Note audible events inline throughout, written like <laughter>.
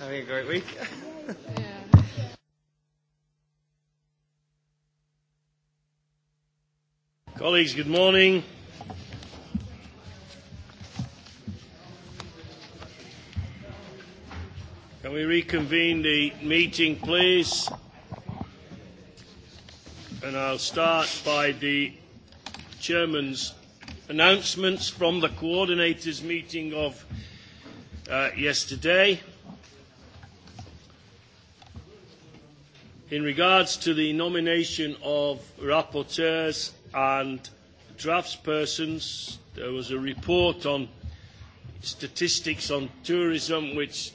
having a great week. yeah. Colleagues, good morning. Can we reconvene the meeting, please? And I'll start by the Chairman's announcements from the coordinators' meeting of uh, yesterday. In regards to the nomination of rapporteurs and draftspersons, there was a report on statistics on tourism which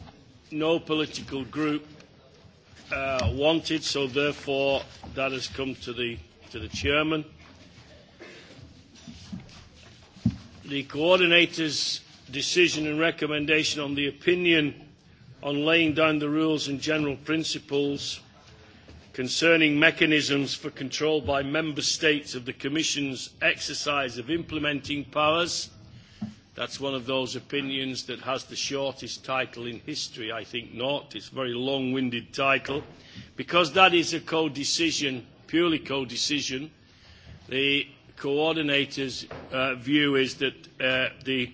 no political group uh, wanted, so therefore that has come to the, to the chairman. The coordinators decision and recommendation on the opinion on laying down the rules and general principles concerning mechanisms for control by member states of the Commission's exercise of implementing powers. That's one of those opinions that has the shortest title in history, I think not. It's a very long-winded title. Because that is a co-decision, purely co-decision, the coordinator's uh, view is that uh, the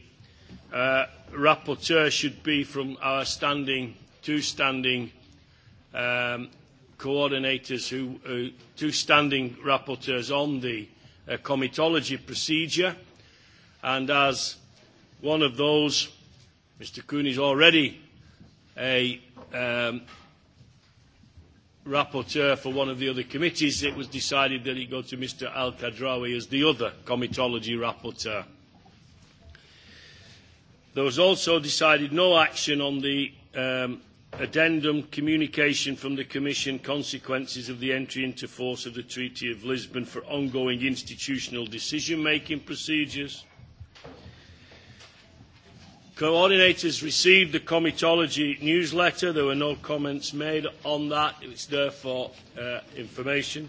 Uh, rapporteur should be from our standing, two standing um, coordinators, who, uh, two standing rapporteurs on the uh, comitology procedure. And as one of those, Mr Kuhn is already a um, rapporteur for one of the other committees, it was decided that he go to Mr Al Kadrawi as the other comitology rapporteur. There was also decided no action on the um, addendum communication from the Commission consequences of the entry into force of the Treaty of Lisbon for ongoing institutional decision-making procedures. Coordinators received the comitology newsletter. There were no comments made on that. It's there for uh, information.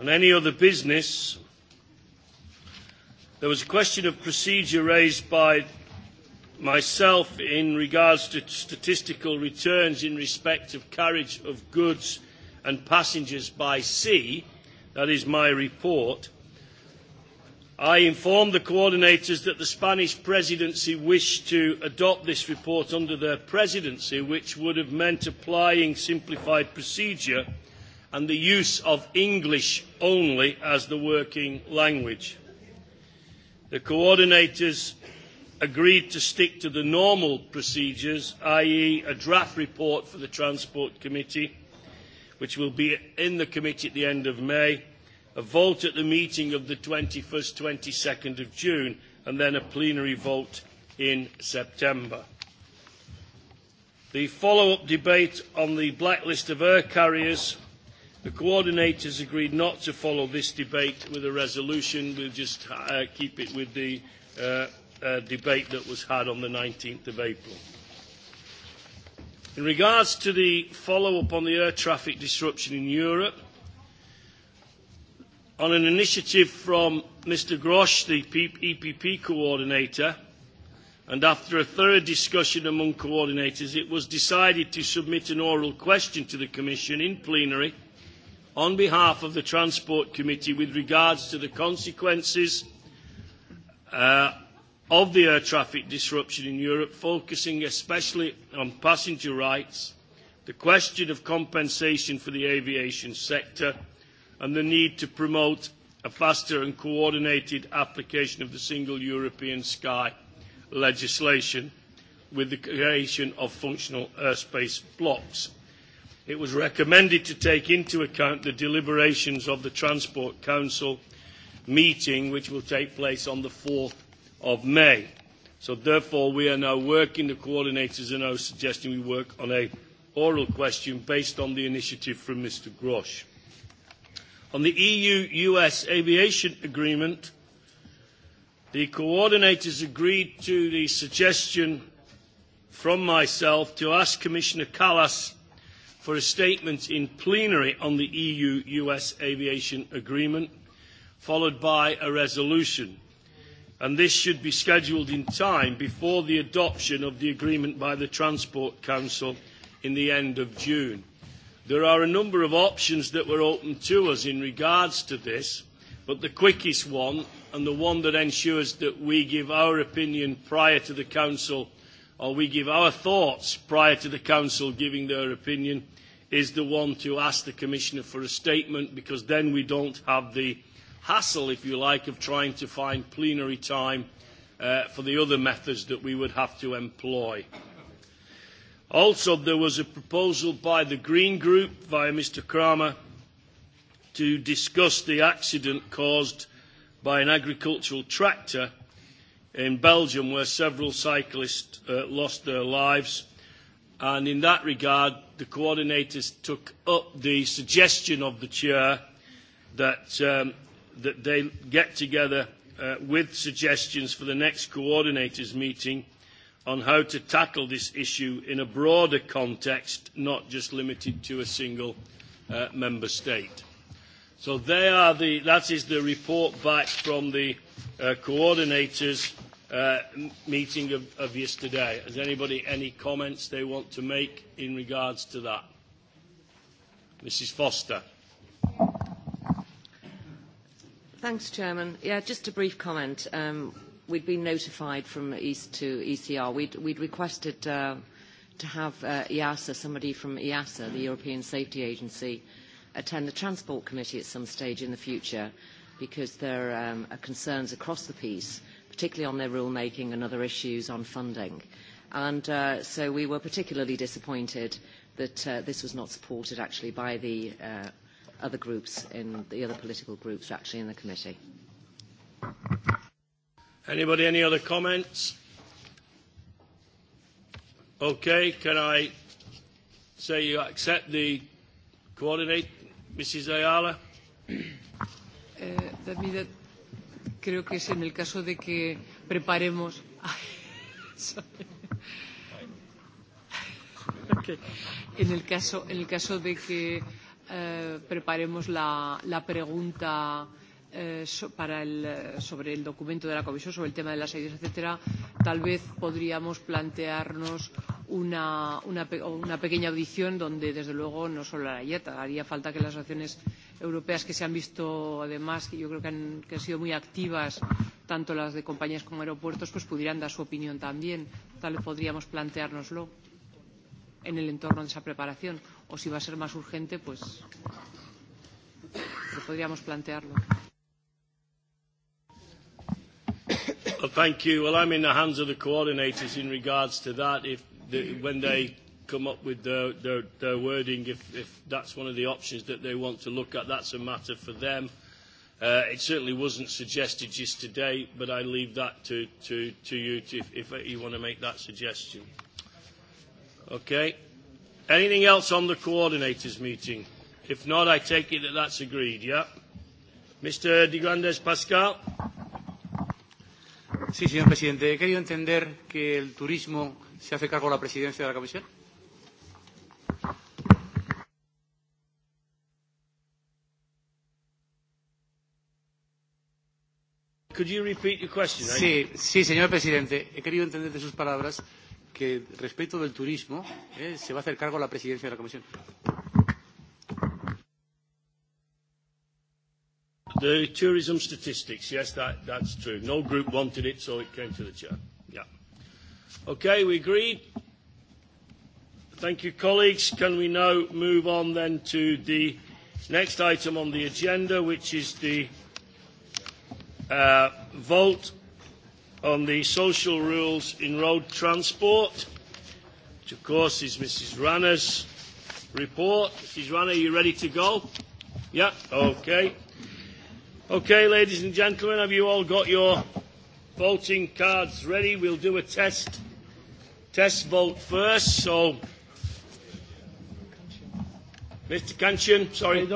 On any other business, there was a question of procedure raised by myself in regards to statistical returns in respect of carriage of goods and passengers by sea, that is my report, I informed the coordinators that the Spanish presidency wished to adopt this report under their presidency, which would have meant applying simplified procedure and the use of English only as the working language. The coordinators agreed to stick to the normal procedures, i.e. a draft report for the Transport Committee, which will be in the committee at the end of May, a vote at the meeting of the 21st, 22nd of June, and then a plenary vote in September. The follow-up debate on the blacklist of air carriers, the coordinators agreed not to follow this debate with a resolution. We'll just uh, keep it with the uh, uh, debate that was had on the 19th of April. In regards to the follow-up on the air traffic disruption in Europe, on an initiative from Mr Grosch, the EPP coordinator, and after a thorough discussion among coordinators, it was decided to submit an oral question to the Commission in plenary on behalf of the Transport Committee with regards to the consequences uh, of the air traffic disruption in Europe, focusing especially on passenger rights, the question of compensation for the aviation sector, and the need to promote a faster and coordinated application of the single European sky legislation with the creation of functional airspace blocks. It was recommended to take into account the deliberations of the Transport Council meeting, which will take place on the 4th of May. So therefore, we are now working, the coordinators are now suggesting we work on a oral question based on the initiative from Mr Grosch. On the EU-US aviation agreement, the coordinators agreed to the suggestion from myself to ask Commissioner Callas for a statement in plenary on the EU-US aviation agreement, followed by a resolution and this should be scheduled in time before the adoption of the agreement by the Transport Council in the end of June. There are a number of options that were open to us in regards to this, but the quickest one and the one that ensures that we give our opinion prior to the Council or we give our thoughts prior to the Council giving their opinion is the one to ask the Commissioner for a statement because then we don't have the hassle, if you like, of trying to find plenary time uh, for the other methods that we would have to employ. Also, there was a proposal by the Green Group via Mr Kramer to discuss the accident caused by an agricultural tractor in Belgium where several cyclists uh, lost their lives. And in that regard, the coordinators took up the suggestion of the chair that um, that they get together uh, with suggestions for the next coordinators meeting on how to tackle this issue in a broader context, not just limited to a single uh, member state. So they are the, that is the report back from the uh, coordinators uh, meeting of, of yesterday. Has anybody any comments they want to make in regards to that? Mrs Foster. Thanks, Chairman. Yeah, just a brief comment. Um, we'd been notified from East to ECR. We'd, requested uh, to have uh, EASA, somebody from EASA, the European Safety Agency, attend the Transport Committee at some stage in the future because there um, are concerns across the piece, particularly on their rulemaking and other issues on funding. And uh, so we were particularly disappointed that this was not supported actually by the other groups in the other political groups actually in the committee. Anybody, any other comments? Okay, can I say you accept the coordinate, Mrs. Ayala? Eh, David, creo que es en el caso de que preparemos. okay. En el caso, en el caso de que Eh, preparemos la, la pregunta eh, so, para el, eh, sobre el documento de la Comisión, sobre el tema de las ayudas, etcétera, tal vez podríamos plantearnos una, una, una pequeña audición donde, desde luego, no solo la IATA, haría falta que las acciones europeas que se han visto, además, que yo creo que han, que han sido muy activas, tanto las de compañías como aeropuertos, pues pudieran dar su opinión también. Tal vez podríamos planteárnoslo en el entorno de esa preparación o si va a ser más urgente, pues podríamos plantearlo. Well, thank you. Well, I'm in the hands of the coordinators in regards to that. If the, when they come up with their, their, their wording, if, if that's one of the options that they want to look at, that's a matter for them. Uh, it certainly wasn't suggested just today, but I leave that to, to, to you to, if, if you want to make that suggestion. Okay. Anything else on the coordinators meeting? If not, I take it that that's agreed, yeah? Mr. De Grandes Pascal. Sí, señor presidente. He querido entender que el turismo se hace cargo la presidencia de la comisión. Could you repeat your question? Eh? Sí, sí, señor presidente. He querido entender de sus palabras que respecto del turismo eh, se va a hacer cargo la presidencia de la Comisión. The tourism statistics, yes, that, that's true. No group wanted it, so it came to the chair. Yeah. Okay, we agreed. Thank you, colleagues. Can we now move on then to the next item on the agenda, which is the uh, vote on the social rules in road transport, which of course is Mrs. Ranner's report. Mrs. Ranner, are you ready to go? Yeah, okay. Okay, ladies and gentlemen, have you all got your voting cards ready? We'll do a test, test vote first. So, Mr. Kanchan, sorry.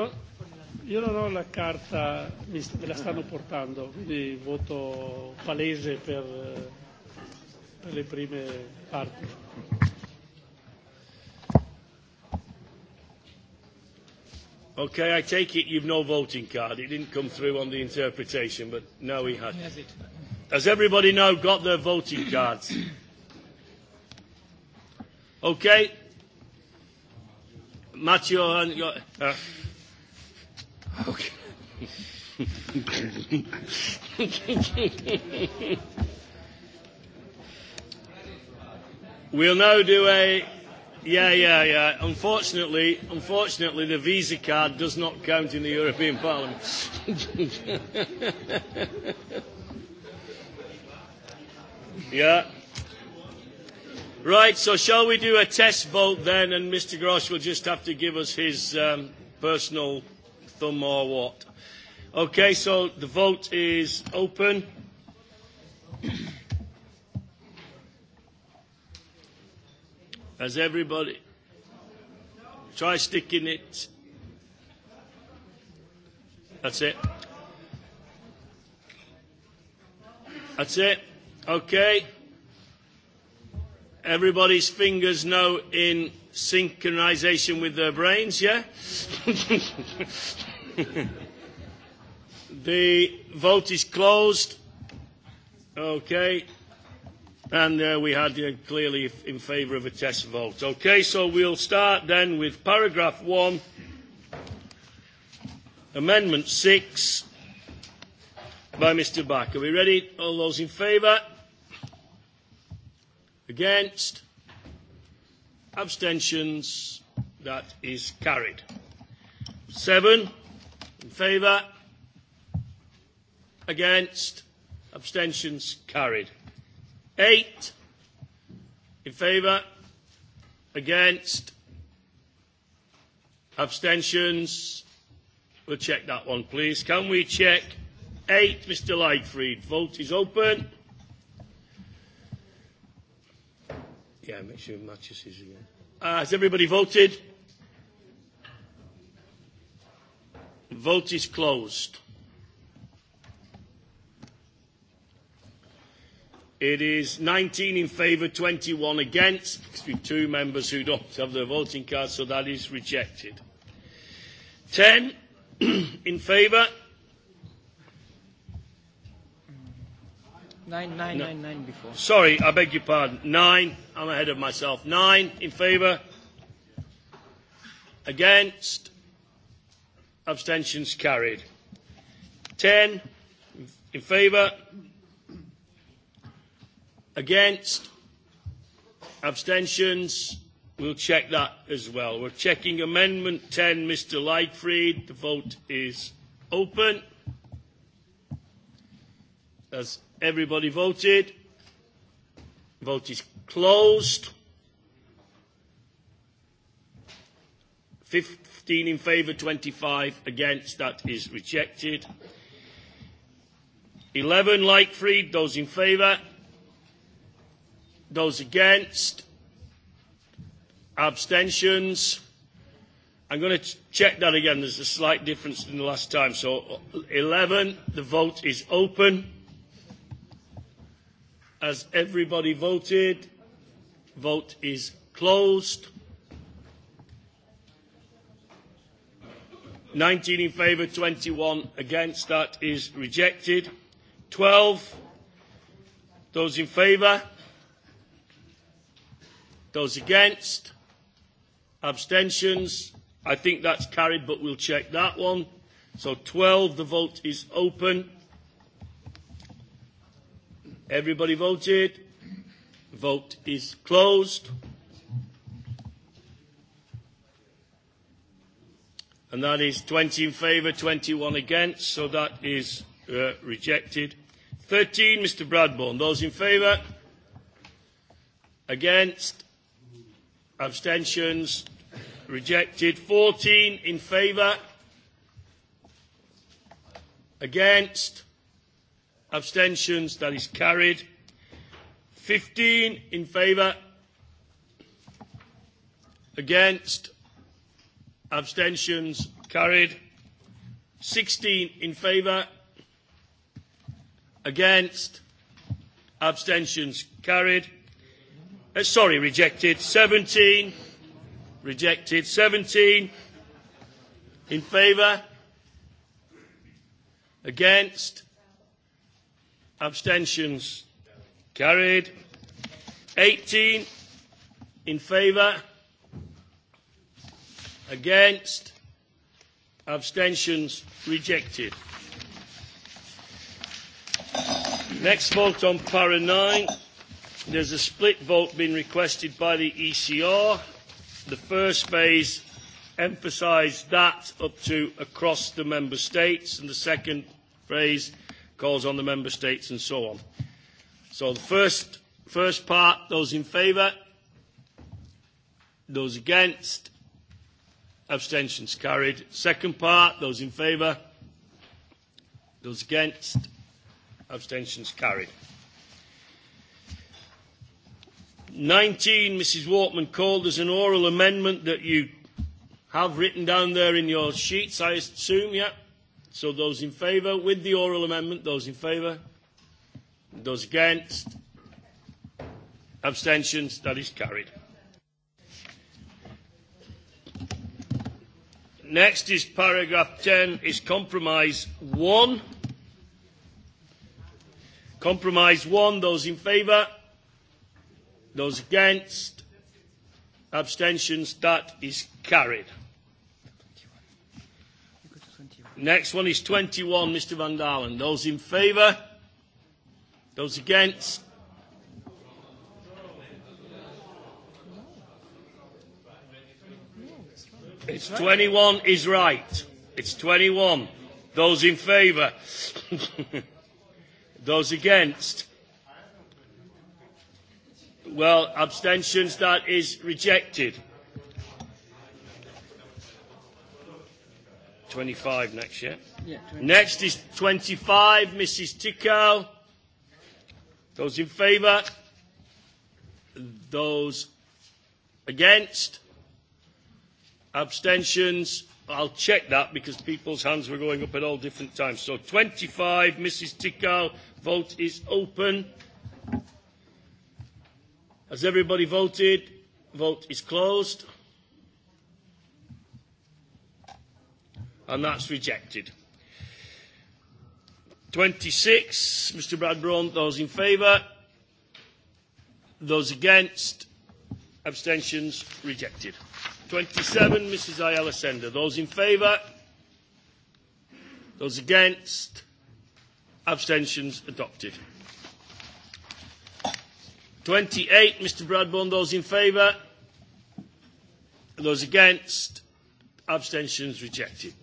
Io non ho la carta, mi, me la stanno portando, quindi voto palese per, per le prime parti. Okay, I take it you've no voting card. It didn't come through on the interpretation, but now he has. Has, has everybody now got their voting cards? Okay. Matteo, uh, Okay. we'll now do a yeah yeah yeah unfortunately unfortunately the visa card does not count in the european parliament yeah right so shall we do a test vote then and mr grosch will just have to give us his um, personal thumb or what. Okay, so the vote is open. Has everybody, try sticking it. That's it. That's it. Okay. Everybody's fingers now in synchronization with their brains, yeah? <laughs> <laughs> the vote is closed. Okay. And uh, we had uh, clearly in favour of a test vote. Okay, so we'll start then with paragraph one, amendment six by Mr. Back. Are we ready? All those in favour? Against? Abstentions? That is carried. Seven. In favour? Against? Abstentions carried. Eight. In favour? Against? Abstentions? We'll check that one, please. Can we check eight, Mr. Lightfried? Vote is open. Yeah, make sure it matches his again. Uh, has everybody voted? Vote is closed. It is 19 in favour, 21 against, with two members who don't have their voting card, so that is rejected. 10 <clears throat> in favour. Nine, nine, no. nine, nine before. Sorry, I beg your pardon. Nine. I'm ahead of myself. Nine in favour. Against. Abstentions carried. 10 in favour. Against. Abstentions. We'll check that as well. We're checking Amendment 10, Mr Lightfried. The vote is open. Has everybody voted? Vote is closed. 15. 15 in favour, 25 against. That is rejected. 11 freed, those in favour. Those against. Abstentions. I'm going to check that again. There's a slight difference than the last time. So 11, the vote is open. Has everybody voted? Vote is closed. 19 in favour, 21 against. That is rejected. 12. Those in favour? Those against? Abstentions? I think that's carried, but we'll check that one. So 12, the vote is open. Everybody voted. Vote is closed. and that is 20 in favour, 21 against, so that is uh, rejected. 13, Mr Bradbourne. Those in favour? Against? Abstentions? Rejected. 14 in favour? Against? Abstentions? That is carried. 15 in favour? Against? Abstentions carried. 16 in favour. Against. Abstentions carried. Uh, sorry, rejected. 17. Rejected. 17. In favour. Against. Abstentions carried. 18. In favour. Against? Abstentions? Rejected. Next vote on para 9. There's a split vote being requested by the ECR. The first phase emphasised that up to across the member states, and the second phrase calls on the member states and so on. So the first, first part, those in favour, those against, Abstentions carried. Second part, those in favour? Those against? Abstentions carried. 19, Mrs Walkman called as an oral amendment that you have written down there in your sheets, I assume, yeah? So those in favour with the oral amendment, those in favour? Those against? Abstentions, that is carried. Next is paragraph 10, is compromise 1. Compromise 1, those in favour, those against, abstentions, that is carried. Next one is 21, Mr Van Dalen. Those in favour, those against, It's 21 is right. It's 21. Those in favour. <laughs> Those against. Well, abstentions, that is rejected. 25 next year. Yeah, Next is 25, Mrs. Tickow. Those in favour? Those against? Abstentions? I'll check that because people's hands were going up at all different times. So 25, Mrs. Tikal, vote is open. Has everybody voted? Vote is closed. And that's rejected. 26, Mr. Bradbourn, those in favour? Those against? Abstentions? Rejected. 27, Mrs. Ayala Sender. Those in favour? Those against? Abstentions adopted. 28, Mr. Bradbourne. Those in favour? Those against? Abstentions rejected.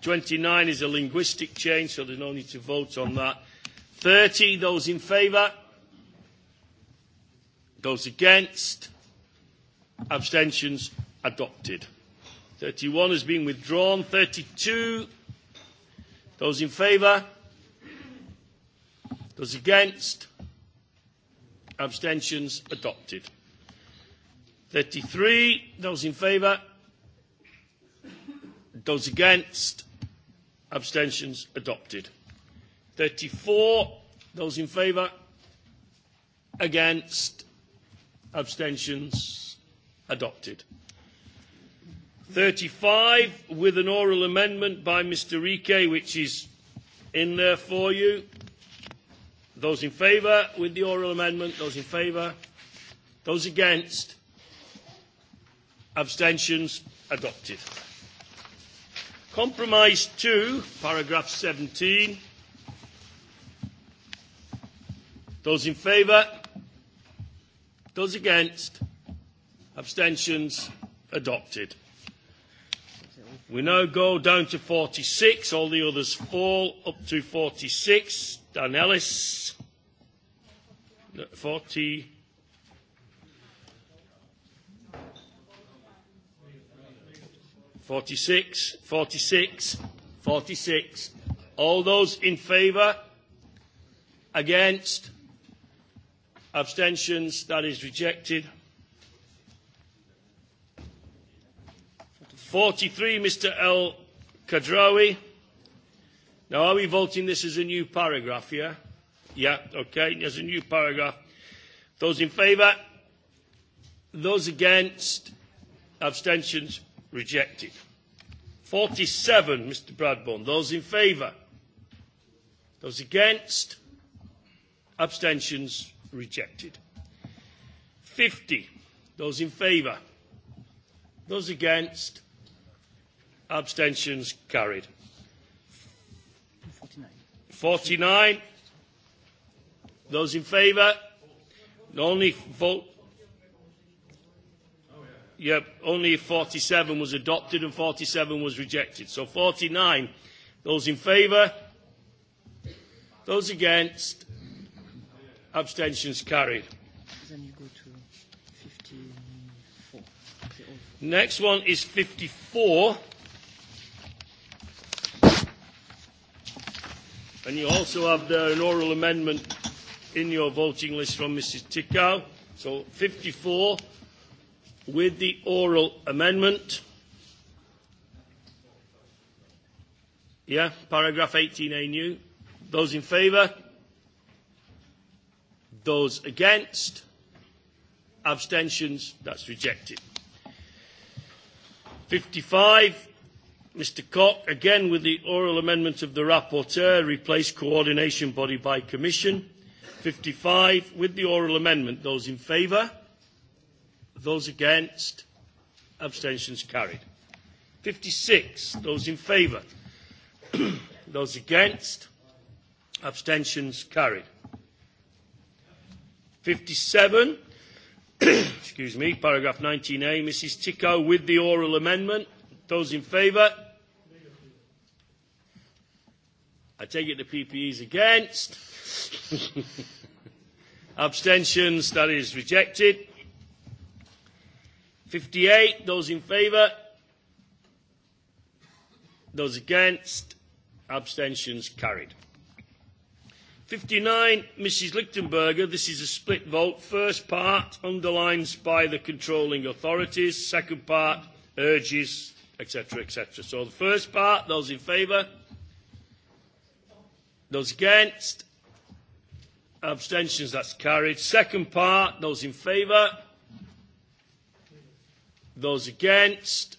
29 is a linguistic change, so there's no need to vote on that. 30, those in favour? Those against? Abstentions adopted. 31 has been withdrawn. 32, those in favour? Those against? Abstentions adopted. 33, those in favour? Those against? Abstentions adopted. 34, those in favour? Against? Abstentions adopted. 35 with an oral amendment by Mr. Rike, which is in there for you. Those in favour with the oral amendment, those in favour. Those against, abstentions adopted. Compromise 2, paragraph 17. Those in favour, those against, abstentions adopted. We now go down to 46. All the others fall up to 46. Dan Ellis. 40. Forty-six, forty-six, forty-six. All those in favour? Against? Abstentions? That is rejected. 43, Mr El Kadrawi. Now, are we voting this as a new paragraph, yeah? Yeah, okay, there's a new paragraph. Those in favour? Those against? Abstentions? Rejected. 47, Mr Bradbourne. Those in favour? Those against? Abstentions? Rejected. 50. Those in favour? Those against? Abstentions carried. 49. 49. Those in favour? Only vote. Yep, only 47 was adopted and 47 was rejected. So 49. Those in favour? Those against? Abstentions carried. Next one is 54. And you also have there an oral amendment in your voting list from Mrs Tickow. So 54 with the oral amendment. Yeah, paragraph 18A new. Those in favour? Those against? Abstentions? That's rejected. 55 Mr Cock, again with the oral amendment of the rapporteur, replace coordination body by commission. 55, with the oral amendment, those in favour? Those against? Abstentions carried. 56, those in favour? <clears throat> those against? Abstentions carried. 57, <clears throat> excuse me, paragraph 19a, Mrs Tickow with the oral amendment. Those in favour? I take it the PPE's against. <laughs> Abstentions, that is rejected. 58, those in favour? Those against? Abstentions carried. 59, Mrs. Lichtenberger. This is a split vote. First part underlines by the controlling authorities. Second part urges etc., etc. So the first part, those in favour, those against, abstentions, that's carried. Second part, those in favour, those against,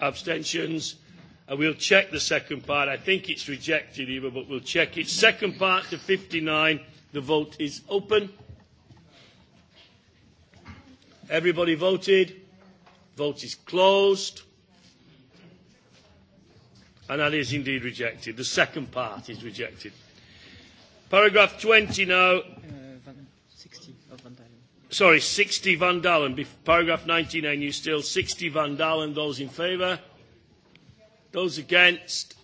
abstentions, and we'll check the second part. I think it's rejected, Eva, but we'll check it. Second part to 59, the vote is open. Everybody voted. Vote is closed. And that is indeed rejected. The second part is rejected. Paragraph 20 now. Uh, van, 60 of Van Dalen. Sorry, 60 Van Dalen. Paragraph 99, you still. 60 Van Dalen. Those in favour? Those against?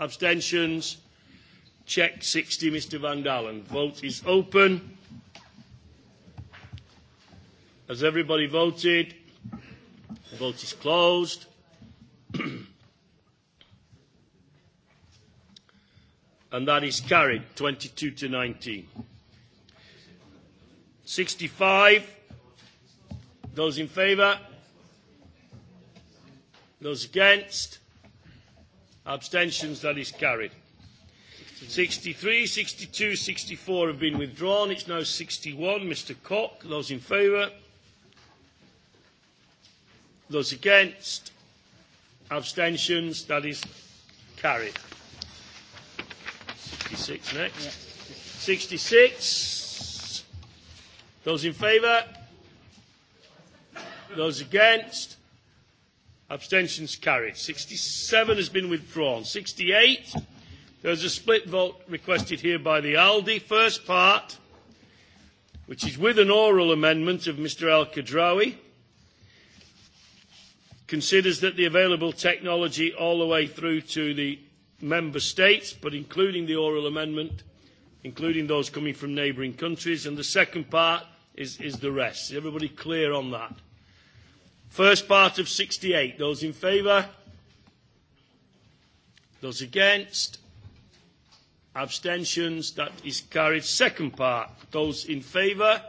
Abstentions? Check 60, Mr Van Dalen. Vote is open. Has everybody voted? The vote is closed. <clears throat> and that is carried 22 to 19. 65. Those in favour? Those against? Abstentions, that is carried. 63, 62, 64 have been withdrawn. It's now 61. Mr Cock, those in favour? Those against? Abstentions? That is carried. 66 next. 66. Those in favour? Those against? Abstentions carried. 67 has been withdrawn. 68. There's a split vote requested here by the ALDI. First part, which is with an oral amendment of Mr El Kadrawi considers that the available technology all the way through to the member states, but including the oral amendment, including those coming from neighbouring countries, and the second part is, is the rest. Is everybody clear on that? First part of 68, those in favour? Those against? Abstentions, that is carried. Second part, those in favour?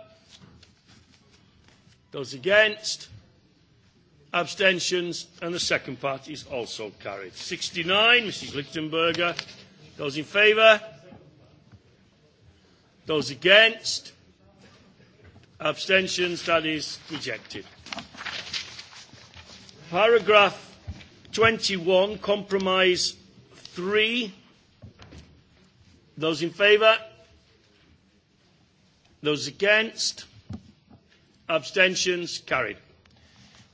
Those against? Abstentions? And the second part is also carried. 69, Mrs. Lichtenberger. Those in favour? Those against? Abstentions? That is rejected. Paragraph 21, compromise 3. Those in favour? Those against? Abstentions? Carried.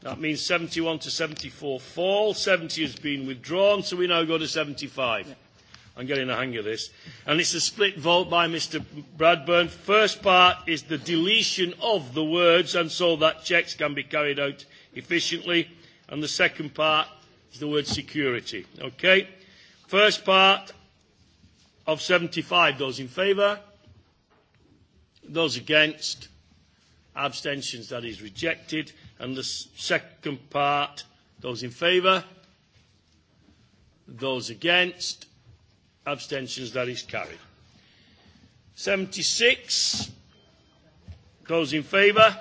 That means 71 to 74 fall. 70 has been withdrawn, so we now go to 75. Yeah. I'm getting the hang of this. And it's a split vote by Mr. Bradburn. First part is the deletion of the words, and so that checks can be carried out efficiently. And the second part is the word security. Okay? First part of 75. Those in favour? Those against? Abstentions, that is rejected. And the second part, those in favour? Those against? Abstentions, that is carried. 76, those in favour?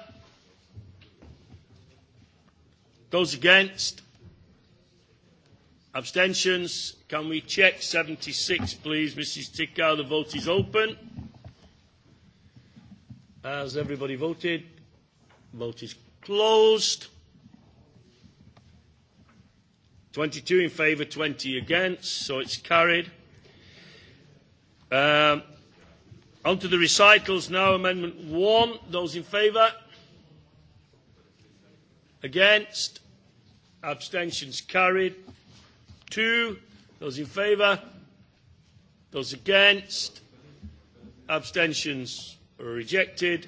Those against? Abstentions? Can we check 76, please, Mrs Tickow? The vote is open. Has everybody voted? Vote is Closed. 22 in favour, 20 against, so it's carried. Um, on to the recitals now. Amendment 1. Those in favour? Against? Abstentions carried. 2. Those in favour? Those against? Abstentions rejected.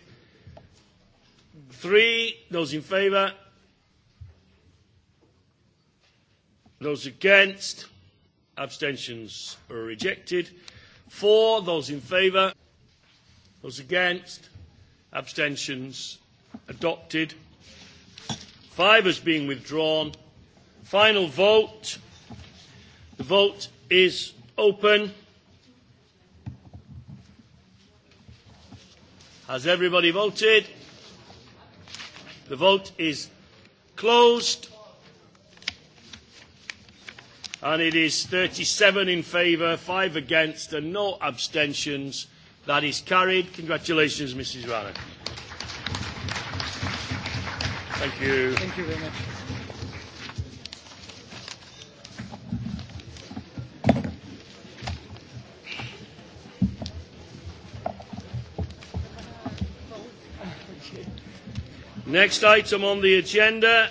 Three, those in favour? Those against? Abstentions are rejected. Four, those in favour? Those against? Abstentions adopted. Five has been withdrawn. Final vote. The vote is open. Has everybody voted? The vote is closed. And it is 37 in favour, 5 against and no abstentions. That is carried. Congratulations, Mrs. Rana. Thank you. Thank you very much. Next item on the agenda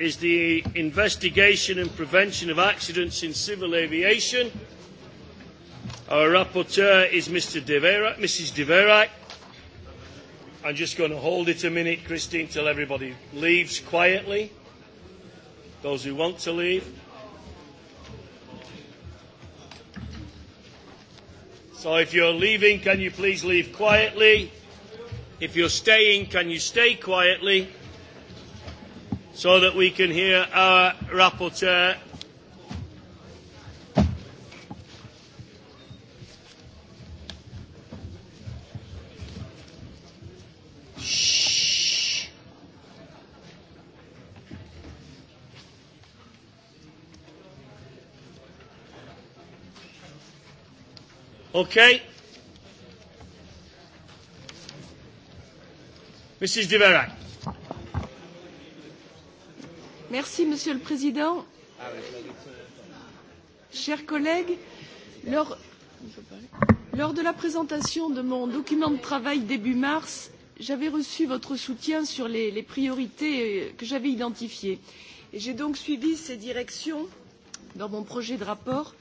is the investigation and prevention of accidents in civil aviation. Our rapporteur is Mr. De Verac, Mrs. De Verac. I'm just going to hold it a minute, Christine, till everybody leaves quietly. Those who want to leave. So if you're leaving, can you please leave quietly? If you're staying, can you stay quietly so that we can hear our rapporteur? Shh. Okay. Monsieur le Président. Chers collègues, lors, de la présentation de mon document de travail début mars, j'avais reçu votre soutien sur les, priorités euh, que j'avais identifiées. Et j'ai donc suivi ces directions dans mon projet de rapport.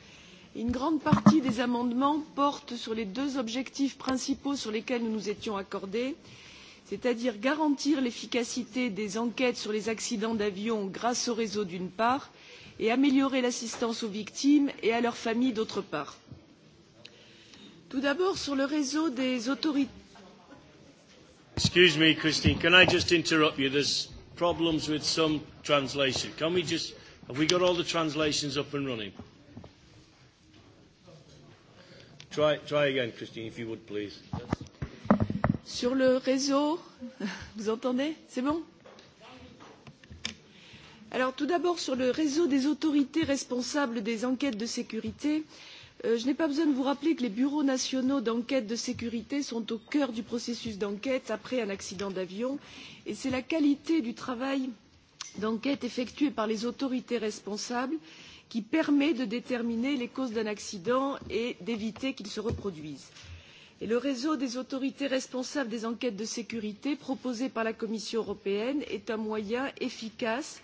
Une grande partie des amendements portent sur les deux objectifs principaux sur lesquels nous nous étions accordés, à savoir la la lutte contre pauvreté et euh, c'est à dire garantir l'efficacité des enquêtes sur les accidents d'avion grâce au réseau d'une part et améliorer l'assistance aux victimes et à leurs familles d'autre part. tout d'abord sur le réseau des autorités Excuse me, Christine, can I just interrupt you? There's problems with some translation. Can we just, have we got all the translations up and running? Try, try again, Christine, if you would, please. Yes sur le réseau <laughs> vous entendez c'est bon? Alors, tout d'abord sur le réseau des autorités responsables des enquêtes de sécurité euh, je n'ai pas besoin de vous rappeler que les bureaux nationaux d'enquête de sécurité sont au cœur du processus d'enquête après un accident d'avion et c'est la qualité du travail d'enquête effectué par les autorités responsables qui permet de déterminer les causes d'un accident et d'éviter qu'il se reproduise et le réseau des autorités responsables des enquêtes de sécurité proposé par la commission européenne est un moyen efficace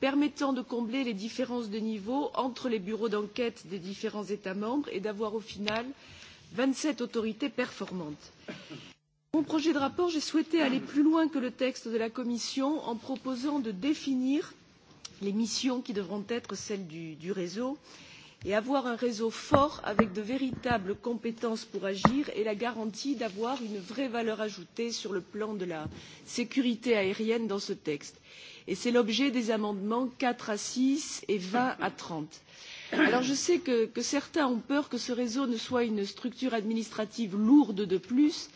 permettant de combler les différences de niveau entre les bureaux d'enquête des différents états membres et d'avoir au final vingt sept autorités performantes. dans mon projet de rapport j'ai souhaité aller plus loin que le texte de la commission en proposant de définir les missions qui devront être celles du, réseau et et avoir un réseau fort avec de véritables compétences pour agir est la garantie d'avoir une vraie valeur ajoutée sur le plan de la sécurité aérienne dans ce texte et c'est l'objet des amendements quatre à six et vingt à. trente alors je sais que, que certains ont peur que ce réseau ne soit une structure administrative lourde de plus mais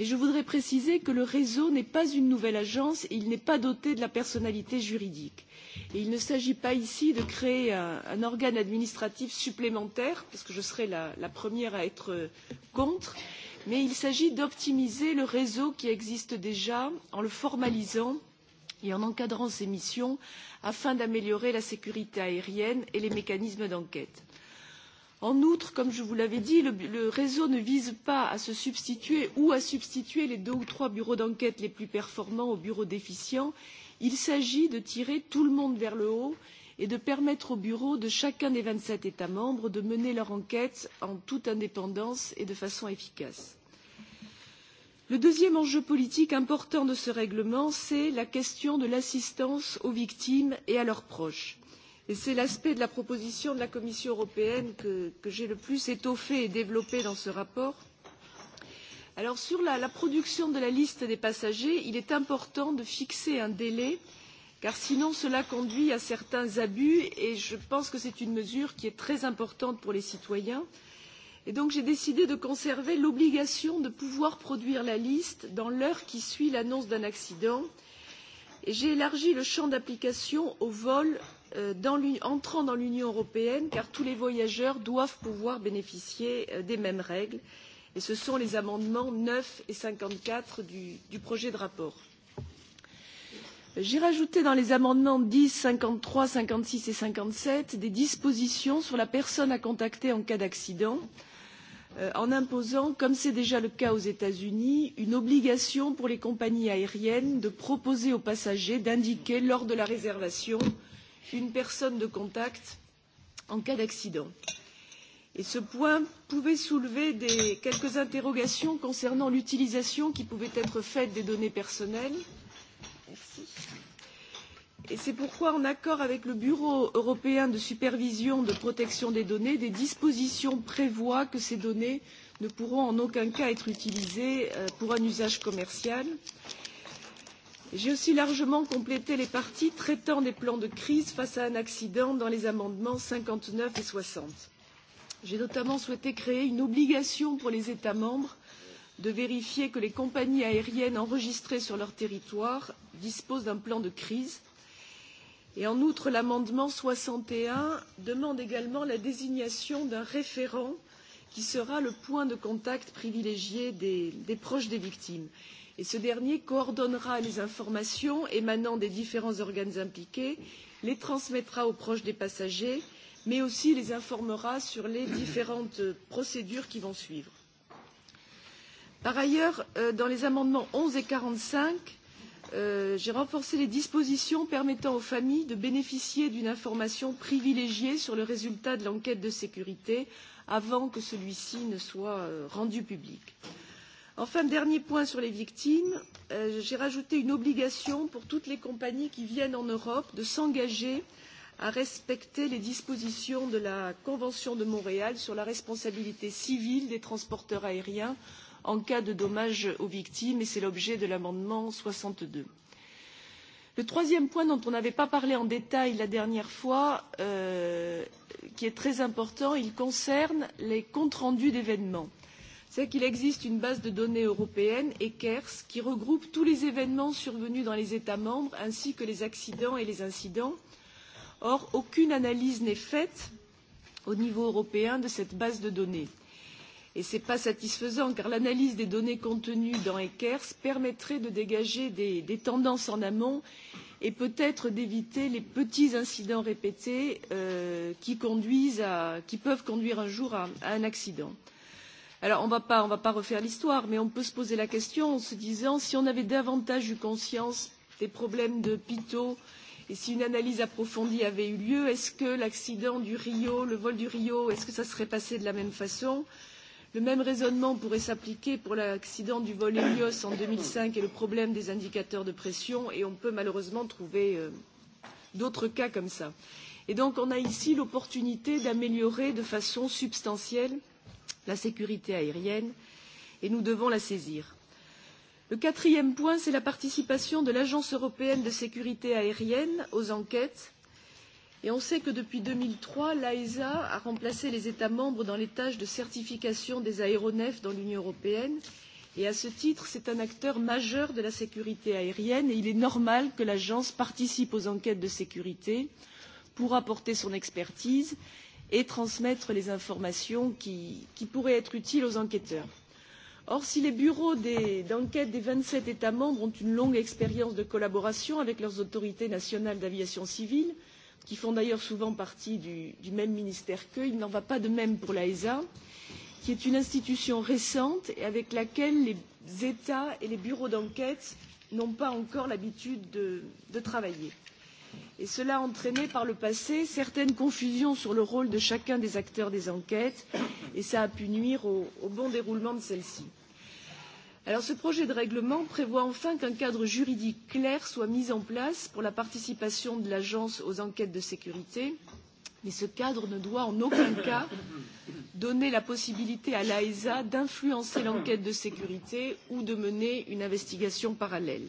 mais je voudrais préciser que le réseau n'est pas une nouvelle agence et il n'est pas doté de la personnalité juridique. il ne s'agit pas ici de créer un, organe administratif supplémentaire parce que je serais la première à être euh, contre mais il s'agit d'optimiser le réseau qui existe déjà en le formalisant et en encadrant ses missions afin d'améliorer la sécurité aérienne et les mécanismes d'enquête en outre comme je vous l'avais dit le, le réseau ne vise pas à se substituer ou à substituer les deux ou trois bureaux d'enquête les plus performants aux bureaux déficients il s'agit de tirer tout le monde vers le haut et de permettre aux bureaux de chacun des vingt sept états membres de mener leur enquête en toute indépendance et de façon efficace. le deuxième enjeu politique important de ce règlement c'est la question de l'assistance aux victimes et à leurs proches et c'est l'aspect de la proposition de la commission européenne que, que j'ai le plus étoffé et développé dans ce rapport. Alors, sur la, la production de la liste des passagers il est important de fixer un délai car sinon cela conduit à certains abus et je pense que c'est une mesure qui est très importante pour les citoyens. Et donc j'ai décidé de conserver l'obligation de pouvoir produire la liste dans l'heure qui suit l'annonce d'un accident et j'ai élargi le champ d'application aux vols Euh, dans entrant dans l'union européenne car tous les voyageurs doivent pouvoir bénéficier euh, des mêmes règles et ce sont les amendements neuf et cinquante quatre du, du projet de rapport. j'ai rajouté dans les amendements dix cinquante trois cinquante six et cinquante sept des dispositions sur la personne à contacter en cas d'accident euh, en imposant comme c'est déjà le cas aux états unis une obligation pour les compagnies aériennes de proposer aux passagers d'indiquer lors de la réservation euh, une personne de contact en cas d'accident. Et ce point pouvait soulever des, quelques interrogations concernant l'utilisation qui pouvait être faite des données personnelles. Merci. Et c'est pourquoi, en accord avec le Bureau européen de supervision de protection des données, des dispositions prévoient que ces données ne pourront en aucun cas être utilisées euh, pour un usage commercial. Euh, j'ai aussi largement complété les parties traitant des plans de crise face à un accident dans les amendements cinquante neuf et. soixante j'ai notamment souhaité créer une obligation pour les états membres de vérifier que les compagnies aériennes enregistrées sur leur territoire disposent d'un plan de crise et en outre l'amendement soixante et un demande également la désignation d'un référent qui sera le point de contact privilégié des, des proches des victimes. il et ce dernier coordonnera les informations émanant des différents organes impliqués les transmettra aux proches des passagers mais aussi les informera sur les différentes euh, procédures qui vont suivre. Par ailleurs, euh, dans les amendements onze et quarante cinq euh, j'ai renforcé les dispositions permettant aux familles de bénéficier d'une information privilégiée sur le résultat de l'enquête de sécurité avant que celui-ci ne soit rendu public enfin dernier point sur les victimes euh, j'ai rajouté une obligation pour toutes les compagnies qui viennent en europe de s'engager à respecter les dispositions de la convention de montréal sur la responsabilité civile des transporteurs aériens en cas de dommages aux victimes et c'est l'objet de l'amendement. soixante deux le troisième point dont on n'avait pas parlé en détail la dernière fois euh, qui est très important il concerne les comptes rendus d'événements c'est qu'il existe une base de données européenne, ECERS, qui regroupe tous les événements survenus dans les États membres, ainsi que les accidents et les incidents. Or, aucune analyse n'est faite au niveau européen de cette base de données. Et ce n'est pas satisfaisant, car l'analyse des données contenues dans ECERS permettrait de dégager des, des tendances en amont et peut être d'éviter les petits incidents répétés euh, qui, conduisent à, qui peuvent conduire un jour à, à un accident. Euh, Alors on ne va pas refaire l'histoire, mais on peut se poser la question en se disant si on avait davantage eu conscience des problèmes de Pito et si une analyse approfondie avait eu lieu, est-ce que l'accident du Rio, le vol du Rio, est-ce que ça serait passé de la même façon Le même raisonnement pourrait s'appliquer pour l'accident du vol Helios en deux mille cinq et le problème des indicateurs de pression, et on peut malheureusement trouver euh, d'autres cas comme ça. Et donc on a ici l'opportunité d'améliorer de façon substantielle la sécurité aérienne et nous devons la saisir. Le quatrième point, c'est la participation de l'Agence européenne de sécurité aérienne aux enquêtes. Et on sait que depuis 2003, l'AESA a remplacé les États membres dans les tâches de certification des aéronefs dans l'Union européenne. Et à ce titre, c'est un acteur majeur de la sécurité aérienne et il est normal que l'agence participe aux enquêtes de sécurité pour apporter son expertise et transmettre les informations qui, qui pourraient être utiles aux enquêteurs. Or, si les bureaux d'enquête des vingt sept États membres ont une longue expérience de collaboration avec leurs autorités nationales d'aviation civile, qui font d'ailleurs souvent partie du, du même ministère qu'eux, il n'en va pas de même pour l'AESA, qui est une institution récente et avec laquelle les États et les bureaux d'enquête n'ont pas encore l'habitude de, de travailler et cela a entraîné par le passé certaines confusions sur le rôle de chacun des acteurs des enquêtes et cela a pu nuire au, au bon déroulement de celles ci. Alors, ce projet de règlement prévoit enfin qu'un cadre juridique clair soit mis en place pour la participation de l'agence aux enquêtes de sécurité mais ce cadre ne doit en aucun cas donner la possibilité à l'aesa d'influencer l'enquête de sécurité ou de mener une investigation parallèle.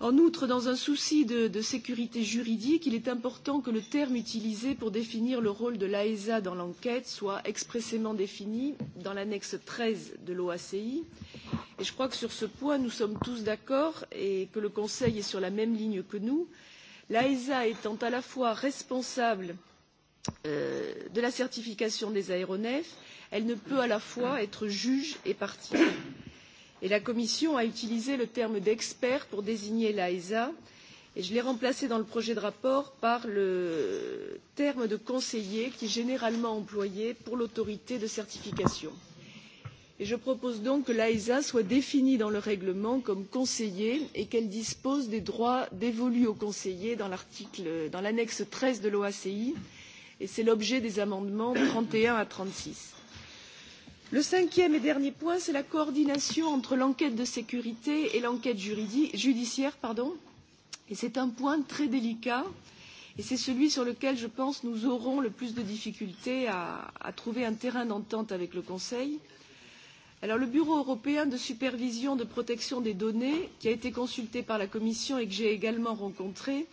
En outre, dans un souci de, de sécurité juridique, il est important que le terme utilisé pour définir le rôle de l'AESA dans l'enquête soit expressément défini dans l'annexe 13 de l'OACI. Et je crois que sur ce point, nous sommes tous d'accord et que le Conseil est sur la même ligne que nous, l'AESA étant à la fois responsable euh, de la certification des aéronefs, elle ne peut à la fois être juge et partie et la commission a utilisé le terme d'expert pour désigner l'aesa et je l'ai remplacé dans le projet de rapport par le terme de conseiller qui est généralement employé pour l'autorité de certification. Et je propose donc que l'aesa soit définie dans le règlement comme conseiller et qu'elle dispose des droits dévolus aux conseillers dans l'article, dans l'annexe treize de l'oaci et c'est l'objet des amendements trente et un à trente six le cinquième et dernier point c'est la coordination entre l'enquête de sécurité et l'enquête judiciaire pardon. et c'est un point très délicat et c'est celui sur lequel je pense nous aurons le plus de difficultés à, à trouver un terrain d'entente avec le conseil. Alors, le bureau européen de supervision de protection des données qui a été consulté par la commission et que j'ai également rencontré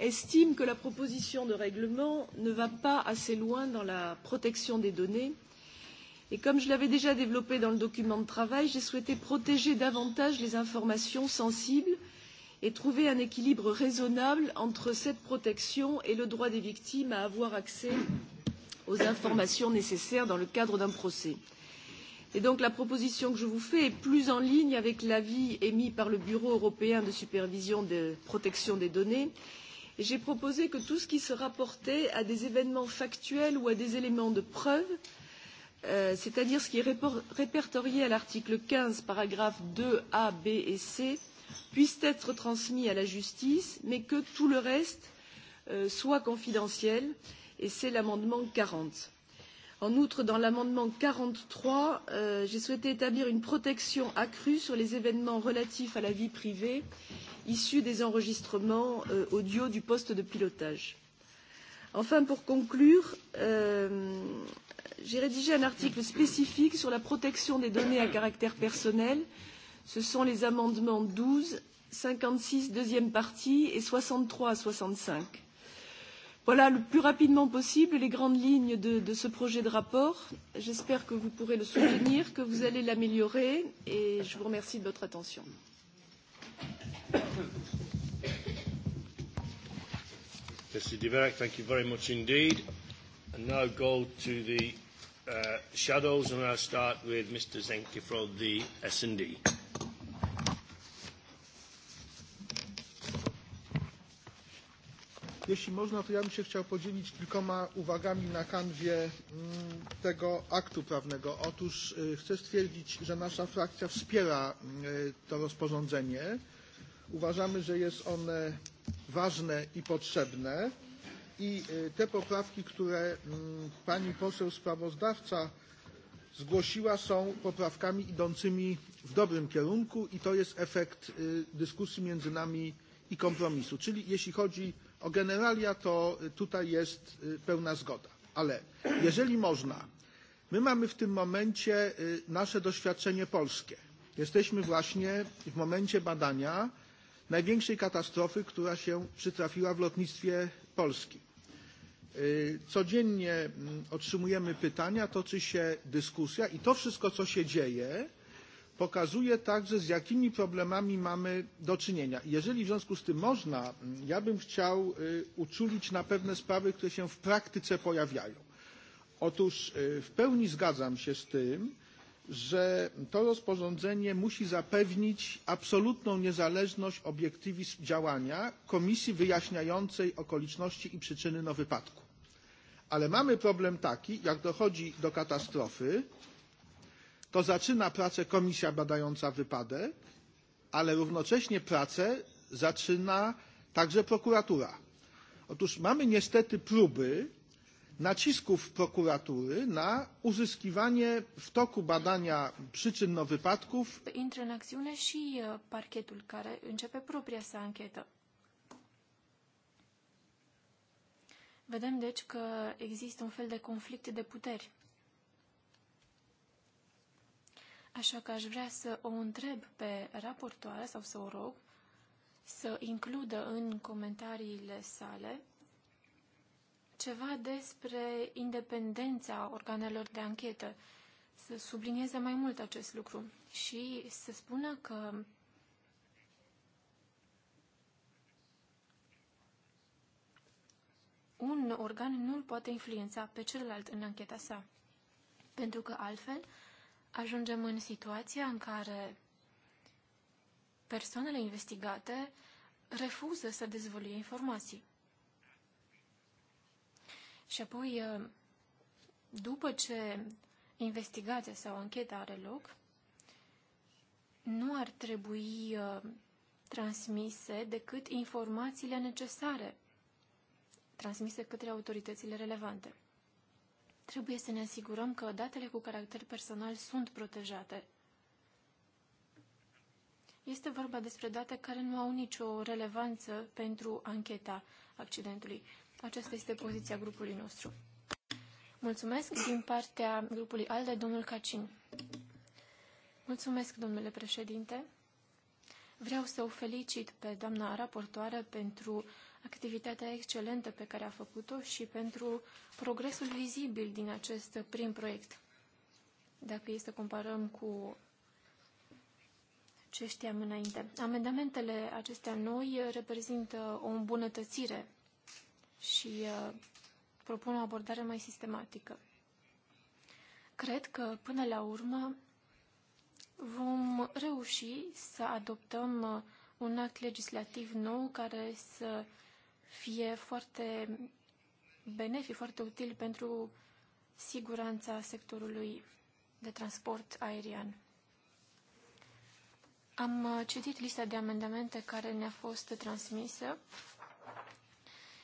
estime que la proposition de règlement ne va pas assez loin dans la protection des données Et comme je l'avais déjà développé dans le document de travail, j'ai souhaité protéger davantage les informations sensibles et trouver un équilibre raisonnable entre cette protection et le droit des victimes à avoir accès aux informations nécessaires dans le cadre d'un procès. Et donc la proposition que je vous fais est plus en ligne avec l'avis émis par le Bureau européen de supervision de protection des données. Et j'ai proposé que tout ce qui se rapportait à des événements factuels ou à des éléments de preuve Euh, c'est-à-dire ce qui est répertorié à l'article 15, paragraphes 2 A, B et C, puisse être transmis à la justice, mais que tout le reste euh, soit confidentiel, et c'est l'amendement 40. En outre, dans l'amendement 43, euh, j'ai souhaité établir une protection accrue sur les événements relatifs à la vie privée issus des enregistrements euh, audio du poste de pilotage. Enfin, pour conclure, euh, j'ai rédigé un article spécifique sur la protection des données à caractère personnel. Ce sont les amendements 12, 56 deuxième partie et 63 à 65. Voilà le plus rapidement possible les grandes lignes de, de ce projet de rapport. J'espère que vous pourrez le soutenir, que vous allez l'améliorer et je vous remercie de votre attention. Mr. Diverek, thank you very much indeed. And now go to the Uh, shadows, and I'll start with Mr. Zenke from the S&D. Jeśli można, to ja bym się chciał podzielić kilkoma uwagami na kanwie mm, tego aktu prawnego. Otóż chcę stwierdzić, że nasza frakcja wspiera to rozporządzenie. Uważamy, że jest one ważne i potrzebne i te poprawki, które mm, pani poseł sprawozdawca zgłosiła są poprawkami idącymi w dobrym kierunku i to jest efekt dyskusji między nami i kompromisu. Czyli jeśli chodzi o generalia, to tutaj jest pełna zgoda. Ale jeżeli można, my mamy w tym momencie nasze doświadczenie polskie. Jesteśmy właśnie w momencie badania największej katastrofy, która się przytrafiła w lotnictwie polskim. Codziennie mm, otrzymujemy pytania, toczy się dyskusja i to wszystko, co się dzieje, pokazuje także, z jakimi problemami mamy do czynienia. Jeżeli w związku z tym można, mm, ja bym chciał uczulić na pewne sprawy, które się w praktyce pojawiają. Otóż w pełni zgadzam się z tym, że to rozporządzenie musi zapewnić absolutną niezależność obiektywizm działania komisji wyjaśniającej okoliczności i przyczyny no wypadku. Ale mamy problem taki, jak dochodzi do katastrofy, to zaczyna pracę komisja badająca wypadek, ale równocześnie pracę zaczyna także prokuratura. Otóż mamy niestety próby nacisków prokuratury na uzyskiwanie w toku badania przyczyn wypadków. Intră în acțiune și uh, parchetul care începe propria sa anchetă. Vedem, deci, că există un fel de conflict de puteri. Așa că aș vrea să o întreb pe raportoare sau să o rog să includă în comentariile sale ceva despre independența organelor de anchetă, să sublinieze mai mult acest lucru și să spună că un organ nu îl poate influența pe celălalt în ancheta sa. Pentru că altfel ajungem în situația în care persoanele investigate refuză să dezvolie informații. Și apoi, eh, după ce investigația sau ancheta are loc, nu ar trebui eh, transmise decât informațiile necesare transmise către autoritățile relevante. Trebuie să ne asigurăm că datele cu caracter personal sunt protejate. Este vorba despre date care nu au nicio relevanță pentru ancheta accidentului. Aceasta este poziția grupului nostru. Mulțumesc din partea grupului ALDE, domnul Cacin. Mulțumesc, domnule președinte. Vreau să o felicit pe doamna raportoară pentru activitatea excelentă pe care a făcut-o și pentru progresul vizibil din acest prim proiect. Dacă este să comparăm cu ce știam înainte. Amendamentele acestea noi reprezintă o îmbunătățire și uh, propun o abordare mai sistematică. Cred că, până la urmă, vom reuși să adoptăm uh, un act legislativ nou care să fie foarte benefic, foarte util pentru siguranța sectorului de transport aerian. Am uh, citit lista de amendamente care ne-a fost transmisă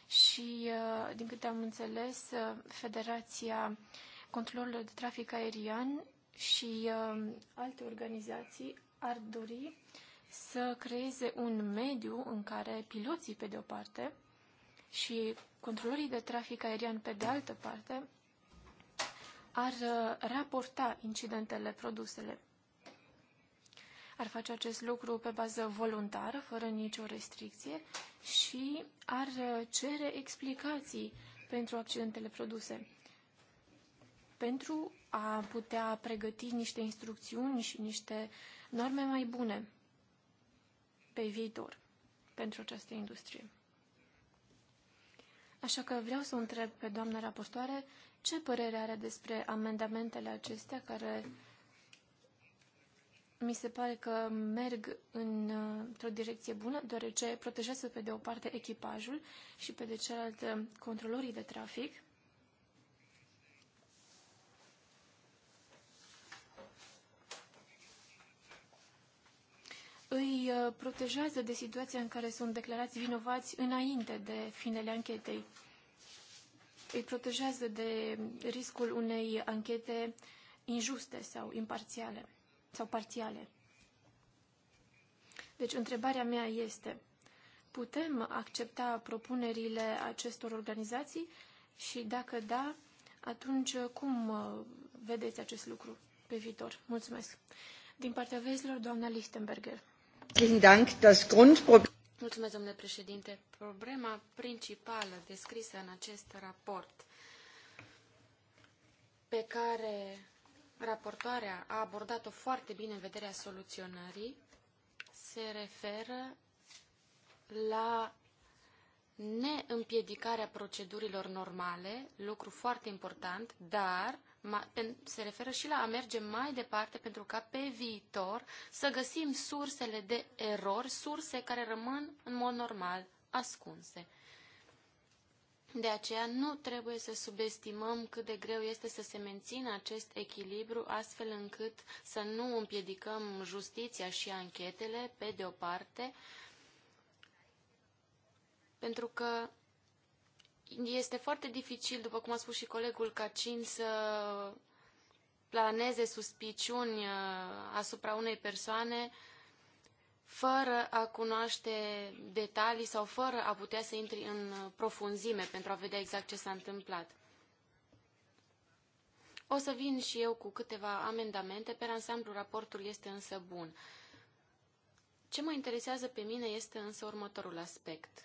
și, uh, din câte am înțeles, uh, Federația Controlorilor de Trafic Aerian și alte organizații ar dori să creeze un mediu în care piloții, pe de o parte, și controlorii de trafic aerian, pe de altă parte, ar uh, raporta incidentele produsele. Ar face acest lucru pe bază voluntară, fără nicio restricție, și ar uh, cere explicații pentru accidentele produse. Pentru a putea pregăti niște instrucțiuni și niște norme mai bune pe viitor pentru această industrie. Așa că vreau să o întreb pe doamna raportoare ce părere are despre amendamentele acestea care mi se pare că merg în, într-o direcție bună, deoarece protejează pe de o parte echipajul și pe de cealaltă controlorii de trafic îi uh, protejează de situația în care sunt declarați vinovați înainte de finele anchetei. Îi protejează de riscul unei anchete injuste sau imparțiale sau parțiale. Deci, întrebarea mea este, putem accepta propunerile acestor organizații și dacă da, atunci cum uh, vedeți acest lucru pe viitor? Mulțumesc! Din partea vezilor, doamna Lichtenberger. Mulțumesc, domnule președinte. Problema principală descrisă în acest raport pe care raportoarea a abordat-o foarte bine în vederea soluționării se referă la neîmpiedicarea procedurilor normale, lucru foarte important, dar se referă și la a merge mai departe pentru ca pe viitor să găsim sursele de erori, surse care rămân în mod normal ascunse. De aceea nu trebuie să subestimăm cât de greu este să se mențină acest echilibru astfel încât să nu împiedicăm justiția și anchetele pe de o parte, pentru că este foarte dificil, după cum a spus și colegul Cacin, să planeze suspiciuni uh, asupra unei persoane fără a cunoaște detalii sau fără a putea să intri în profunzime pentru a vedea exact ce s-a întâmplat. O să vin și eu cu câteva amendamente, pe ansamblu raportul este însă bun. Ce mă interesează pe mine este însă următorul aspect –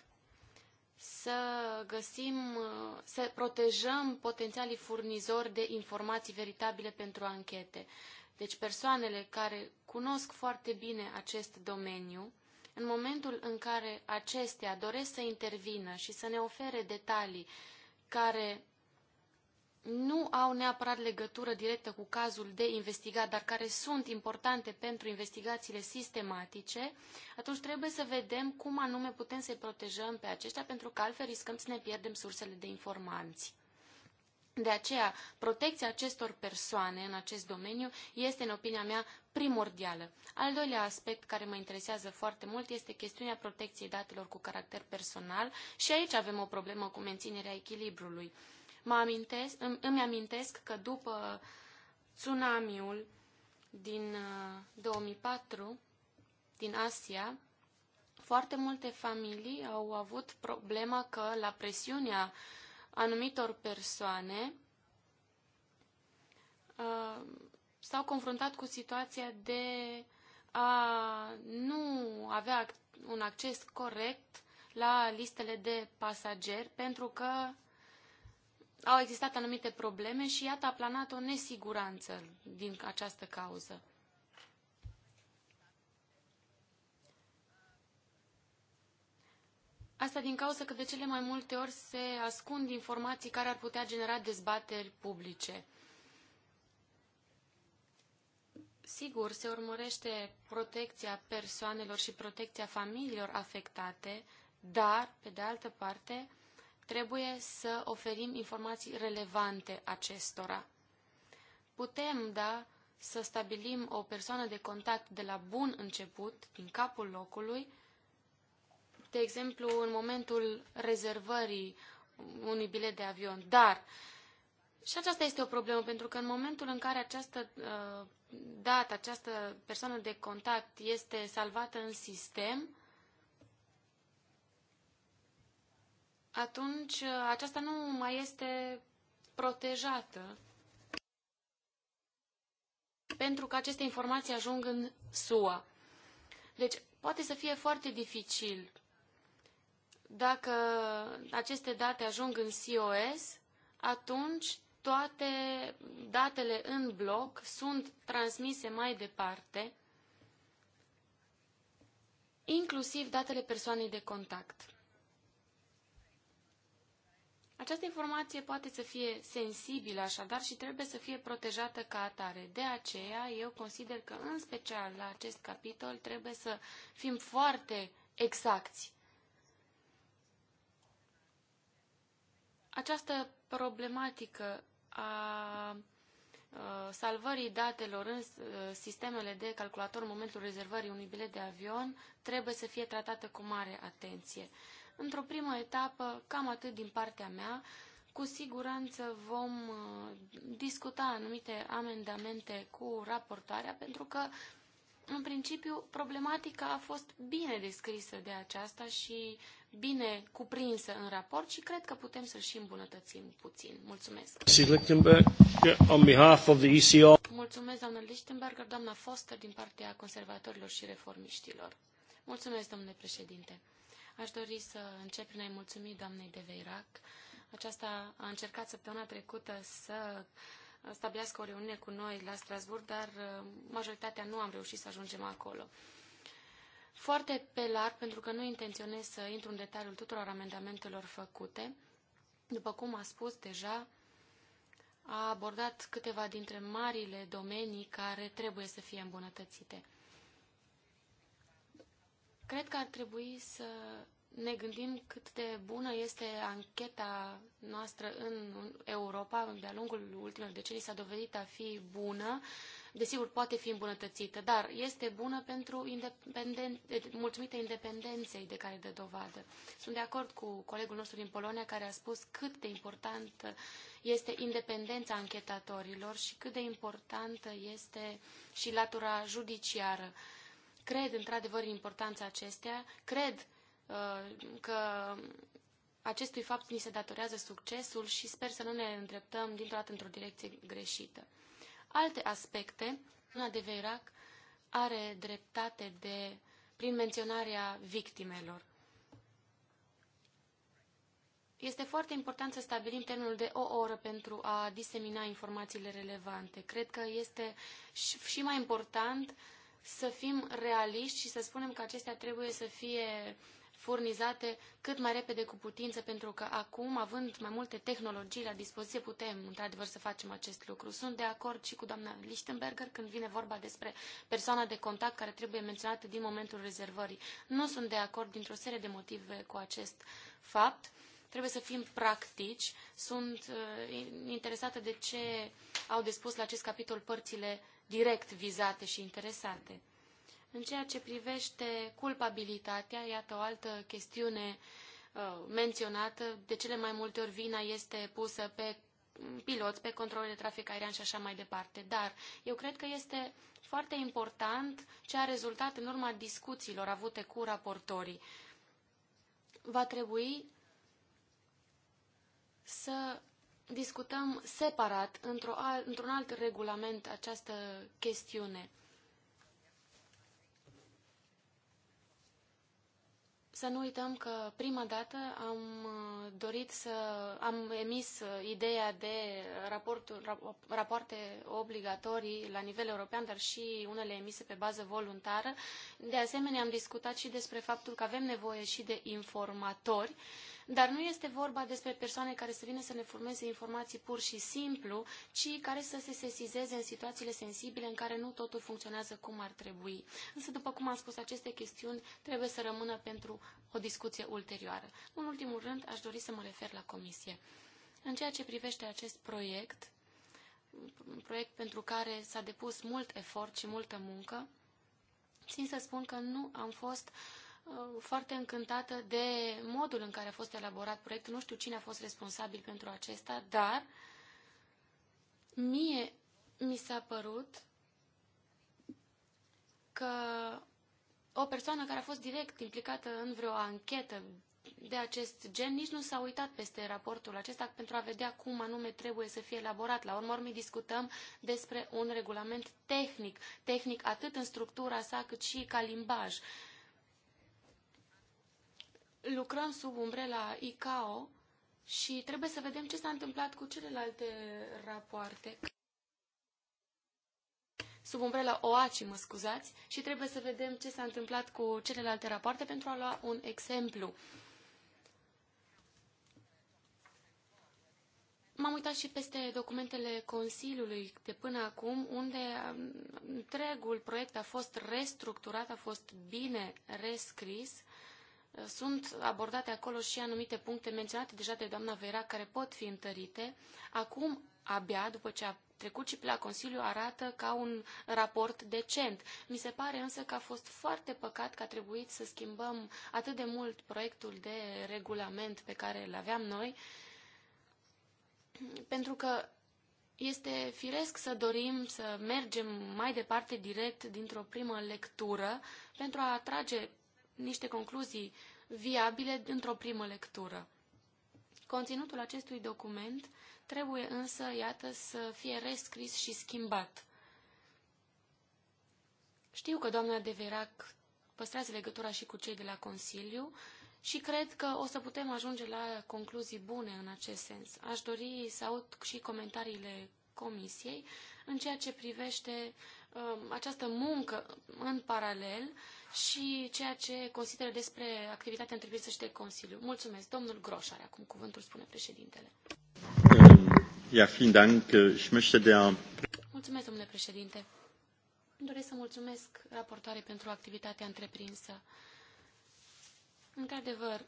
să găsim, să protejăm potențialii furnizori de informații veritabile pentru anchete. Deci persoanele care cunosc foarte bine acest domeniu, în momentul în care acestea doresc să intervină și să ne ofere detalii care nu au neapărat legătură directă cu cazul de investigat, dar care sunt importante pentru investigațiile sistematice, atunci trebuie să vedem cum anume putem să-i protejăm pe aceștia, pentru că altfel riscăm să ne pierdem sursele de informanți. De aceea, protecția acestor persoane în acest domeniu este, în opinia mea, primordială. Al doilea aspect care mă interesează foarte mult este chestiunea protecției datelor cu caracter personal și aici avem o problemă cu menținerea echilibrului. Mă amintesc, îmi, îmi amintesc că după tsunamiul din 2004 uh, din Asia, foarte multe familii au avut problema că la presiunea anumitor persoane uh, s-au confruntat cu situația de a nu avea un acces corect la listele de pasageri pentru că au existat anumite probleme și iată a planat o nesiguranță din această cauză. Asta din cauza că de cele mai multe ori se ascund informații care ar putea genera dezbateri publice. Sigur, se urmărește protecția persoanelor și protecția familiilor afectate, dar, pe de altă parte, trebuie să oferim informații relevante acestora. Putem, da, să stabilim o persoană de contact de la bun început, din capul locului, de exemplu, în momentul rezervării unui bilet de avion. Dar și aceasta este o problemă, pentru că în momentul în care această uh, dată, această persoană de contact este salvată în sistem, atunci uh, aceasta nu mai este protejată pentru că aceste informații ajung în SUA. Deci, poate să fie foarte dificil dacă aceste date ajung în COS, atunci toate datele în bloc sunt transmise mai departe, inclusiv datele persoanei de contact. Această informație poate să fie sensibilă așadar și trebuie să fie protejată ca atare. De aceea eu consider că în special la acest capitol trebuie să fim foarte exacti. Această problematică a ă, salvării datelor în ă, sistemele de calculator în momentul rezervării unui bilet de avion trebuie să fie tratată cu mare atenție. Într-o primă etapă, cam atât din partea mea, cu siguranță vom uh, discuta anumite amendamente cu raportarea, pentru că, în principiu, problematica a fost bine descrisă de aceasta și bine cuprinsă în raport și cred că putem să și îmbunătățim puțin. Mulțumesc. ECR. Mulțumesc, doamnă Lichtenberger, doamna Foster, din partea conservatorilor și reformiștilor. Mulțumesc, domnule președinte. Aș dori să încep prin a-i mulțumi doamnei de Veirac. Aceasta a încercat săptămâna trecută să stabilească o reuniune cu noi la Strasburg, dar uh, majoritatea nu am reușit să ajungem acolo. Foarte pe larg, pentru că nu intenționez să intru în detaliul tuturor amendamentelor făcute, după cum a spus deja, a abordat câteva dintre marile domenii care trebuie să fie îmbunătățite. Cred că ar trebui să ne gândim cât de bună este ancheta noastră în Europa, de-a lungul ultimelor decenii s-a dovedit a fi bună. Desigur, poate fi îmbunătățită, dar este bună pentru independen... mulțumită independenței de care dă dovadă. Sunt de acord cu colegul nostru din Polonia care a spus cât de important este independența anchetatorilor și cât de importantă este și latura judiciară. Uh, Cred într-adevăr în importanța acestea, cred uh, că acestui fapt ni se datorează succesul și sper să nu ne îndreptăm dintr-o dată într-o direcție greșită. Alte aspecte, una de Veirac are dreptate de, prin menționarea victimelor. Este foarte important să stabilim termenul de o oră pentru a disemina informațiile relevante. Cred că este și mai important să fim realiști și să spunem că acestea trebuie să fie furnizate cât mai repede cu putință, pentru că acum, având mai multe tehnologii la dispoziție, putem, într-adevăr, să facem acest lucru. Sunt de acord și cu doamna Lichtenberger când vine vorba despre persoana de contact care trebuie menționată din momentul rezervării. Nu sunt de acord dintr-o serie de motive cu acest fapt. Trebuie să fim practici. Sunt uh, interesată de ce au despus la acest capitol părțile direct vizate și interesate. În ceea ce privește culpabilitatea, iată o altă chestiune uh, menționată, de cele mai multe ori vina este pusă pe piloți, pe control de trafic aerian și așa mai departe. Dar eu cred că este foarte important ce a rezultat în urma discuțiilor avute cu raportorii. Va trebui să discutăm separat, într-un alt, într alt regulament, această chestiune. Să nu uităm că prima dată am uh, dorit să am emis uh, ideea de raportul, rapoarte obligatorii la nivel european, dar și unele emise pe bază voluntară. De asemenea, am discutat și despre faptul că avem nevoie și de informatori uh, dar nu este vorba despre persoane care să vină să ne furneze informații pur și simplu, ci care să se sesizeze în situațiile sensibile în care nu totul funcționează cum ar trebui. Însă, după cum am spus, aceste chestiuni trebuie să rămână pentru o discuție ulterioară. În ultimul rând, aș dori să mă refer la comisie. În ceea ce privește acest proiect, un proiect pentru care s-a depus mult efort și multă muncă, țin să spun că nu am fost uh, foarte încântată de modul în care a fost elaborat proiectul. Nu știu cine a fost responsabil pentru acesta, dar mie mi s-a părut că o persoană care a fost direct implicată în vreo anchetă de acest gen nici nu s-a uitat peste raportul acesta pentru a vedea cum anume trebuie să fie elaborat. La urmă, urmă discutăm despre un regulament tehnic, tehnic atât în structura sa cât și ca limbaj lucrăm sub umbrela ICAO și trebuie să vedem ce s-a întâmplat cu celelalte rapoarte. Sub umbrela OACI, mă scuzați, și trebuie să vedem ce s-a întâmplat cu celelalte rapoarte pentru a lua un exemplu. M-am uitat și peste documentele Consiliului de până acum, unde um, întregul proiect a fost restructurat, a fost bine rescris sunt abordate acolo și anumite puncte menționate deja de doamna Vera, care pot fi întărite. Acum, abia după ce a trecut și pe la Consiliu, arată ca un raport decent. Mi se pare însă că a fost foarte păcat că a trebuit să schimbăm atât de mult proiectul de regulament pe care îl aveam noi, pentru că este firesc să dorim să mergem mai departe direct dintr-o primă lectură pentru a atrage niște concluzii viabile într-o primă lectură. Conținutul acestui document trebuie însă, iată, să fie rescris și schimbat. Știu că doamna de Verac păstrează legătura și cu cei de la Consiliu și cred că o să putem ajunge la concluzii bune în acest sens. Aș dori să aud și comentariile Comisiei în ceea ce privește uh, această muncă în paralel și ceea ce consideră despre activitatea întreprinsă și de Consiliu. Mulțumesc. Domnul Groș are acum cuvântul, spune președintele. Eh, dank. Eh, mulțumesc, domnule președinte. Doresc să mulțumesc raportoare pentru activitatea întreprinsă. Într-adevăr,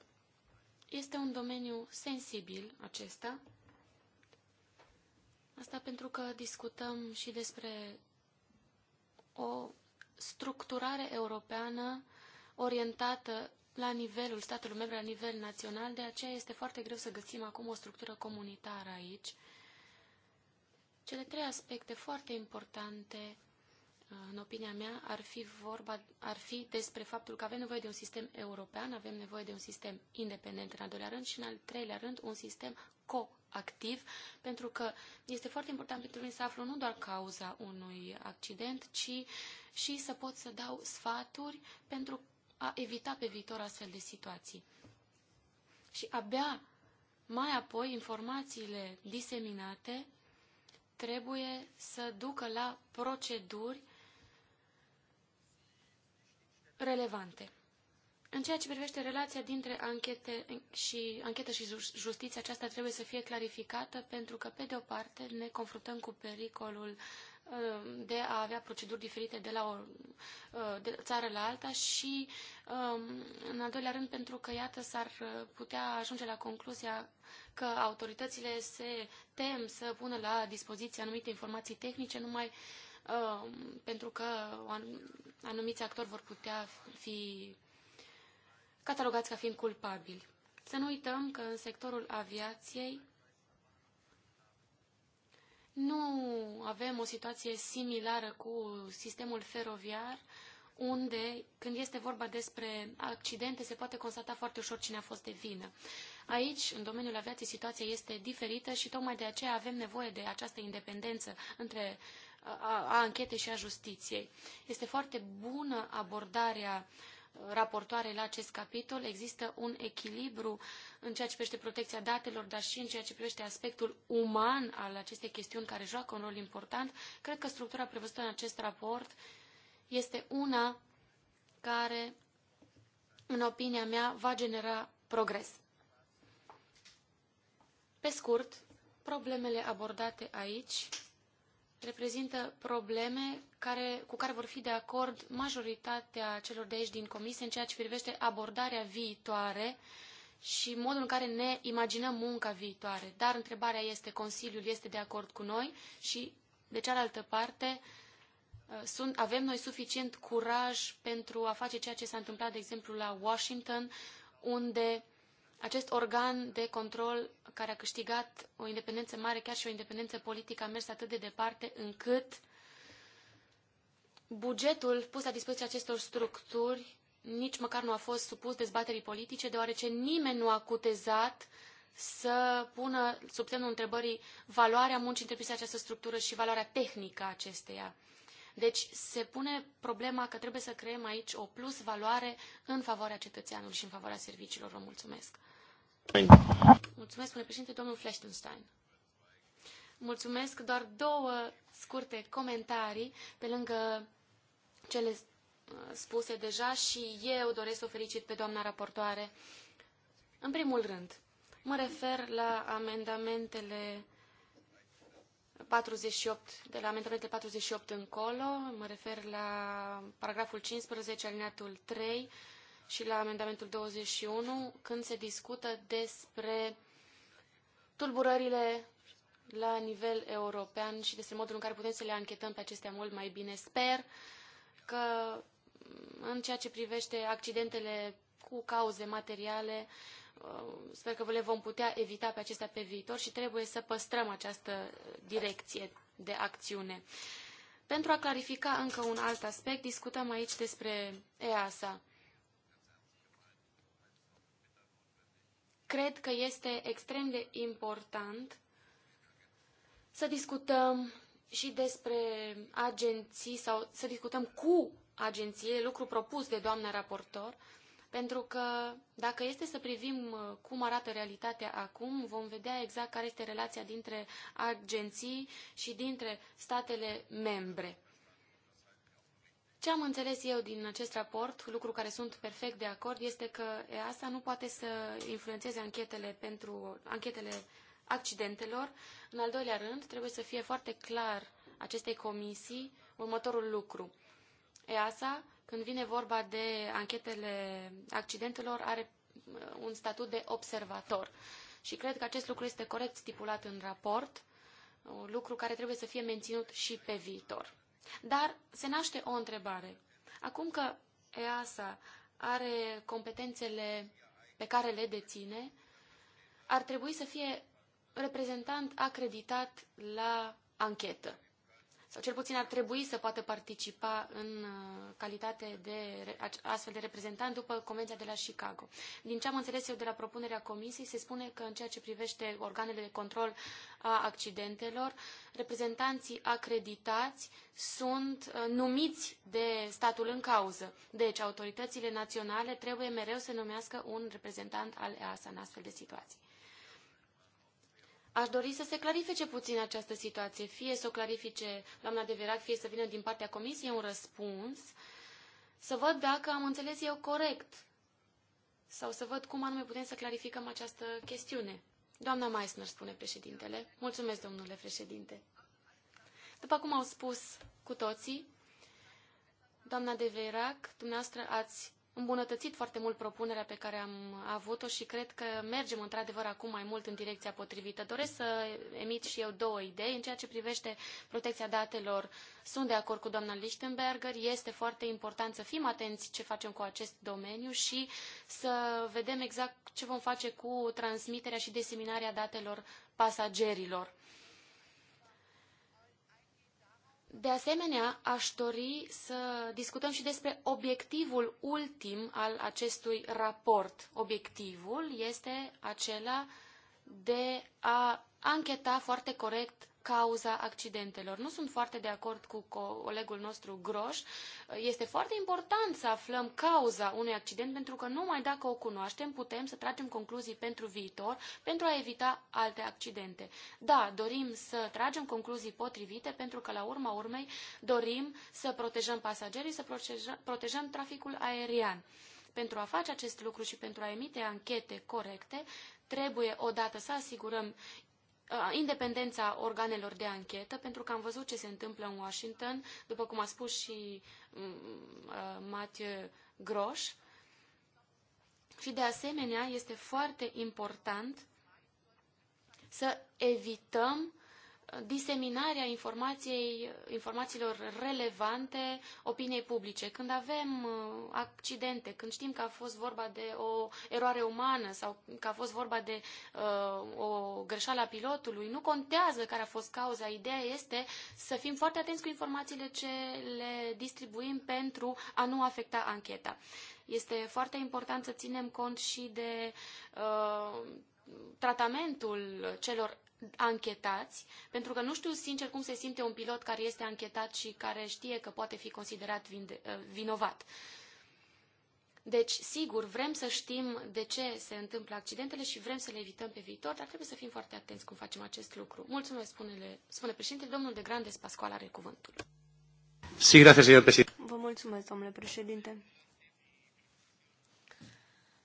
este un domeniu sensibil acesta. Asta pentru că discutăm și despre o structurare europeană orientată la nivelul statelor membre, la nivel național, de aceea este foarte greu să găsim acum o structură comunitară aici. Cele trei aspecte foarte importante, în opinia mea, ar fi, vorba, ar fi despre faptul că avem nevoie de un sistem european, avem nevoie de un sistem independent în al doilea rând și în al treilea rând un sistem co activ, pentru că este foarte important pentru mine să aflu nu doar cauza unui accident, ci și să pot să dau sfaturi pentru a evita pe viitor astfel de situații. Și abia mai apoi informațiile diseminate trebuie să ducă la proceduri relevante. În ceea ce privește relația dintre anchete și, anchetă și justiție, aceasta trebuie să fie clarificată pentru că, pe de o parte, ne confruntăm cu pericolul uh, de a avea proceduri diferite de la o uh, de țară la alta și, um, în al doilea rând, pentru că, iată, s-ar putea ajunge la concluzia că autoritățile se tem să pună la dispoziție anumite informații tehnice numai um, pentru că anumiți actori vor putea fi catalogați ca fiind culpabili. Să nu uităm că în sectorul aviației nu avem o situație similară cu sistemul feroviar, unde, când este vorba despre accidente, se poate constata foarte ușor cine a fost de vină. Aici, în domeniul aviației, situația este diferită și tocmai de aceea avem nevoie de această independență între a, a anchetei și a justiției. Este foarte bună abordarea uh, raportoare la acest capitol. Există un echilibru în ceea ce privește protecția datelor, dar și în ceea ce privește aspectul uman al acestei chestiuni care joacă un rol important. Cred că structura prevăzută în acest raport este una care, în opinia mea, va genera progres. Pe scurt, problemele abordate aici reprezintă probleme care, cu care vor fi de acord majoritatea celor de aici din comisie în ceea ce privește abordarea viitoare și modul în care ne imaginăm munca viitoare. Dar întrebarea este, Consiliul este de acord cu noi și, de cealaltă parte, uh, sunt, avem noi suficient curaj pentru a face ceea ce s-a întâmplat, de exemplu, la Washington, unde acest organ de control care a câștigat o independență mare, chiar și o independență politică, a mers atât de departe încât bugetul pus la dispoziția acestor structuri nici măcar nu a fost supus dezbaterii politice, deoarece nimeni nu a cutezat să pună sub semnul întrebării valoarea muncii întreprinse această structură și valoarea tehnică a acesteia. Deci se pune problema că trebuie să creăm aici o plus valoare în favoarea cetățeanului și în favoarea serviciilor. Vă mulțumesc! Mulțumesc, domnule președinte, domnul Flechtenstein. Mulțumesc, doar două scurte comentarii pe lângă cele uh, spuse deja și eu doresc să o felicit pe doamna raportoare. În primul rând, mă refer la amendamentele 48, de la amendamentele 48 încolo, mă refer la paragraful 15, alineatul 3, și la amendamentul 21, când se discută despre tulburările la nivel european și despre modul în care putem să le anchetăm pe acestea mult mai bine. Sper că mm, în ceea ce privește accidentele cu cauze materiale, mm, sper că le vom putea evita pe acestea pe viitor și trebuie să păstrăm această direcție de acțiune. Pentru a clarifica încă un alt aspect, discutăm aici despre EASA. cred că este extrem de important să discutăm și despre agenții sau să discutăm cu agențiile, lucru propus de doamna raportor, pentru că dacă este să privim uh, cum arată realitatea acum, vom vedea exact care este relația dintre agenții și dintre statele membre. Ce am înțeles eu din acest raport, lucru care sunt perfect de acord, este că EASA nu poate să influențeze anchetele pentru anchetele accidentelor. În al doilea rând, trebuie să fie foarte clar acestei comisii următorul lucru. EASA, când vine vorba de anchetele accidentelor, are uh, un statut de observator. Și cred că acest lucru este corect stipulat în raport, un lucru care trebuie să fie menținut și pe viitor. Dar se naște o întrebare. Acum că EASA are competențele pe care le deține, ar trebui să fie reprezentant acreditat la anchetă sau cel puțin ar trebui să poată participa în uh, calitate de astfel de reprezentant după Convenția de la Chicago. Din ce am înțeles eu de la propunerea Comisiei, se spune că în ceea ce privește organele de control a accidentelor, reprezentanții acreditați sunt uh, numiți de statul în cauză. Deci autoritățile naționale trebuie mereu să numească un reprezentant al EASA în astfel de situații. Aș dori să se clarifice puțin această situație, fie să o clarifice doamna de Verac, fie să vină din partea comisiei un răspuns, să văd dacă am înțeles eu corect sau să văd cum anume putem să clarificăm această chestiune. Doamna Meissner, spune președintele. Mulțumesc, domnule președinte. După cum au spus cu toții, doamna de Verac, dumneavoastră ați îmbunătățit foarte mult propunerea pe care am avut-o și cred că mergem într-adevăr acum mai mult în direcția potrivită. Doresc să emit și eu două idei. În ceea ce privește protecția datelor, sunt de acord cu doamna Lichtenberger. Este foarte important să fim atenți ce facem cu acest domeniu și să vedem exact ce vom face cu transmiterea și diseminarea datelor pasagerilor. De asemenea, aș dori să discutăm și despre obiectivul ultim al acestui raport. Obiectivul este acela de a ancheta foarte corect cauza accidentelor. Nu sunt foarte de acord cu colegul nostru Groș. Este foarte important să aflăm cauza unui accident, pentru că numai dacă o cunoaștem, putem să tragem concluzii pentru viitor, pentru a evita alte accidente. Da, dorim să tragem concluzii potrivite, pentru că, la urma urmei, dorim să protejăm pasagerii, să protejăm, protejăm traficul aerian. Pentru a face acest lucru și pentru a emite anchete corecte, trebuie odată să asigurăm Uh, independența organelor de anchetă, pentru că am văzut ce se întâmplă în Washington, după cum a spus și mm, uh, Mathieu Groș. Și de asemenea este foarte important să evităm diseminarea informației, informațiilor relevante opiniei publice. Când avem uh, accidente, când știm că a fost vorba de o eroare umană sau că a fost vorba de uh, o greșeală a pilotului, nu contează care a fost cauza. Ideea este să fim foarte atenți cu informațiile ce le distribuim pentru a nu afecta ancheta. Este foarte important să ținem cont și de uh, tratamentul celor anchetați, pentru că nu știu sincer cum se simte un pilot care este anchetat și care știe că poate fi considerat uh, vinovat. Deci, sigur, vrem să știm de ce se întâmplă accidentele și vrem să le evităm pe viitor, dar trebuie să fim foarte atenți cum facem acest lucru. Mulțumesc, spune, spune președinte. Domnul de Grandes Pascual are cuvântul. Sí, gracias, señor presidente. Vă mulțumesc, domnule președinte.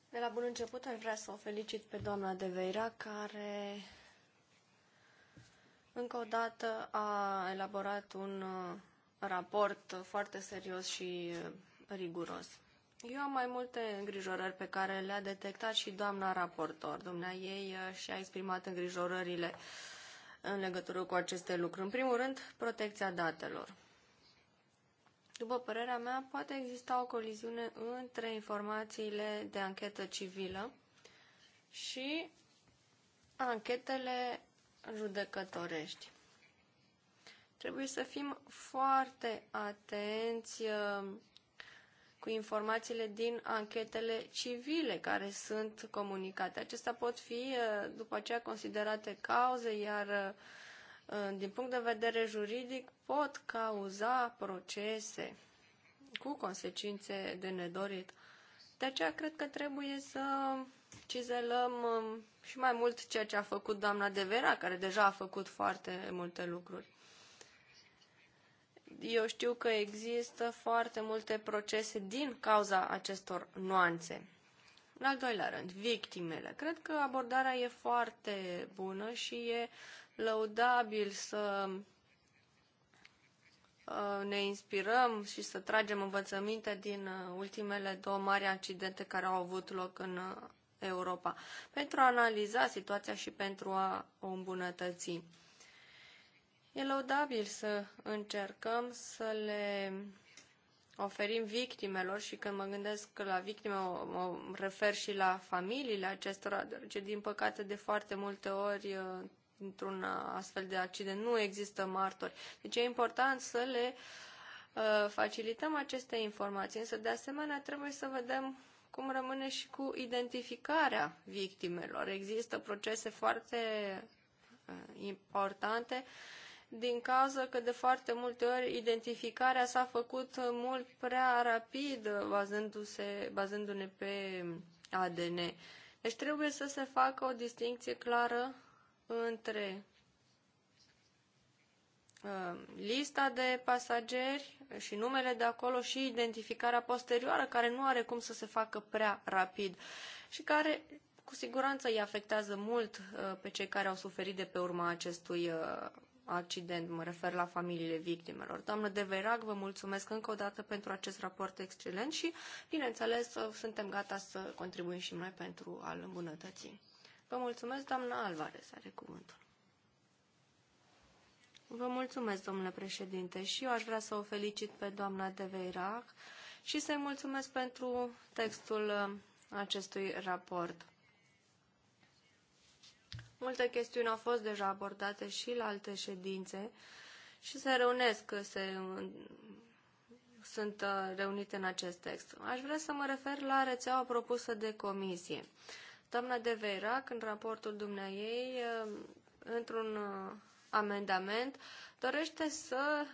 De la bun început aș vrea să o felicit pe doamna de Veira, care încă o dată a elaborat un uh, raport foarte serios și uh, riguros. Eu am mai multe îngrijorări pe care le-a detectat și doamna raportor. Dumnea ei uh, și-a exprimat îngrijorările în legătură cu aceste lucruri. În primul rând, protecția datelor. După părerea mea, poate exista o coliziune între informațiile de anchetă civilă și anchetele judecătorești. Trebuie să fim foarte atenți uh, cu informațiile din anchetele civile care sunt comunicate. Acestea pot fi uh, după aceea considerate cauze, iar uh, din punct de vedere juridic pot cauza procese cu consecințe de nedorit. De aceea cred că trebuie să cizelăm um, și mai mult ceea ce a făcut doamna Vera care deja a făcut foarte multe lucruri. Eu știu că există foarte multe procese din cauza acestor nuanțe. În al doilea rând, victimele. Cred că abordarea e foarte bună și e lăudabil să uh, ne inspirăm și să tragem învățăminte din uh, ultimele două mari accidente care au avut loc în uh, Europa pentru a analiza situația și pentru a o îmbunătăți. E laudabil să încercăm să le oferim victimelor și când mă gândesc la victime mă refer și la familiile acestora, deoarece din păcate de foarte multe ori uh, într-un astfel de accident nu există martori. Deci e important să le uh, facilităm aceste informații, însă de asemenea trebuie să vedem acum rămâne și cu identificarea victimelor. Există procese foarte uh, importante din cauza că de foarte multe ori identificarea s-a făcut mult prea rapid bazându-se, bazându-ne pe ADN. Deci trebuie să se facă o distinție clară între uh, lista de pasageri și numele de acolo și identificarea posterioară, care nu are cum să se facă prea rapid și care cu siguranță îi afectează mult uh, pe cei care au suferit de pe urma acestui uh, accident, mă refer la familiile victimelor. Doamnă Deverac, vă mulțumesc încă o dată pentru acest raport excelent și, bineînțeles, uh, suntem gata să contribuim și noi pentru a-l îmbunătăți. Vă mulțumesc, doamna Alvarez, are cuvântul. Vă mulțumesc, domnule președinte, și eu aș vrea să o felicit pe doamna de și să-i mulțumesc pentru textul uh, acestui raport. Multe chestiuni au fost deja abordate și la alte ședințe și se reunesc, se, uh, sunt uh, reunite în acest text. Aș vrea să mă refer la rețeaua propusă de comisie. Doamna de în raportul dumneai, într-un amendament dorește să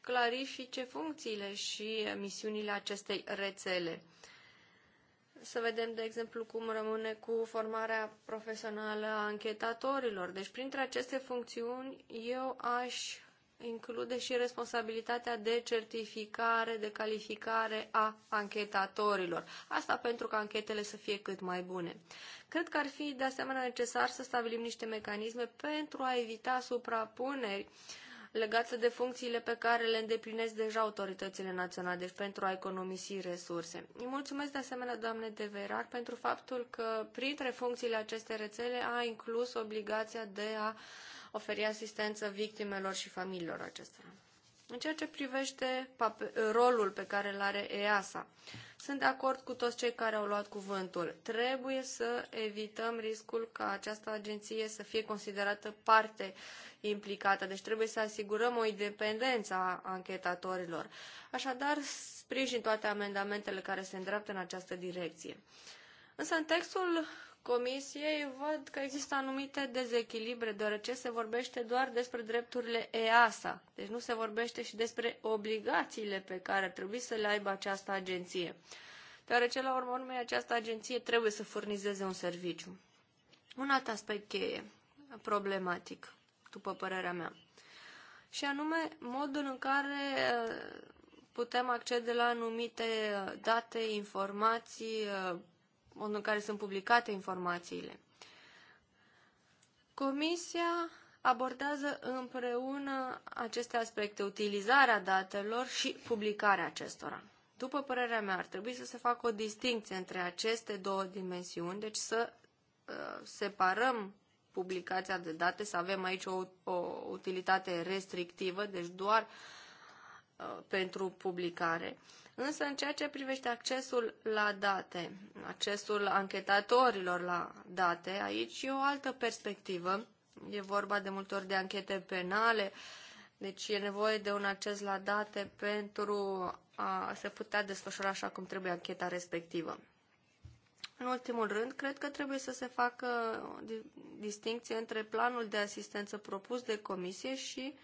clarifice funcțiile și misiunile acestei rețele. Să vedem, de exemplu, cum rămâne cu formarea profesională a anchetatorilor. Deci, printre aceste funcțiuni, eu aș include și responsabilitatea de certificare, de calificare a anchetatorilor. Asta pentru ca anchetele să fie cât mai bune. Cred că ar fi de asemenea necesar să stabilim niște mecanisme pentru a evita suprapuneri legate de funcțiile pe care le îndeplinesc deja autoritățile naționale, deci pentru a economisi resurse. Îi mulțumesc de asemenea, doamne de pentru faptul că printre funcțiile acestei rețele a inclus obligația de a oferi asistență victimelor și familiilor acestora. În ceea ce privește rolul pe care îl are EASA, sunt de acord cu toți cei care au luat cuvântul. Trebuie să evităm riscul ca această agenție să fie considerată parte implicată, deci trebuie să asigurăm o independență a anchetatorilor. Așadar, sprijin toate amendamentele care se îndreaptă în această direcție. Însă în textul Comisiei văd că există anumite dezechilibre, deoarece se vorbește doar despre drepturile EASA, deci nu se vorbește și despre obligațiile pe care ar trebui să le aibă această agenție, deoarece la urmă urmei această agenție trebuie să furnizeze un serviciu. Un alt aspect cheie, problematic, după părerea mea, și anume modul în care uh, putem accede la anumite uh, date, informații, uh, modul în care sunt publicate informațiile. Comisia abordează împreună aceste aspecte, utilizarea datelor și publicarea acestora. După părerea mea, ar trebui să se facă o distinție între aceste două dimensiuni, deci să uh, separăm publicația de date, să avem aici o, o utilitate restrictivă, deci doar uh, pentru publicare, Însă, în ceea ce privește accesul la date, accesul anchetatorilor la date, aici e o altă perspectivă. E vorba de multe ori de anchete penale, deci e nevoie de un acces la date pentru a se putea desfășura așa cum trebuie ancheta respectivă. În ultimul rând, cred că trebuie să se facă distinție între planul de asistență propus de comisie și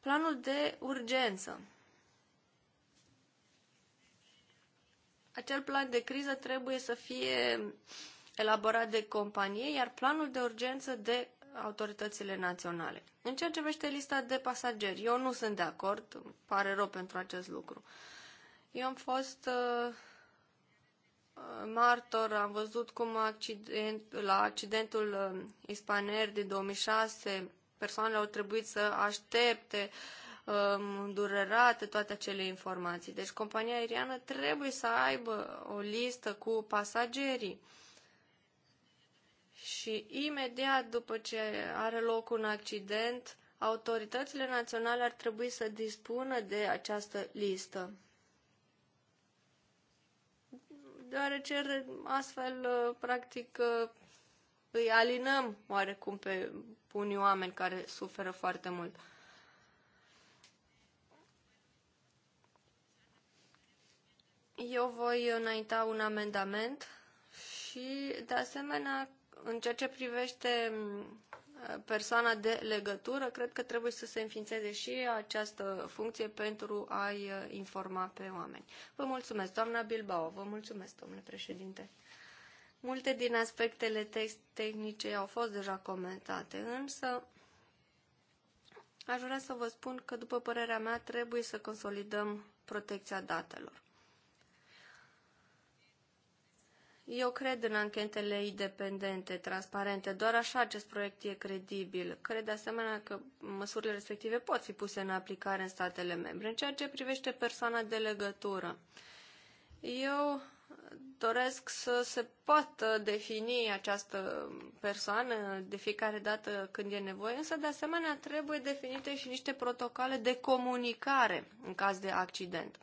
planul de urgență. acel plan de criză trebuie să fie elaborat de companie, iar planul de urgență de autoritățile naționale. În ceea ce privește lista de pasageri, eu nu sunt de acord, îmi pare rău pentru acest lucru. Eu am fost uh, martor, am văzut cum accident, la accidentul uh, Ispaner din 2006 persoanele au trebuit să aștepte uh, Um, îndurerate toate acele informații. Deci compania aeriană trebuie să aibă o listă cu pasagerii. Și imediat după ce are loc un accident, autoritățile naționale ar trebui să dispună de această listă. Deoarece astfel, uh, practic, uh, îi alinăm oarecum pe unii oameni care suferă foarte mult. Eu voi înainta un amendament și, de asemenea, în ceea ce privește uh, persoana de legătură, cred că trebuie să se înființeze și această funcție pentru a-i uh, informa pe oameni. Vă mulțumesc, doamna Bilbao, vă mulțumesc, domnule președinte. Multe din aspectele text tehnice au fost deja comentate, însă aș vrea să vă spun că, după părerea mea, trebuie să consolidăm protecția datelor. Eu cred în anchetele independente, transparente. Doar așa acest proiect e credibil. Cred de asemenea că măsurile respective pot fi puse în aplicare în statele membre. În ceea ce privește persoana de legătură, eu doresc să se poată defini această persoană de fiecare dată când e nevoie, însă de asemenea trebuie definite și niște protocoale de comunicare în caz de accident.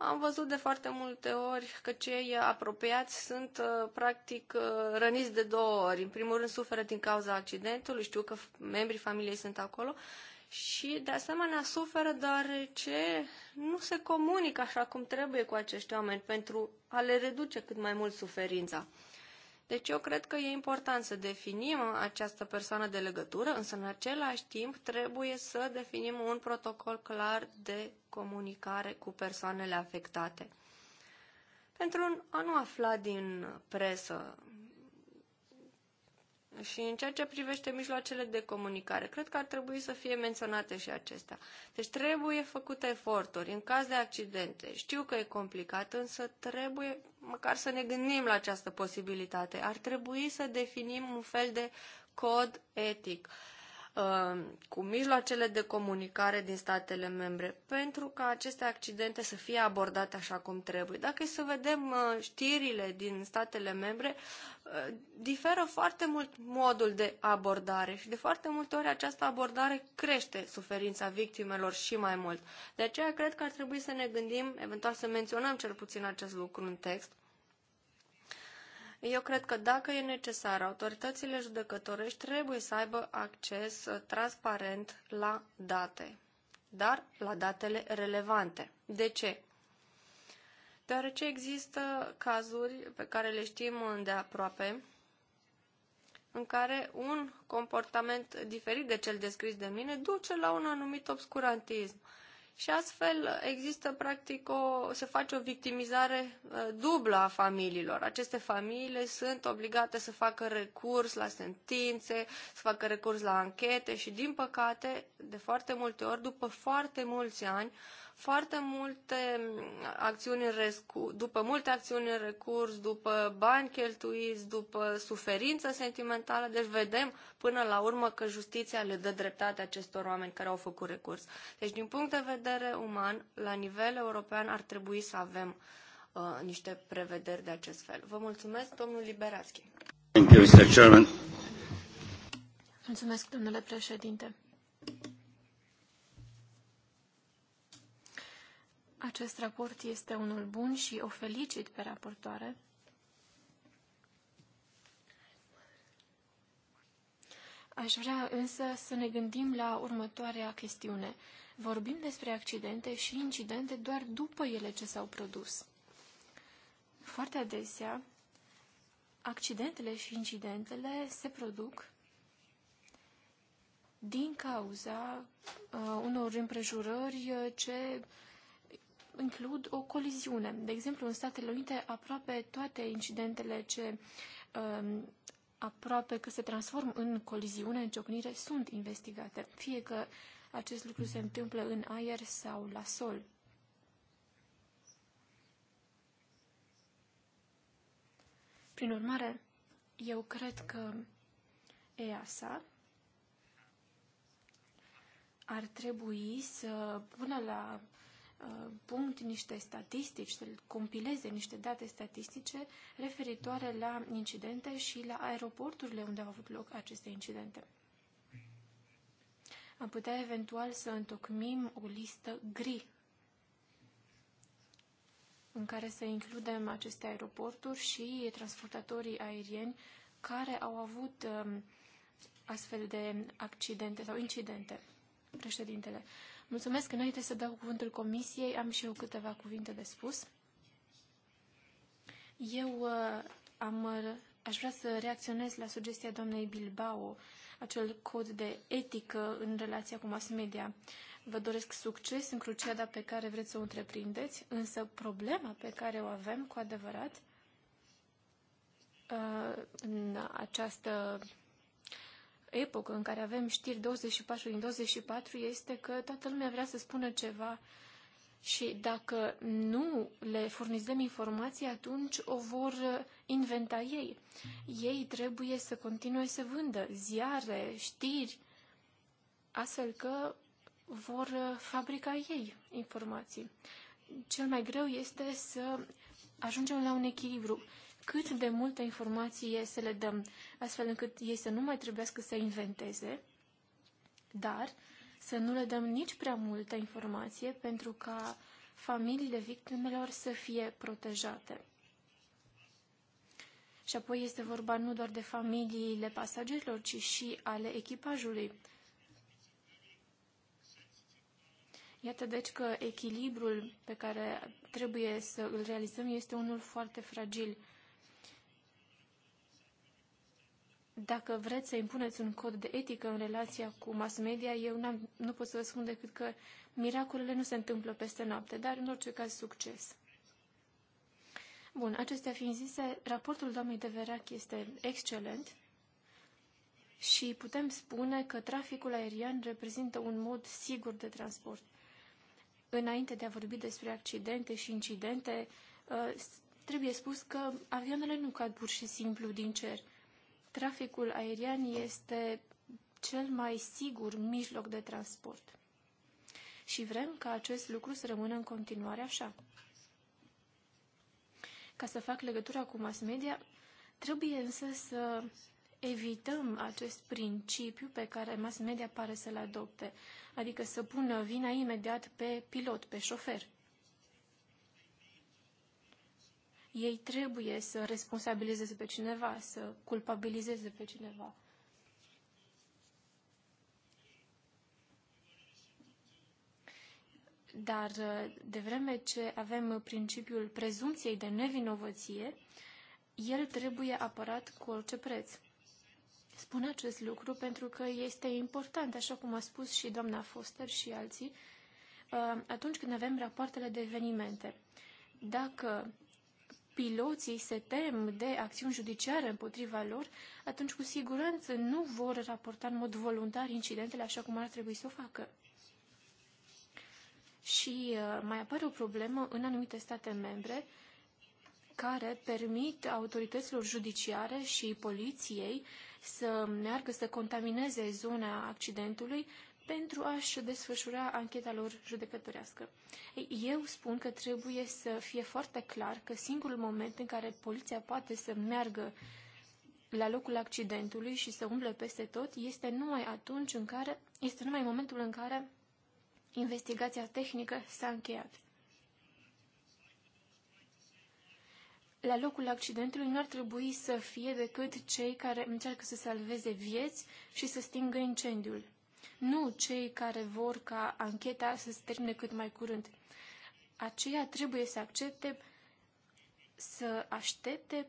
Am văzut de foarte multe ori că cei apropiați sunt uh, practic uh, răniți de două ori. În primul rând suferă din cauza accidentului, știu că membrii familiei sunt acolo și de asemenea suferă deoarece nu se comunică așa cum trebuie cu acești oameni pentru a le reduce cât mai mult suferința. Deci eu cred că e important să definim această persoană de legătură, însă în același timp trebuie să definim un protocol clar de comunicare cu persoanele afectate. Pentru a nu afla din presă și în ceea ce privește mijloacele de comunicare, cred că ar trebui să fie menționate și acestea. Deci trebuie făcute eforturi în caz de accidente. Știu că e complicat, însă trebuie măcar să ne gândim la această posibilitate. Ar trebui să definim un fel de cod etic. Uh, Uh, cu mijloacele de comunicare din statele membre pentru ca aceste accidente să fie abordate așa cum trebuie. Dacă e să vedem uh, știrile din statele membre, uh, diferă foarte mult modul de abordare și de foarte multe ori această abordare crește suferința victimelor și mai mult. De aceea cred că ar trebui să ne gândim, eventual să menționăm cel puțin acest lucru în text, eu cred că dacă e necesar, autoritățile judecătorești trebuie să aibă acces uh, transparent la date, dar la datele relevante. De ce? Deoarece există cazuri pe care le știm aproape, în care un comportament diferit de cel descris de mine duce la un anumit obscurantism. Uh, și astfel există practic o, se face o victimizare uh, dublă a familiilor. Aceste familii sunt obligate să facă recurs la sentințe, să facă recurs la anchete și din păcate de foarte multe ori, după foarte mulți ani, foarte multe acțiuni în rescu- după multe acțiuni în recurs, după bani cheltuiți, după suferință sentimentală, deci vedem până la urmă că justiția le dă dreptate acestor oameni care au făcut recurs. Deci, din punct de vedere uman, la nivel european ar trebui să avem uh, niște prevederi de acest fel. Vă mulțumesc, domnul Liberaschi. Mulțumesc, domnule președinte. Acest raport este unul bun și o felicit pe raportoare. Aș vrea însă să ne gândim la următoarea chestiune. Vorbim despre accidente și incidente doar după ele ce s-au produs. Foarte adesea, accidentele și incidentele se produc din cauza uh, unor împrejurări uh, ce uh, includ o coliziune. De exemplu, în Statele Unite, aproape toate incidentele ce um, aproape că se transformă în coliziune, în ciocnire, sunt investigate, fie că acest lucru se întâmplă în aer sau la sol. Prin urmare, eu cred că EASA ar trebui să pună la punct niște statistici, să compileze niște date statistice referitoare la incidente și la aeroporturile unde au avut loc aceste incidente. Am putea eventual să întocmim o listă gri în care să includem aceste aeroporturi și transportatorii aerieni care au avut um, astfel de accidente sau incidente. Președintele, Mulțumesc. Înainte să dau cuvântul comisiei, am și eu câteva cuvinte de spus. Eu uh, am, uh, aș vrea să reacționez la sugestia doamnei Bilbao, acel cod de etică în relația cu mass media. Vă doresc succes în cruciada pe care vreți să o întreprindeți, însă problema pe care o avem cu adevărat uh, în această epocă în care avem știri 24 din 24 este că toată lumea vrea să spună ceva și dacă nu le furnizăm informații, atunci o vor inventa ei. Ei trebuie să continue să vândă ziare, știri, astfel că vor fabrica ei informații. Cel mai greu este să ajungem la un echilibru cât de multă informație să le dăm, astfel încât ei să nu mai trebuiască să inventeze, dar să nu le dăm nici prea multă informație pentru ca familiile victimelor să fie protejate. Și apoi este vorba nu doar de familiile pasagerilor, ci și ale echipajului. Iată deci că echilibrul pe care trebuie să îl realizăm este unul foarte fragil. Dacă vreți să impuneți un cod de etică în relația cu mass media, eu -am, nu pot să vă spun decât că miracolele nu se întâmplă peste noapte, dar în orice caz succes. Bun, acestea fiind zise, raportul doamnei de Verac este excelent și putem spune că traficul aerian reprezintă un mod sigur de transport. Înainte de a vorbi despre accidente și incidente, uh, trebuie spus că avioanele nu cad pur și simplu din cer traficul aerian este cel mai sigur mijloc de transport. Și vrem ca acest lucru să rămână în continuare așa. Ca să fac legătura cu mass media, trebuie însă să evităm acest principiu pe care mass media pare să-l adopte, adică să pună vina imediat pe pilot, pe șofer. Ei trebuie să responsabilizeze pe cineva, să culpabilizeze pe cineva. Dar uh, de vreme ce avem principiul prezumției de nevinovăție, el trebuie apărat cu orice preț. Spun acest lucru pentru că este important, așa cum a spus și doamna Foster și alții, uh, atunci când avem rapoartele de evenimente. Dacă piloții se tem de acțiuni judiciare împotriva lor, atunci cu siguranță nu vor raporta în mod voluntar incidentele așa cum ar trebui să o facă. Și uh, mai apare o problemă în anumite state membre care permit autorităților judiciare și poliției să meargă să contamineze zona accidentului pentru a-și desfășura ancheta lor judecătorească. Eu spun că trebuie să fie foarte clar că singurul moment în care poliția poate să meargă la locul accidentului și să umble peste tot este numai atunci în care, este numai momentul în care investigația tehnică s-a încheiat. La locul accidentului nu ar trebui să fie decât cei care încearcă să salveze vieți și să stingă incendiul nu cei care vor ca ancheta să se termine cât mai curând. Aceia trebuie să accepte, să aștepte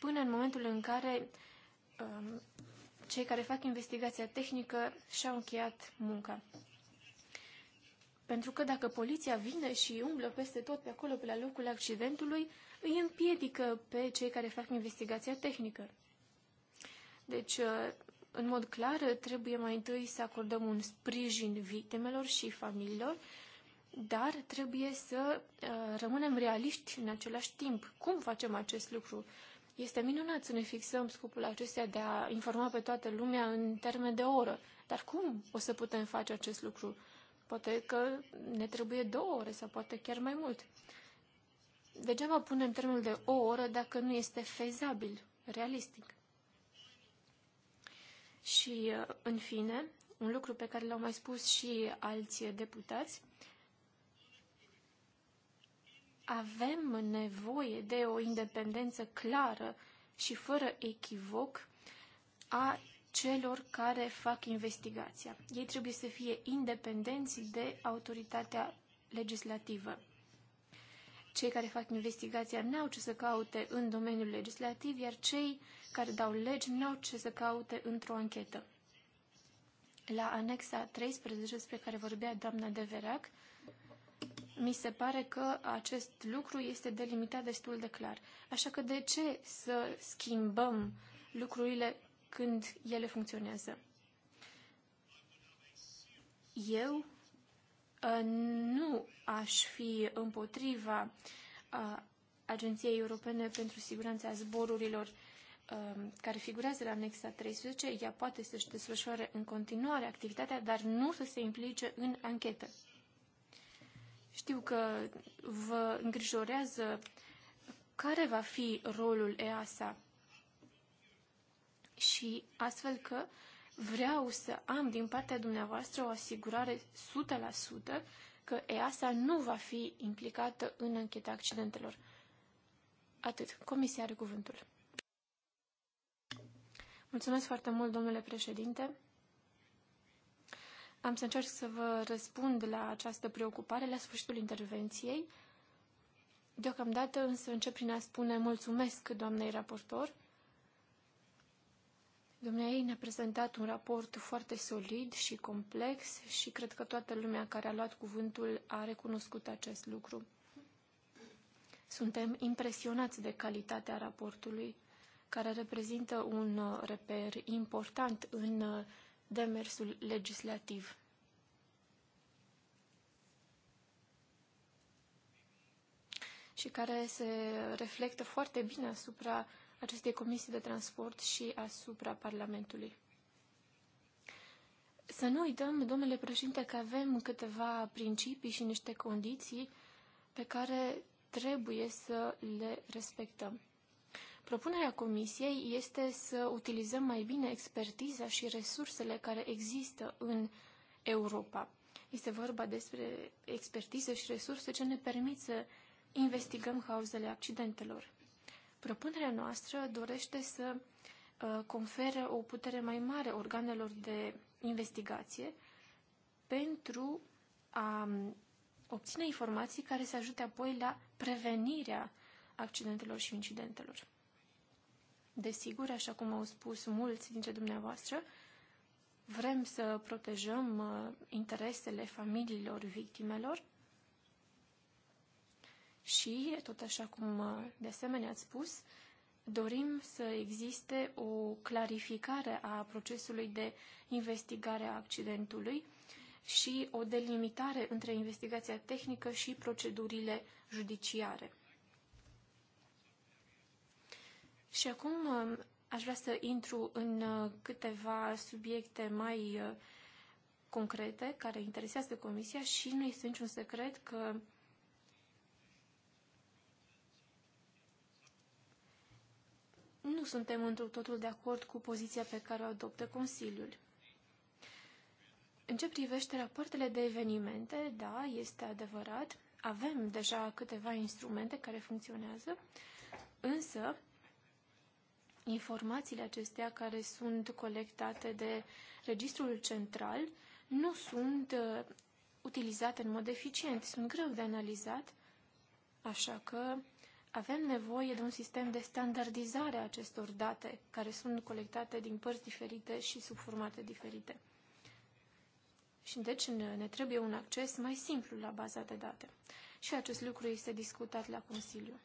până în momentul în care um, cei care fac investigația tehnică și-au încheiat munca. Pentru că dacă poliția vine și umblă peste tot pe acolo, pe la locul accidentului, îi împiedică pe cei care fac investigația tehnică. Deci uh, în mod clar, trebuie mai întâi să acordăm un sprijin victimelor și familiilor, dar trebuie să uh, rămânem realiști în același timp. Cum facem acest lucru? Este minunat să ne fixăm scopul acesta de a informa pe toată lumea în termen de oră, dar cum o să putem face acest lucru? Poate că ne trebuie două ore sau poate chiar mai mult. Degeaba punem termenul de o oră dacă nu este fezabil, realistic. Și, uh, în fine, un lucru pe care l-au mai spus și alți deputați, avem nevoie de o independență clară și fără echivoc a celor care fac investigația. Ei trebuie să fie independenți de autoritatea legislativă. Cei care fac investigația n-au ce să caute în domeniul legislativ, iar cei care dau legi n-au ce să caute într-o anchetă. La anexa 13, despre care vorbea doamna Deverac, mi se pare că acest lucru este delimitat destul de clar. Așa că de ce să schimbăm lucrurile când ele funcționează? Eu Ă, nu aș fi împotriva ă, Agenției Europene pentru Siguranța Zborurilor ă, care figurează la anexa 13, ea poate să-și desfășoare în continuare activitatea, dar nu să se implice în anchetă. Știu că vă îngrijorează care va fi rolul EASA și astfel că uh, vreau să am din partea dumneavoastră o asigurare 100% că EASA nu va fi implicată în ancheta accidentelor. Atât. Comisia are cuvântul. Mulțumesc foarte mult, domnule președinte. Am să încerc să vă răspund la această preocupare la sfârșitul intervenției. Deocamdată însă încep prin a spune mulțumesc doamnei raportor Dumnezeu ne-a prezentat un raport foarte solid și complex și cred că toată lumea care a luat cuvântul a recunoscut acest lucru. Suntem impresionați de calitatea raportului, care reprezintă un uh, reper important în uh, demersul legislativ. și care se reflectă foarte bine asupra acestei comisii de transport și asupra Parlamentului. Să nu uităm, domnule președinte, că avem câteva principii și niște condiții pe care trebuie să le respectăm. Propunerea Comisiei este să utilizăm mai bine expertiza și resursele care există în Europa. Este vorba despre expertiză și resurse ce ne permit să investigăm cauzele accidentelor. Propunerea noastră dorește să uh, conferă o putere mai mare organelor de investigație pentru a um, obține informații care să ajute apoi la prevenirea accidentelor și incidentelor. Desigur, așa cum au spus mulți dintre dumneavoastră, vrem să protejăm uh, interesele familiilor victimelor și, tot așa cum uh, de asemenea ați spus, dorim să existe o clarificare a procesului de investigare a accidentului și o delimitare între investigația tehnică și procedurile judiciare. Și acum uh, aș vrea să intru în uh, câteva subiecte mai concrete care interesează Comisia și nu este niciun secret că nu suntem într totul de acord cu poziția pe care o adoptă Consiliul. În ce privește rapoartele de evenimente, da, este adevărat, avem deja câteva instrumente care funcționează, însă informațiile acestea care sunt colectate de registrul central nu sunt uh, utilizate în mod eficient, sunt greu de analizat, așa că avem nevoie de un sistem de standardizare a acestor date, care sunt colectate din părți diferite și sub formate diferite. Și deci ne trebuie un acces mai simplu la baza de date. Și acest lucru este discutat la Consiliu.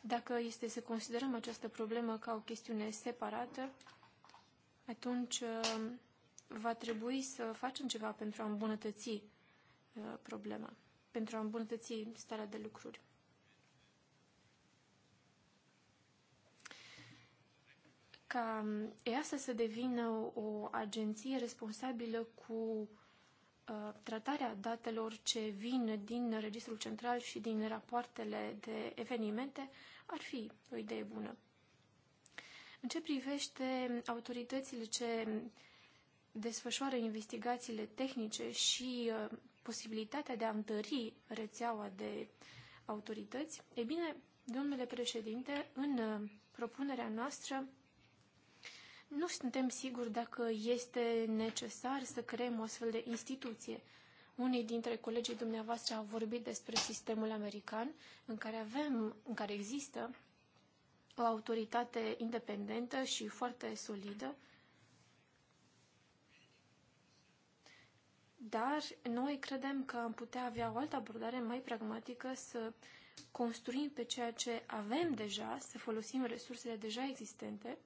Dacă este să considerăm această problemă ca o chestiune separată, atunci va trebui să facem ceva pentru a îmbunătăți uh, problema, pentru a îmbunătăți starea de lucruri. Ca um, EASA să devină o agenție responsabilă cu uh, tratarea datelor ce vin din registrul central și din rapoartele de evenimente ar fi o idee bună. În ce privește autoritățile ce desfășoară investigațiile tehnice și uh, posibilitatea de a întări rețeaua de autorități, e bine, domnule președinte, în uh, propunerea noastră nu suntem siguri dacă este necesar să creăm o astfel de instituție. Unii dintre colegii dumneavoastră au vorbit despre sistemul american în care avem, în care există o autoritate independentă și foarte solidă Dar noi credem că am putea avea o altă abordare mai pragmatică să construim pe ceea ce avem deja, să folosim resursele deja existente.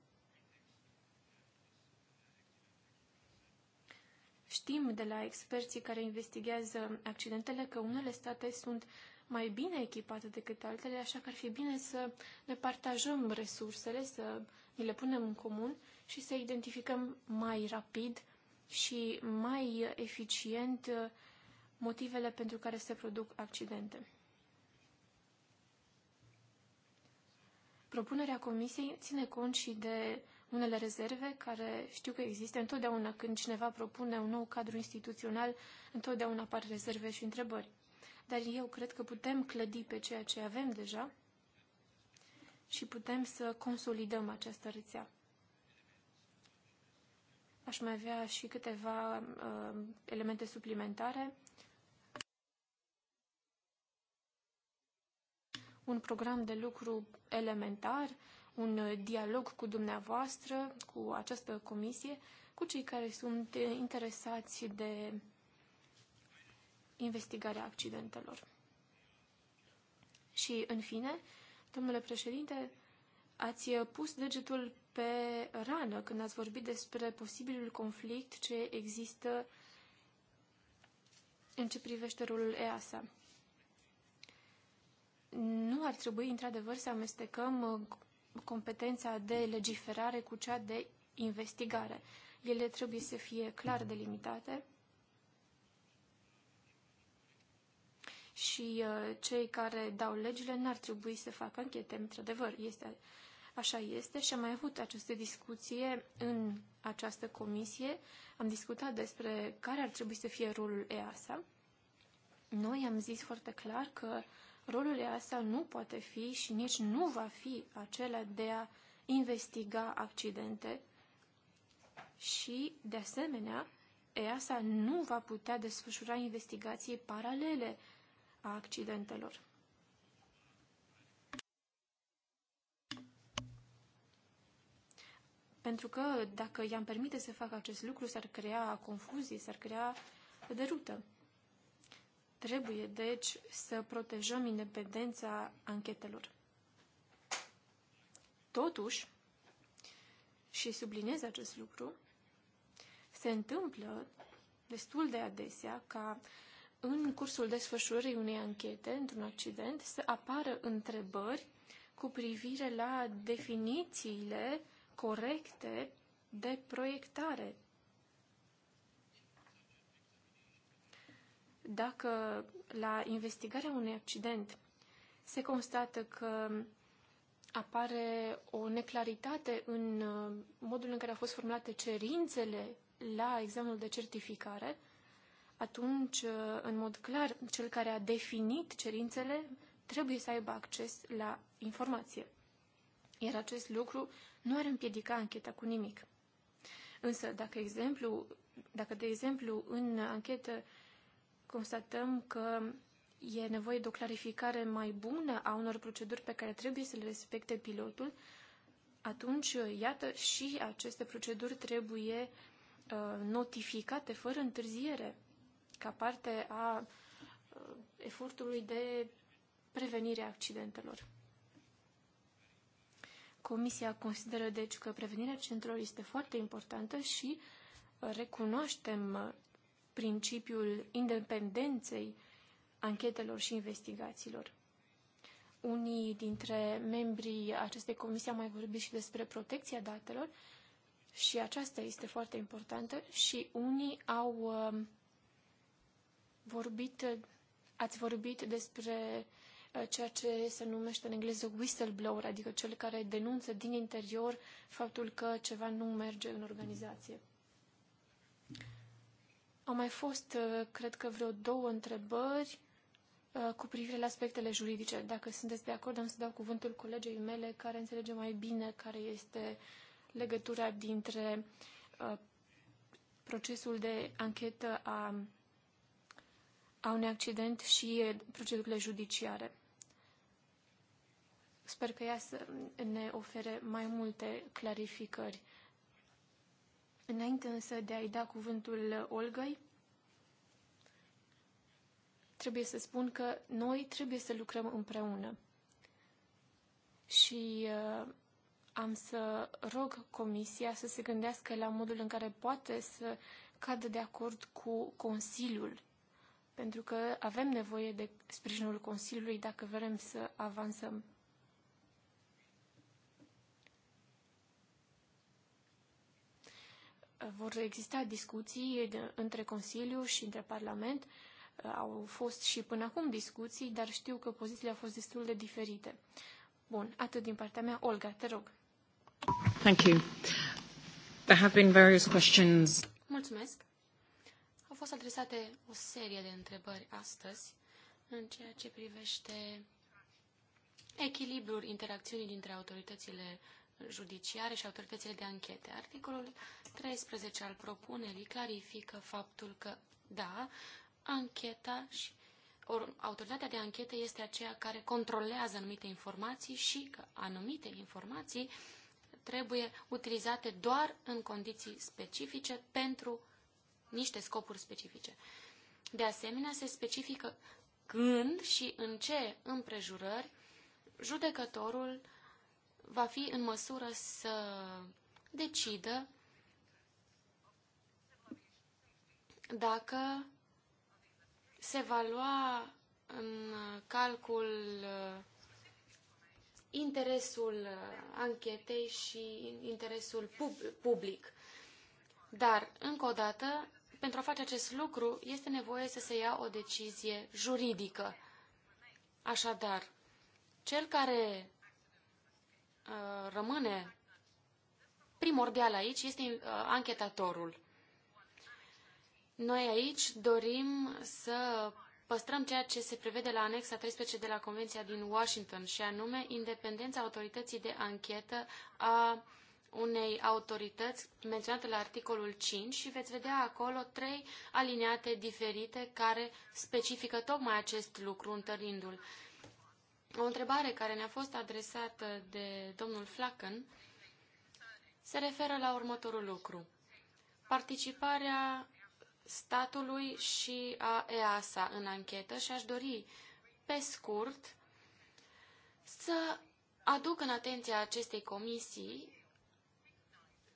Știm de la experții care investigează accidentele că unele state sunt mai bine echipate decât altele, așa că ar fi bine să ne partajăm resursele, să ni le punem în comun și să identificăm mai rapid și mai eficient uh, motivele pentru care se produc accidente. Propunerea comisiei ține cont și de unele rezerve care știu că există. Întotdeauna când cineva propune un nou cadru instituțional, întotdeauna apar rezerve și întrebări. Dar eu cred că putem clădi pe ceea ce avem deja și putem să consolidăm această rețea. Aș mai avea și câteva uh, elemente suplimentare. Un program de lucru elementar, un uh, dialog cu dumneavoastră, cu această comisie, cu cei care sunt uh, interesați de investigarea accidentelor. Și, în fine, domnule președinte, ați uh, pus degetul pe rană când ați vorbit despre posibilul conflict ce există în ce privește rolul EASA. Nu ar trebui, într-adevăr, să amestecăm uh, competența de legiferare cu cea de investigare. Ele trebuie să fie clar delimitate și uh, cei care dau legile n-ar trebui să facă închete, într-adevăr. Este Așa este și am mai avut această discuție în această comisie. Am discutat despre care ar trebui să fie rolul EASA. Noi am zis foarte clar că rolul EASA nu poate fi și nici nu va fi acela de a investiga accidente și, de asemenea, EASA nu va putea desfășura investigații paralele a accidentelor. Pentru că dacă i-am permite să facă acest lucru, s-ar crea confuzie, s-ar crea derută. Trebuie, deci, să protejăm independența anchetelor. Totuși, și subliniez acest lucru, se întâmplă destul de adesea ca în cursul desfășurării unei anchete, într-un accident, să apară întrebări cu privire la definițiile corecte de proiectare. Dacă la investigarea unui accident se constată că apare o neclaritate în uh, modul în care au fost formulate cerințele la examenul de certificare, atunci, uh, în mod clar, cel care a definit cerințele trebuie să aibă acces la informație. Iar acest lucru nu ar împiedica ancheta cu nimic. Însă, dacă, exemplu, dacă de exemplu, în anchetă constatăm că e nevoie de o clarificare mai bună a unor proceduri pe care trebuie să le respecte pilotul, atunci, iată, și aceste proceduri trebuie uh, notificate fără întârziere, ca parte a uh, efortului de prevenire a accidentelor. Comisia consideră, deci, că prevenirea centrelor este foarte importantă și uh, recunoaștem uh, principiul independenței anchetelor și investigațiilor. Unii dintre membrii acestei comisii au mai vorbit și despre protecția datelor și aceasta este foarte importantă și unii au uh, vorbit, ați vorbit despre Uh, ceea ce se numește în engleză whistleblower, adică cel care denunță din interior faptul că ceva nu merge în organizație. Au mai fost, uh, cred că, vreo două întrebări uh, cu privire la aspectele juridice. Dacă sunteți de acord, am să dau cuvântul colegei mele care înțelege mai bine care este legătura dintre procesul de anchetă a, a unui accident și procedurile judiciare. Sper că ea să ne ofere mai multe clarificări. Înainte însă de a-i da cuvântul Olgăi, trebuie să spun că noi trebuie să lucrăm împreună. Și uh, am să rog Comisia să se gândească la modul în care poate să cadă de acord cu Consiliul, pentru că avem nevoie de sprijinul Consiliului dacă vrem să avansăm. vor exista discuții între Consiliu și între Parlament. Uh, au fost și până acum discuții, dar știu că pozițiile au fost destul de diferite. Bun, atât din partea mea. Olga, te rog. Thank you. There have been various questions. Mulțumesc. Au fost adresate o serie de întrebări astăzi în ceea ce privește echilibrul interacțiunii dintre autoritățile judiciare și autoritățile de anchete. Articolul 13 al propunerii clarifică faptul că, da, ancheta și or, autoritatea de anchete este aceea care controlează anumite informații și că anumite informații trebuie utilizate doar în condiții specifice pentru niște scopuri specifice. De asemenea, se specifică când și în ce împrejurări judecătorul va fi în măsură să decidă dacă se va lua în calcul uh, interesul uh, anchetei și interesul pub- public. Dar, încă o dată, pentru a face acest lucru, este nevoie să se ia o decizie juridică. Așadar, cel care Uh, rămâne primordial aici este uh, anchetatorul. Noi aici dorim să păstrăm ceea ce se prevede la anexa 13 de la Convenția din Washington, și anume independența autorității de anchetă a unei autorități menționate la articolul 5 și veți vedea acolo trei aliniate diferite care specifică tocmai acest lucru, întărindu-l. O întrebare care ne-a fost adresată de domnul Flacăn se referă la următorul lucru. Participarea statului și a EASA în anchetă și aș dori, pe scurt, să aduc în atenția acestei comisii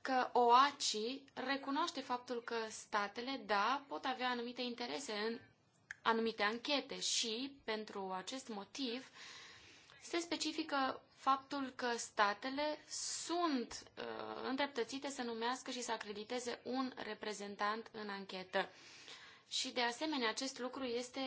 că OACI recunoaște faptul că statele, da, pot avea anumite interese în anumite anchete și, pentru acest motiv, se specifică faptul că statele sunt uh, îndreptățite să numească și să acrediteze un reprezentant în anchetă. Și de asemenea, acest lucru este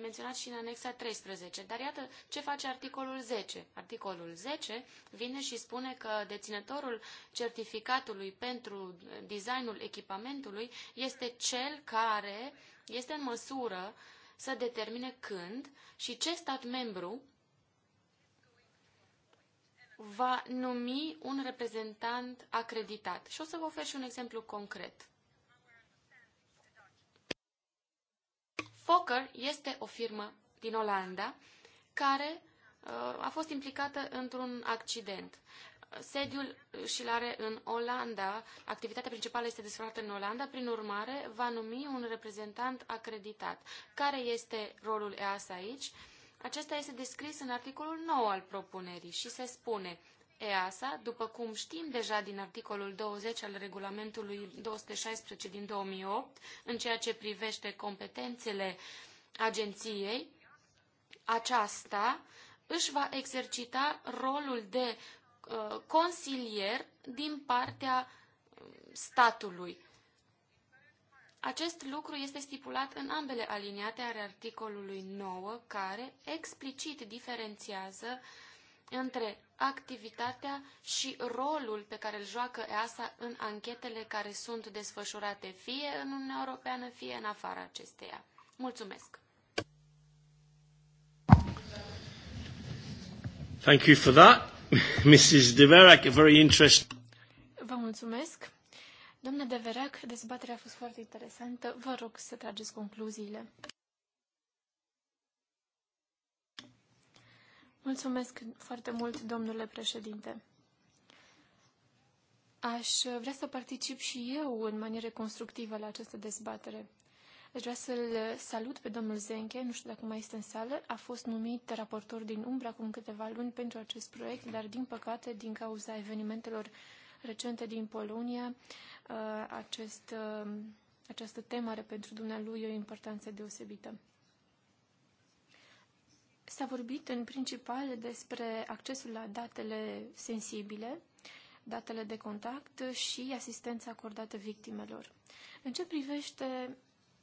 menționat și în anexa 13. Dar iată ce face articolul 10. Articolul 10 vine și spune că deținătorul certificatului pentru designul echipamentului este cel care este în măsură să determine când și ce stat membru va numi un reprezentant acreditat. Și o să vă ofer și un exemplu concret. Fokker este o firmă din Olanda care uh, a fost implicată într-un accident. Sediul și-l are în Olanda, activitatea principală este desfășurată în Olanda, prin urmare va numi un reprezentant acreditat. Care este rolul EASA aici? Acesta este descris în articolul 9 al propunerii și se spune EASA, după cum știm deja din articolul 20 al regulamentului 216 din 2008, în ceea ce privește competențele agenției, aceasta își va exercita rolul de uh, consilier din partea um, statului. Acest lucru este stipulat în ambele aliniate ale articolului 9, care explicit diferențiază între activitatea și rolul pe care îl joacă EASA în anchetele care sunt desfășurate fie în Uniunea Europeană, fie în afara acesteia. Mulțumesc! Thank you for that, Mrs. De Verac, very interesting. Vă mulțumesc. Doamna Deverac, dezbaterea a fost foarte interesantă. Vă rog să trageți concluziile. Mulțumesc foarte mult, domnule președinte. Aș vrea să particip și eu în manieră constructivă la această dezbatere. Aș vrea să-l salut pe domnul Zenche, nu știu dacă mai este în sală, a fost numit raportor din umbră acum câteva luni pentru acest proiect, dar din păcate, din cauza evenimentelor recente din Polonia, Uh, acest, uh, această temă are pentru dumnealui o importanță deosebită. S-a vorbit în principal despre accesul la datele sensibile, datele de contact și asistența acordată victimelor. În ce privește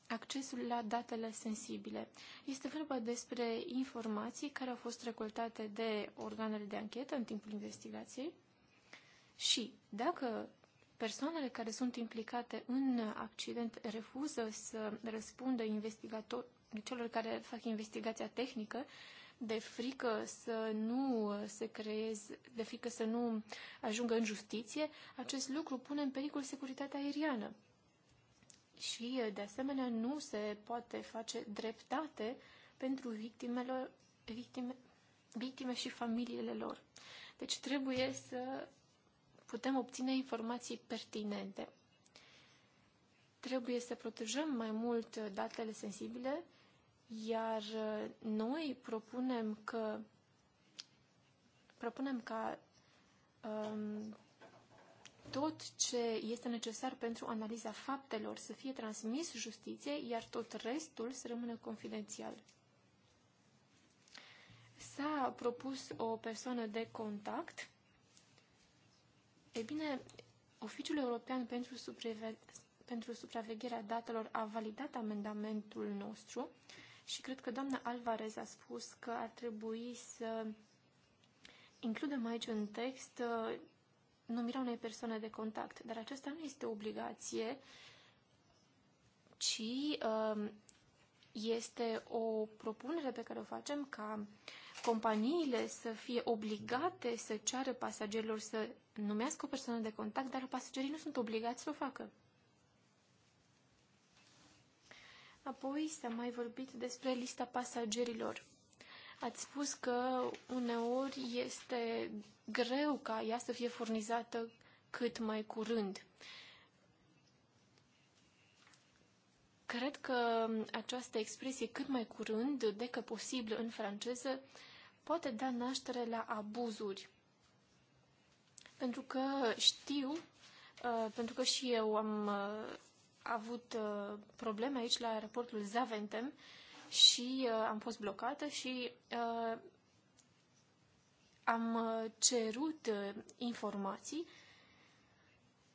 accesul la datele sensibile, este vorba despre informații care au fost recoltate de organele de anchetă în timpul investigației și dacă persoanele care sunt implicate în accident refuză să răspundă investigator, celor care fac investigația tehnică de frică să nu se creeze, de frică să nu ajungă în justiție, acest lucru pune în pericol securitatea aeriană. Și, de asemenea, nu se poate face dreptate pentru victimelor, victime, victime și familiile lor. Deci trebuie să putem obține informații pertinente. Trebuie să protejăm mai mult datele sensibile, iar noi propunem că propunem ca um, tot ce este necesar pentru analiza faptelor să fie transmis justiției, iar tot restul să rămână confidențial. S-a propus o persoană de contact ei bine, Oficiul European pentru, Supreve- pentru Supravegherea Datelor a validat amendamentul nostru și cred că doamna Alvarez a spus că ar trebui să includem aici un text uh, numirea unei persoane de contact, dar aceasta nu este obligație, ci um, este o propunere pe care o facem ca companiile să fie obligate să ceară pasagerilor să numească o persoană de contact, dar pasagerii nu sunt obligați să o facă. Apoi s-a mai vorbit despre lista pasagerilor. Ați spus că uneori este greu ca ea să fie furnizată cât mai curând. Cred că această expresie cât mai curând, decât posibil în franceză, poate da naștere la abuzuri. Pentru că știu, uh, pentru că și eu am uh, avut uh, probleme aici la aeroportul Zaventem și am fost blocată și am cerut informații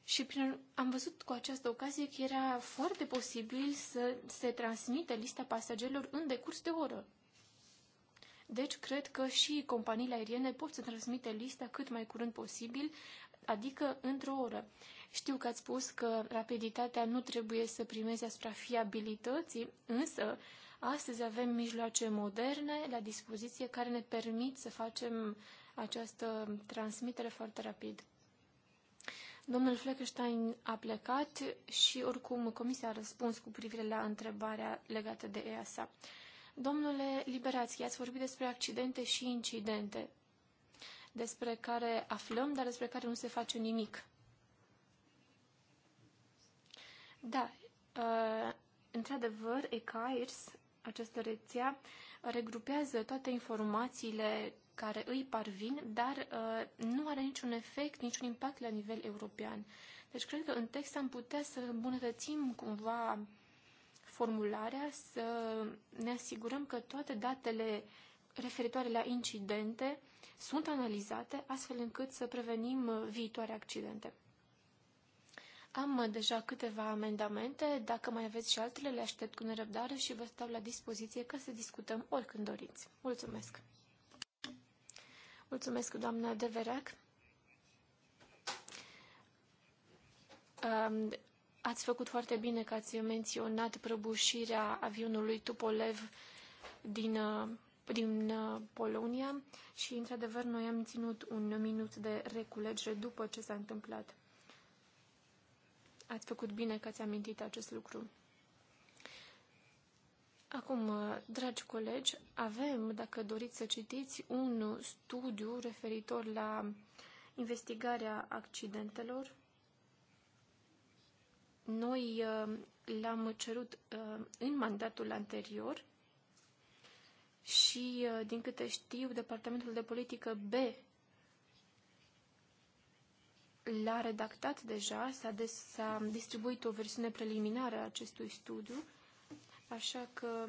și prin, am văzut cu această ocazie că era foarte posibil să se transmită lista pasagerilor în decurs de oră. Deci, cred că și companiile aeriene pot să transmită lista cât mai curând posibil, adică într-o oră. Știu că ați spus că rapiditatea nu trebuie să primeze asupra fiabilității, însă astăzi avem mijloace moderne la dispoziție care ne permit să facem această transmitere foarte rapid. Domnul Fleckenstein a plecat și oricum comisia a răspuns cu privire la întrebarea legată de EASA. Domnule Liberați, ați vorbit despre accidente și incidente, despre care aflăm, dar despre care nu se face nimic. Da, uh, într-adevăr, ECAIRS, această rețea, regrupează toate informațiile care îi parvin, dar uh, nu are niciun efect, niciun impact la nivel european. Deci cred că în text am putea să îmbunătățim cumva formularea să ne asigurăm că toate datele referitoare la incidente sunt analizate astfel încât să prevenim viitoare accidente. Am deja câteva amendamente, dacă mai aveți și altele, le aștept cu nerăbdare și vă stau la dispoziție ca să discutăm oricând doriți. Mulțumesc! Mulțumesc, doamna Deverac! Ați făcut foarte bine că ați menționat prăbușirea avionului Tupolev din, uh, din uh, Polonia și, într-adevăr, noi am ținut un minut de reculegere după ce s-a întâmplat. Ați făcut bine că ați amintit acest lucru. Acum, uh, dragi colegi, avem, dacă doriți să citiți, un studiu referitor la investigarea accidentelor noi uh, l-am cerut uh, în mandatul anterior și, uh, din câte știu, Departamentul de Politică B l-a redactat deja, s-a, s-a distribuit o versiune preliminară a acestui studiu, așa că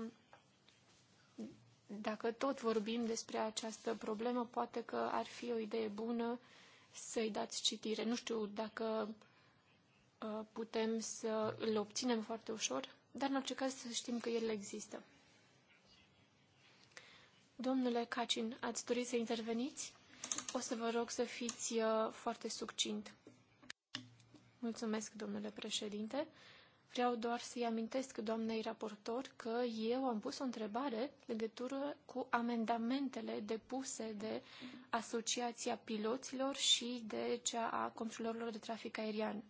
dacă tot vorbim despre această problemă, poate că ar fi o idee bună să-i dați citire. Nu știu dacă Uh, putem să îl obținem foarte ușor, dar în orice caz să știm că el există. Domnule Cacin, ați dorit să interveniți? O să vă rog să fiți uh, foarte succint. Mulțumesc, domnule președinte. Vreau doar să-i amintesc doamnei raportor că eu am pus o întrebare legătură cu amendamentele depuse de Asociația Piloților și de cea a Controlorilor de Trafic Aerian.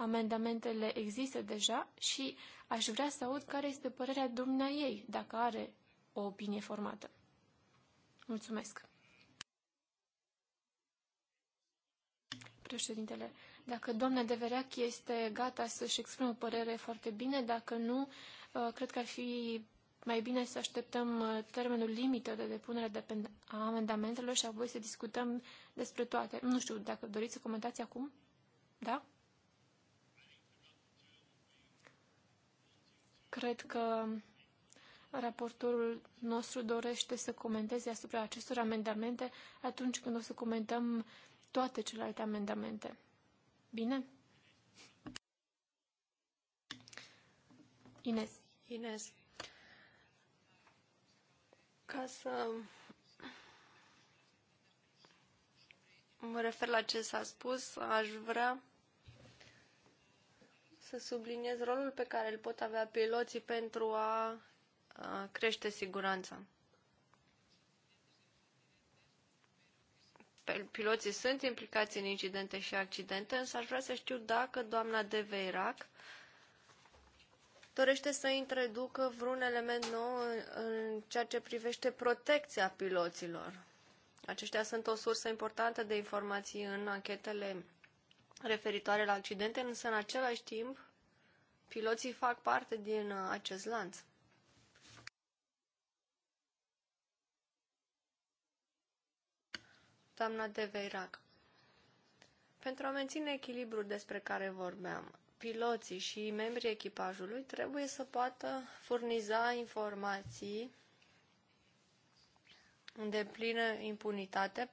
Amendamentele există deja și aș vrea să aud care este părerea dumnea ei, dacă are o opinie formată. Mulțumesc. Președintele, dacă doamna Devereac este gata să-și exprime o părere foarte bine, dacă nu, uh, cred că ar fi mai bine să așteptăm uh, termenul limită de depunere de a amendamentelor și apoi să discutăm despre toate. Nu știu, dacă doriți să comentați acum? Da? Cred că raportorul nostru dorește să comenteze asupra acestor amendamente atunci când o să comentăm toate celelalte amendamente. Bine? Ines. Ines. Ca să mă refer la ce s-a spus, aș vrea să subliniez rolul pe care îl pot avea piloții pentru a crește siguranța. Piloții sunt implicați în incidente și accidente, însă aș vrea să știu dacă doamna de Veirac dorește să introducă vreun element nou în ceea ce privește protecția piloților. Aceștia sunt o sursă importantă de informații în anchetele referitoare la accidente, însă în același timp piloții fac parte din uh, acest lanț. Doamna de Veirac. Pentru a menține echilibrul despre care vorbeam, piloții și membrii echipajului trebuie să poată furniza informații de plină impunitate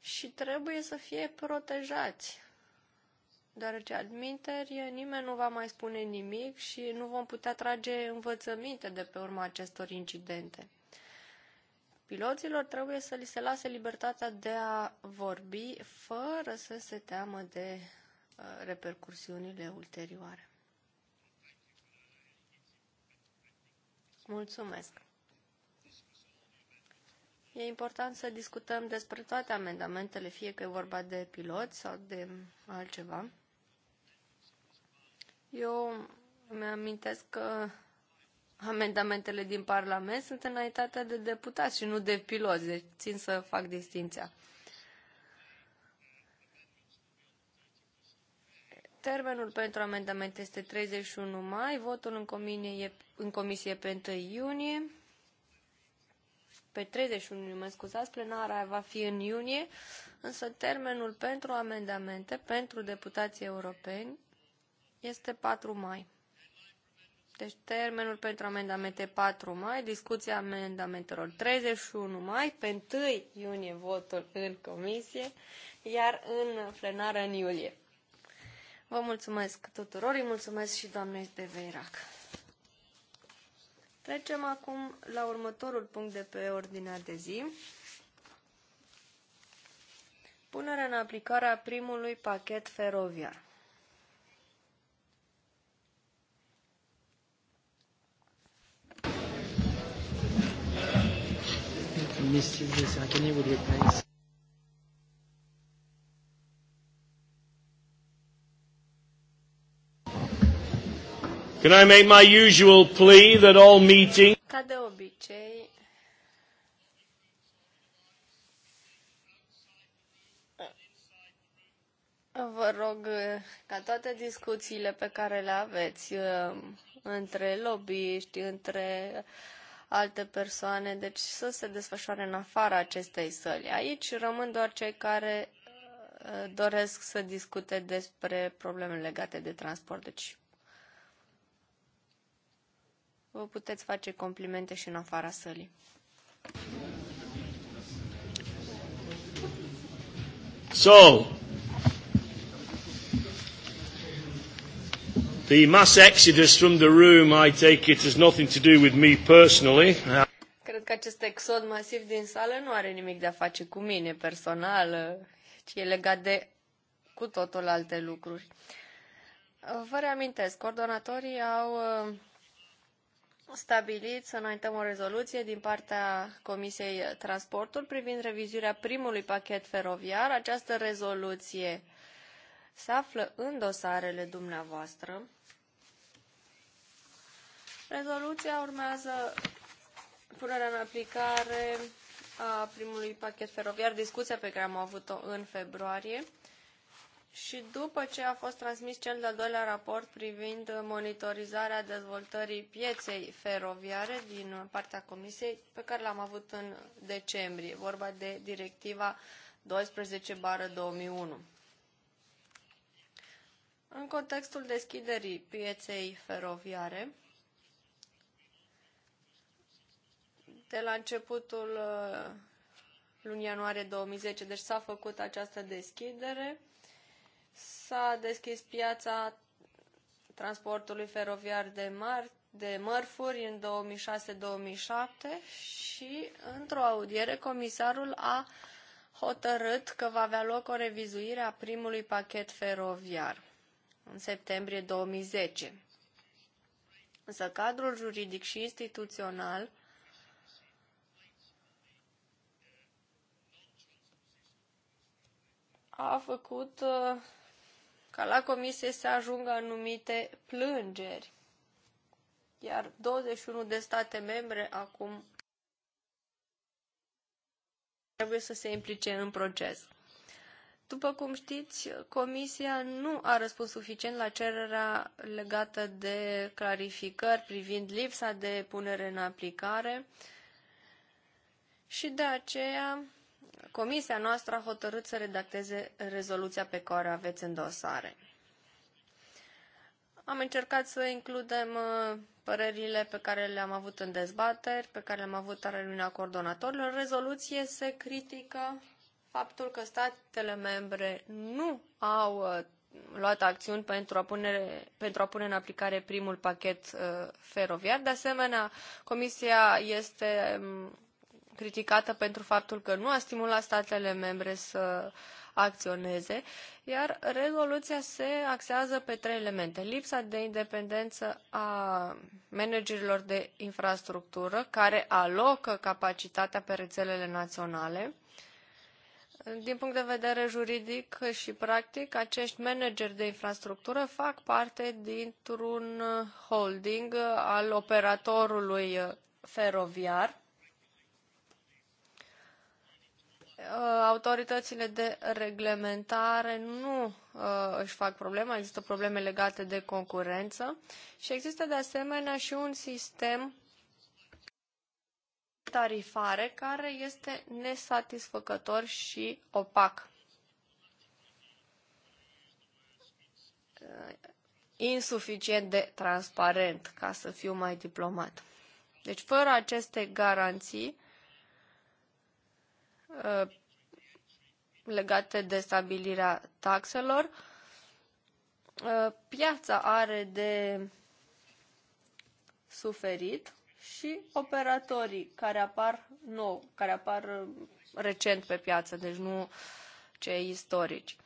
și trebuie să fie protejați deoarece adminteri nimeni nu va mai spune nimic și nu vom putea trage învățăminte de pe urma acestor incidente. Piloților trebuie să li se lase libertatea de a vorbi fără să se teamă de uh, repercursiunile ulterioare. Mulțumesc! E important să discutăm despre toate amendamentele, fie că e vorba de pilot sau de altceva. Eu îmi amintesc că amendamentele din Parlament sunt înaintate de deputați și nu de piloți, deci țin să fac distinția. Termenul pentru amendamente este 31 mai, votul în comisie e, în comisie pe 1 iunie, pe 31, mă scuzați, plenara va fi în iunie, însă termenul pentru amendamente pentru deputații europeni este 4 mai. Deci termenul pentru amendamente 4 mai, discuția amendamentelor 31 mai, pe 1 iunie votul în comisie, iar în plenară în iulie. Vă mulțumesc tuturor, îi mulțumesc și doamnei de Veirac. Trecem acum la următorul punct de pe ordinea de zi. Punerea în aplicare a primului pachet feroviar. would Can I make my usual plea that all meetings Ca de obicei, vă rog uh, ca toate discuțiile pe care le aveți uh, între lobbyiști, între uh, alte persoane, deci să se desfășoare în afara acestei săli. Aici rămân doar cei care uh, doresc să discute despre probleme legate de transport. Deci vă puteți face complimente și în afara sălii. So, The mass exodus from the room, I take it, has nothing to do with me personally. Cred că acest exod masiv din sală nu are nimic de a face cu mine personal, ci e legat de cu totul alte lucruri. Vă reamintesc, coordonatorii au uh, stabilit să înaintăm o rezoluție din partea Comisiei Transportul privind revizuirea primului pachet feroviar. Această rezoluție se află în dosarele dumneavoastră. Rezoluția urmează punerea în aplicare a primului pachet feroviar, discuția pe care am avut-o în februarie și după ce a fost transmis cel de-al doilea raport privind monitorizarea dezvoltării pieței feroviare din partea Comisiei, pe care l-am avut în decembrie, vorba de directiva 12 2001. În contextul deschiderii pieței feroviare, de la începutul uh, lunii ianuarie 2010, deci s-a făcut această deschidere. S-a deschis piața transportului feroviar de, mar, de mărfuri în 2006-2007 și într-o audiere comisarul a hotărât că va avea loc o revizuire a primului pachet feroviar în septembrie 2010. Însă cadrul juridic și instituțional a făcut uh, ca la comisie să ajungă anumite plângeri. Iar 21 de state membre acum trebuie să se implice în proces. După cum știți, Comisia nu a răspuns suficient la cererea legată de clarificări privind lipsa de punere în aplicare și de aceea comisia noastră a hotărât să redacteze rezoluția pe care o aveți în dosare. Am încercat să includem uh, părerile pe care le-am avut în dezbateri, pe care le-am avut în reuniunea coordonatorilor. În rezoluție se critică faptul că statele membre nu au uh, luat acțiuni pentru a pune, pentru a pune în aplicare primul pachet uh, feroviar. De asemenea, Comisia este um, criticată pentru faptul că nu a stimulat statele membre să acționeze, iar rezoluția se axează pe trei elemente. Lipsa de independență a managerilor de infrastructură care alocă capacitatea pe rețelele naționale, din punct de vedere juridic și practic, acești manageri de infrastructură fac parte dintr-un holding al operatorului feroviar Uh, autoritățile de reglementare nu uh, își fac problema, există probleme legate de concurență și există de asemenea și un sistem tarifare care este nesatisfăcător și opac. Uh, insuficient de transparent, ca să fiu mai diplomat. Deci, fără aceste garanții, Uh, legate de stabilirea taxelor. Uh, piața are de suferit și operatorii care apar nou, care apar uh, recent pe piață, deci nu cei istorici.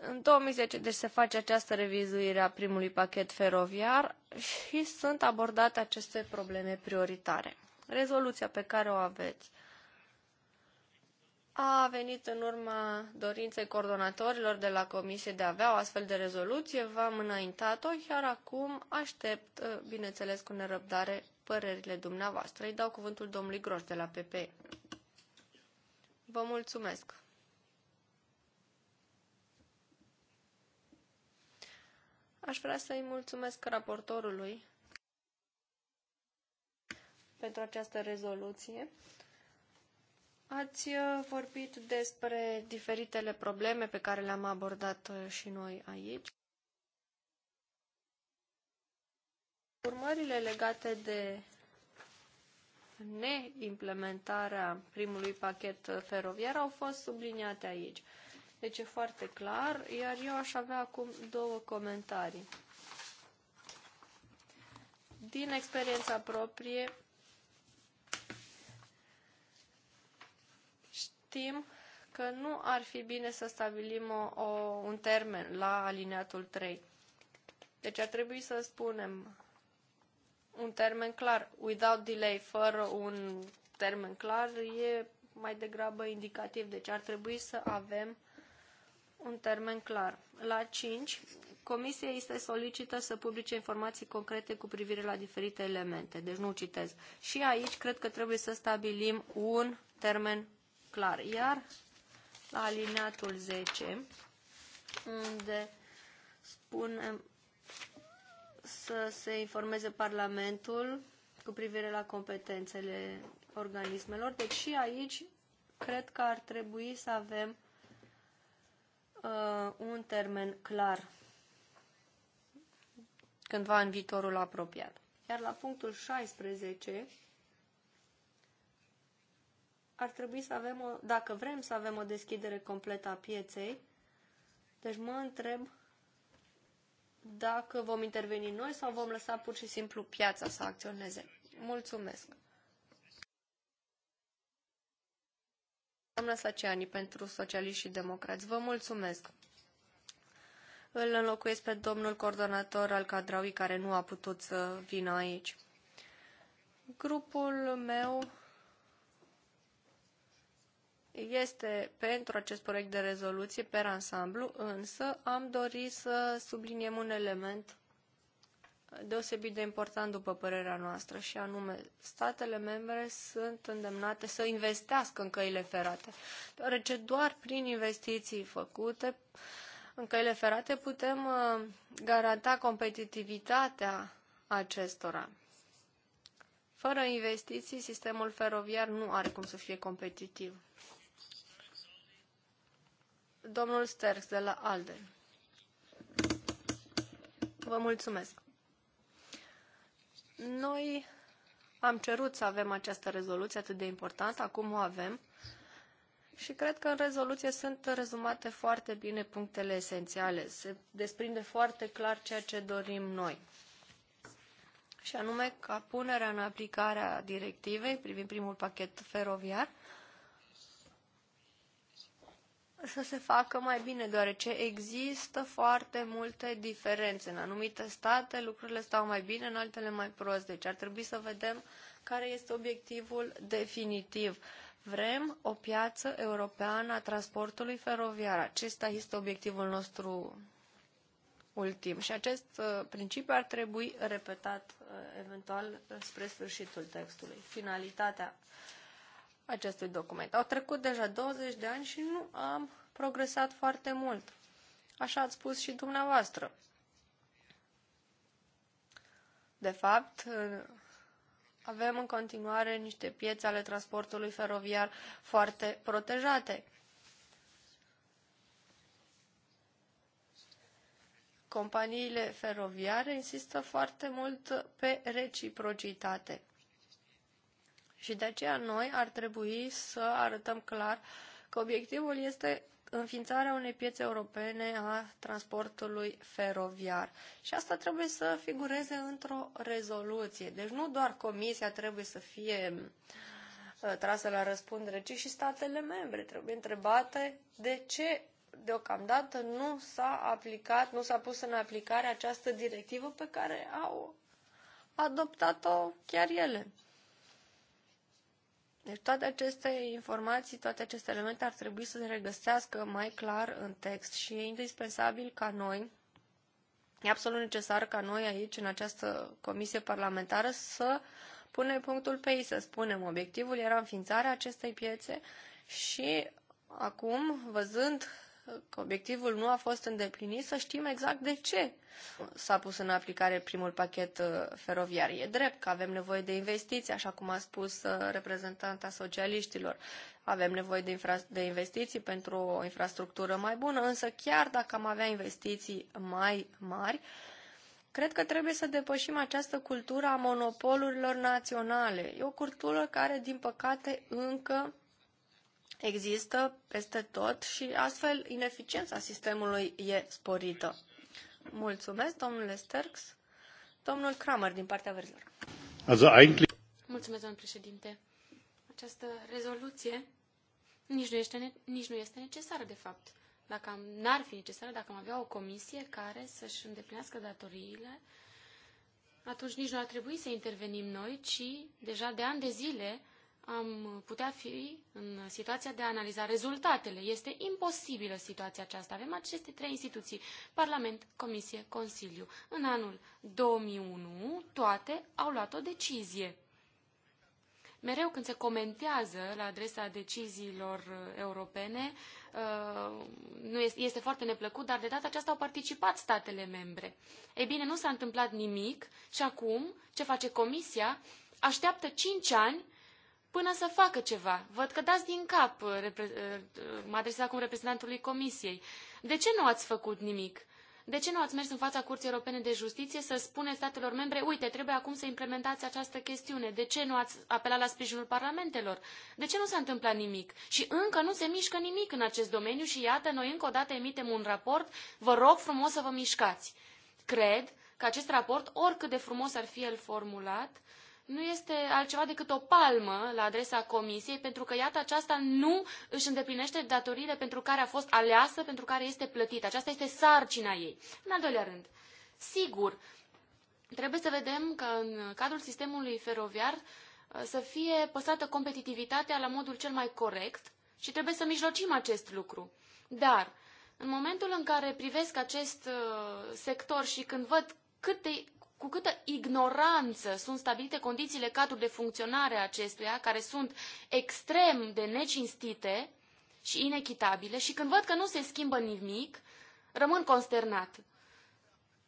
În 2010 deci, se face această revizuire a primului pachet feroviar și sunt abordate aceste probleme prioritare. Rezoluția pe care o aveți a venit în urma dorinței coordonatorilor de la Comisie de a avea o astfel de rezoluție, v-am înaintat-o, iar acum aștept, uh, bineînțeles, cu nerăbdare părerile dumneavoastră. Îi dau cuvântul domnului Groș de la PP. Vă mulțumesc! Aș vrea să-i mulțumesc raportorului pentru această rezoluție. Ați uh, vorbit despre diferitele probleme pe care le-am abordat uh, și noi aici. Urmările legate de neimplementarea primului pachet uh, feroviar au fost subliniate aici. Deci e foarte clar, iar eu aș avea acum două comentarii. Din experiența proprie, tim că nu ar fi bine să stabilim o, o, un termen la alineatul 3. Deci ar trebui să spunem un termen clar. Without delay, fără un termen clar, e mai degrabă indicativ. Deci ar trebui să avem un termen clar. La 5, Comisia este solicită să publice informații concrete cu privire la diferite elemente. Deci nu citez. Și aici cred că trebuie să stabilim un termen clar. Iar la alineatul 10, unde spunem um, să se informeze Parlamentul cu privire la competențele organismelor. Deci și aici cred că ar trebui să avem uh, un termen clar cândva în viitorul apropiat. Iar la punctul 16 ar trebui să avem, o, dacă vrem să avem o deschidere completă a pieței, deci mă întreb dacă vom interveni noi sau vom lăsa pur și simplu piața să acționeze. Mulțumesc! Doamna Saceani, pentru Socialiști și Democrați, vă mulțumesc! Îl înlocuiesc pe domnul coordonator al cadraui care nu a putut să vină aici. Grupul meu este pentru acest proiect de rezoluție per ansamblu, însă am dorit să subliniem un element deosebit de important după părerea noastră și anume statele membre sunt îndemnate să investească în căile ferate, deoarece doar prin investiții făcute în căile ferate putem uh, garanta competitivitatea acestora. Fără investiții, sistemul feroviar nu are cum să fie competitiv domnul Sterks de la ALDE. Vă mulțumesc. Noi am cerut să avem această rezoluție atât de importantă, acum o avem și cred că în rezoluție sunt rezumate foarte bine punctele esențiale. Se desprinde foarte clar ceea ce dorim noi. Și anume ca punerea în aplicare a directivei privind primul pachet feroviar să se facă mai bine, deoarece există foarte multe diferențe. În anumite state lucrurile stau mai bine, în altele mai prost. Deci ar trebui să vedem care este obiectivul definitiv. Vrem o piață europeană a transportului feroviar. Acesta este obiectivul nostru ultim. Și acest uh, principiu ar trebui repetat uh, eventual uh, spre sfârșitul textului. Finalitatea acestui document. Au trecut deja 20 de ani și nu am progresat foarte mult. Așa ați spus și dumneavoastră. De fapt, avem în continuare niște piețe ale transportului feroviar foarte protejate. Companiile feroviare insistă foarte mult pe reciprocitate. Și de aceea noi ar trebui să arătăm clar că obiectivul este înființarea unei piețe europene a transportului feroviar. Și asta trebuie să figureze într-o rezoluție. Deci nu doar Comisia trebuie să fie uh, trasă la răspundere, ci și statele membre trebuie întrebate de ce deocamdată nu s-a aplicat, nu s-a pus în aplicare această directivă pe care au adoptat-o chiar ele. Deci toate aceste informații, toate aceste elemente ar trebui să se regăsească mai clar în text și e indispensabil ca noi, e absolut necesar ca noi aici, în această comisie parlamentară, să punem punctul pe ei, să spunem. Obiectivul era înființarea acestei piețe și acum, văzând că obiectivul nu a fost îndeplinit, să știm exact de ce s-a pus în aplicare primul pachet uh, feroviar. E drept că avem nevoie de investiții, așa cum a spus uh, reprezentanta socialiștilor. Avem nevoie de, infra- de investiții pentru o infrastructură mai bună, însă chiar dacă am avea investiții mai mari, Cred că trebuie să depășim această cultură a monopolurilor naționale. E o cultură care, din păcate, încă există peste tot și astfel ineficiența sistemului e sporită. Mulțumesc, domnule Sterks. Domnul Kramer, din partea verzilor. Mulțumesc, domnule președinte. Această rezoluție nici nu, este, nici nu este necesară, de fapt. Dacă am, n-ar fi necesară, dacă am avea o comisie care să-și îndeplinească datoriile, atunci nici nu ar trebui să intervenim noi, ci deja de ani de zile am putea fi în situația de a analiza rezultatele. Este imposibilă situația aceasta. Avem aceste trei instituții, Parlament, Comisie, Consiliu. În anul 2001, toate au luat o decizie. Mereu când se comentează la adresa deciziilor uh, europene, uh, nu este, este foarte neplăcut, dar de data aceasta au participat statele membre. Ei bine, nu s-a întâmplat nimic și acum ce face Comisia? Așteaptă 5 ani până să facă ceva. Văd că dați din cap, uh, uh, mă adresez acum reprezentantului Comisiei. De ce nu ați făcut nimic? De ce nu ați mers în fața Curții Europene de Justiție să spuneți statelor membre, uite, trebuie acum să implementați această chestiune? De ce nu ați apelat la sprijinul parlamentelor? De ce nu s-a întâmplat nimic? Și încă nu se mișcă nimic în acest domeniu și iată, noi încă o dată emitem un raport, vă rog frumos să vă mișcați. Cred că acest raport, oricât de frumos ar fi el formulat, nu este altceva decât o palmă la adresa Comisiei, pentru că, iată, aceasta nu își îndeplinește datoriile pentru care a fost aleasă, pentru care este plătită. Aceasta este sarcina ei. În al doilea rând, sigur, trebuie să vedem că în cadrul sistemului feroviar uh, să fie păstrată competitivitatea la modul cel mai corect și trebuie să mijlocim acest lucru. Dar, în momentul în care privesc acest uh, sector și când văd cât de cu câtă ignoranță sunt stabilite condițiile cadru de funcționare a acestuia, care sunt extrem de necinstite și inechitabile și când văd că nu se schimbă nimic, rămân consternat.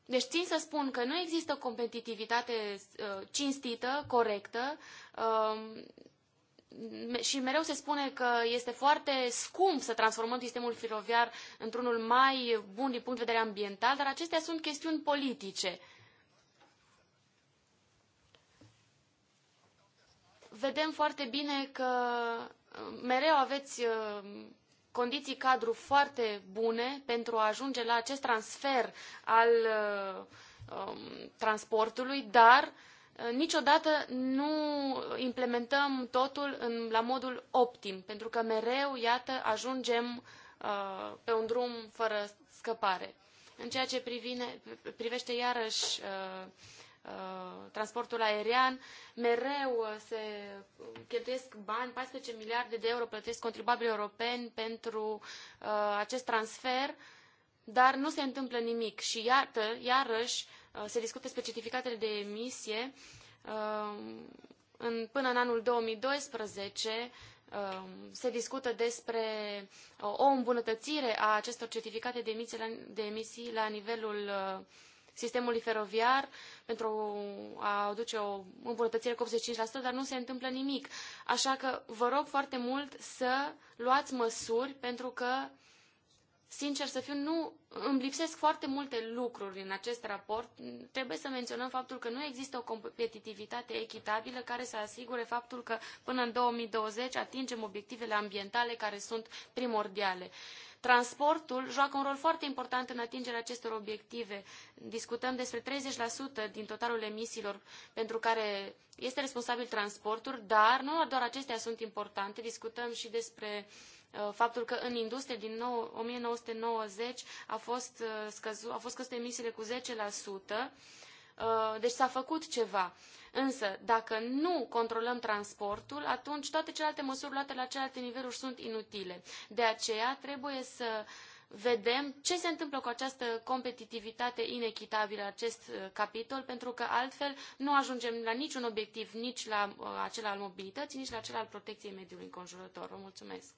Deci țin să spun că nu există competitivitate uh, cinstită, corectă uh, și mereu se spune că este foarte scump să transformăm sistemul feroviar într-unul mai bun din punct de vedere ambiental, dar acestea sunt chestiuni politice vedem foarte bine că uh, mereu aveți uh, condiții cadru foarte bune pentru a ajunge la acest transfer al uh, um, transportului, dar niciodată nu implementăm totul în, la modul optim, pentru că mereu, iată, ajungem uh, pe un drum fără scăpare. În ceea ce privine, privește iarăși uh, Uh, transportul aerian, mereu uh, se cheltuiesc bani, 14 miliarde de euro plătesc contribuabili europeni pentru uh, acest transfer, dar nu se întâmplă nimic. Și iată, iarăși, se discută specificatele certificatele de emisie. În, până în anul 2012 se discută despre o îmbunătățire a acestor certificate de emisie la, de emisii la nivelul sistemului feroviar pentru a aduce o îmbunătățire cu 85%, dar nu se întâmplă nimic. Așa că vă rog foarte mult să luați măsuri pentru că, sincer să fiu, nu îmi lipsesc foarte multe lucruri în acest raport. Trebuie să menționăm faptul că nu există o competitivitate echitabilă care să asigure faptul că până în 2020 atingem obiectivele ambientale care sunt primordiale. Uh, Transportul joacă un rol foarte important în atingerea acestor obiective. Discutăm despre 30% din totalul emisiilor pentru care este responsabil transportul, dar nu doar acestea sunt importante. Discutăm și despre uh, faptul că în industrie din nou, 1990 a fost, uh, scăzut, a fost scăzute emisiile cu 10%, Uh, deci s-a făcut ceva. Însă, dacă nu controlăm transportul, atunci toate celelalte măsuri luate la celelalte niveluri sunt inutile. De aceea trebuie să vedem ce se întâmplă cu această competitivitate inechitabilă, acest uh, capitol, pentru că altfel nu ajungem la niciun obiectiv, nici la uh, acela al mobilității, nici la cel al protecției mediului înconjurător. Vă mulțumesc.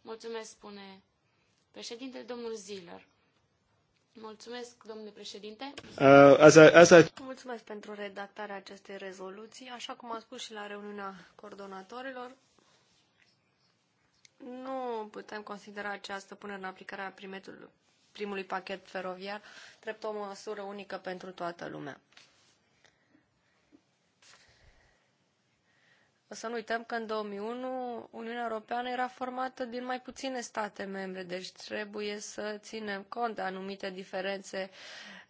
Mulțumesc, spune președintele domnul Ziller. Mulțumesc, domnule președinte. Uh, as I, as I... Mulțumesc pentru redactarea acestei rezoluții. Așa cum am spus și la reuniunea coordonatorilor, nu putem considera această punere în aplicare a primului pachet feroviar drept o măsură unică pentru toată lumea. Să nu uităm că în 2001 Uniunea Europeană era formată din mai puține state membre, deci trebuie să ținem cont de anumite diferențe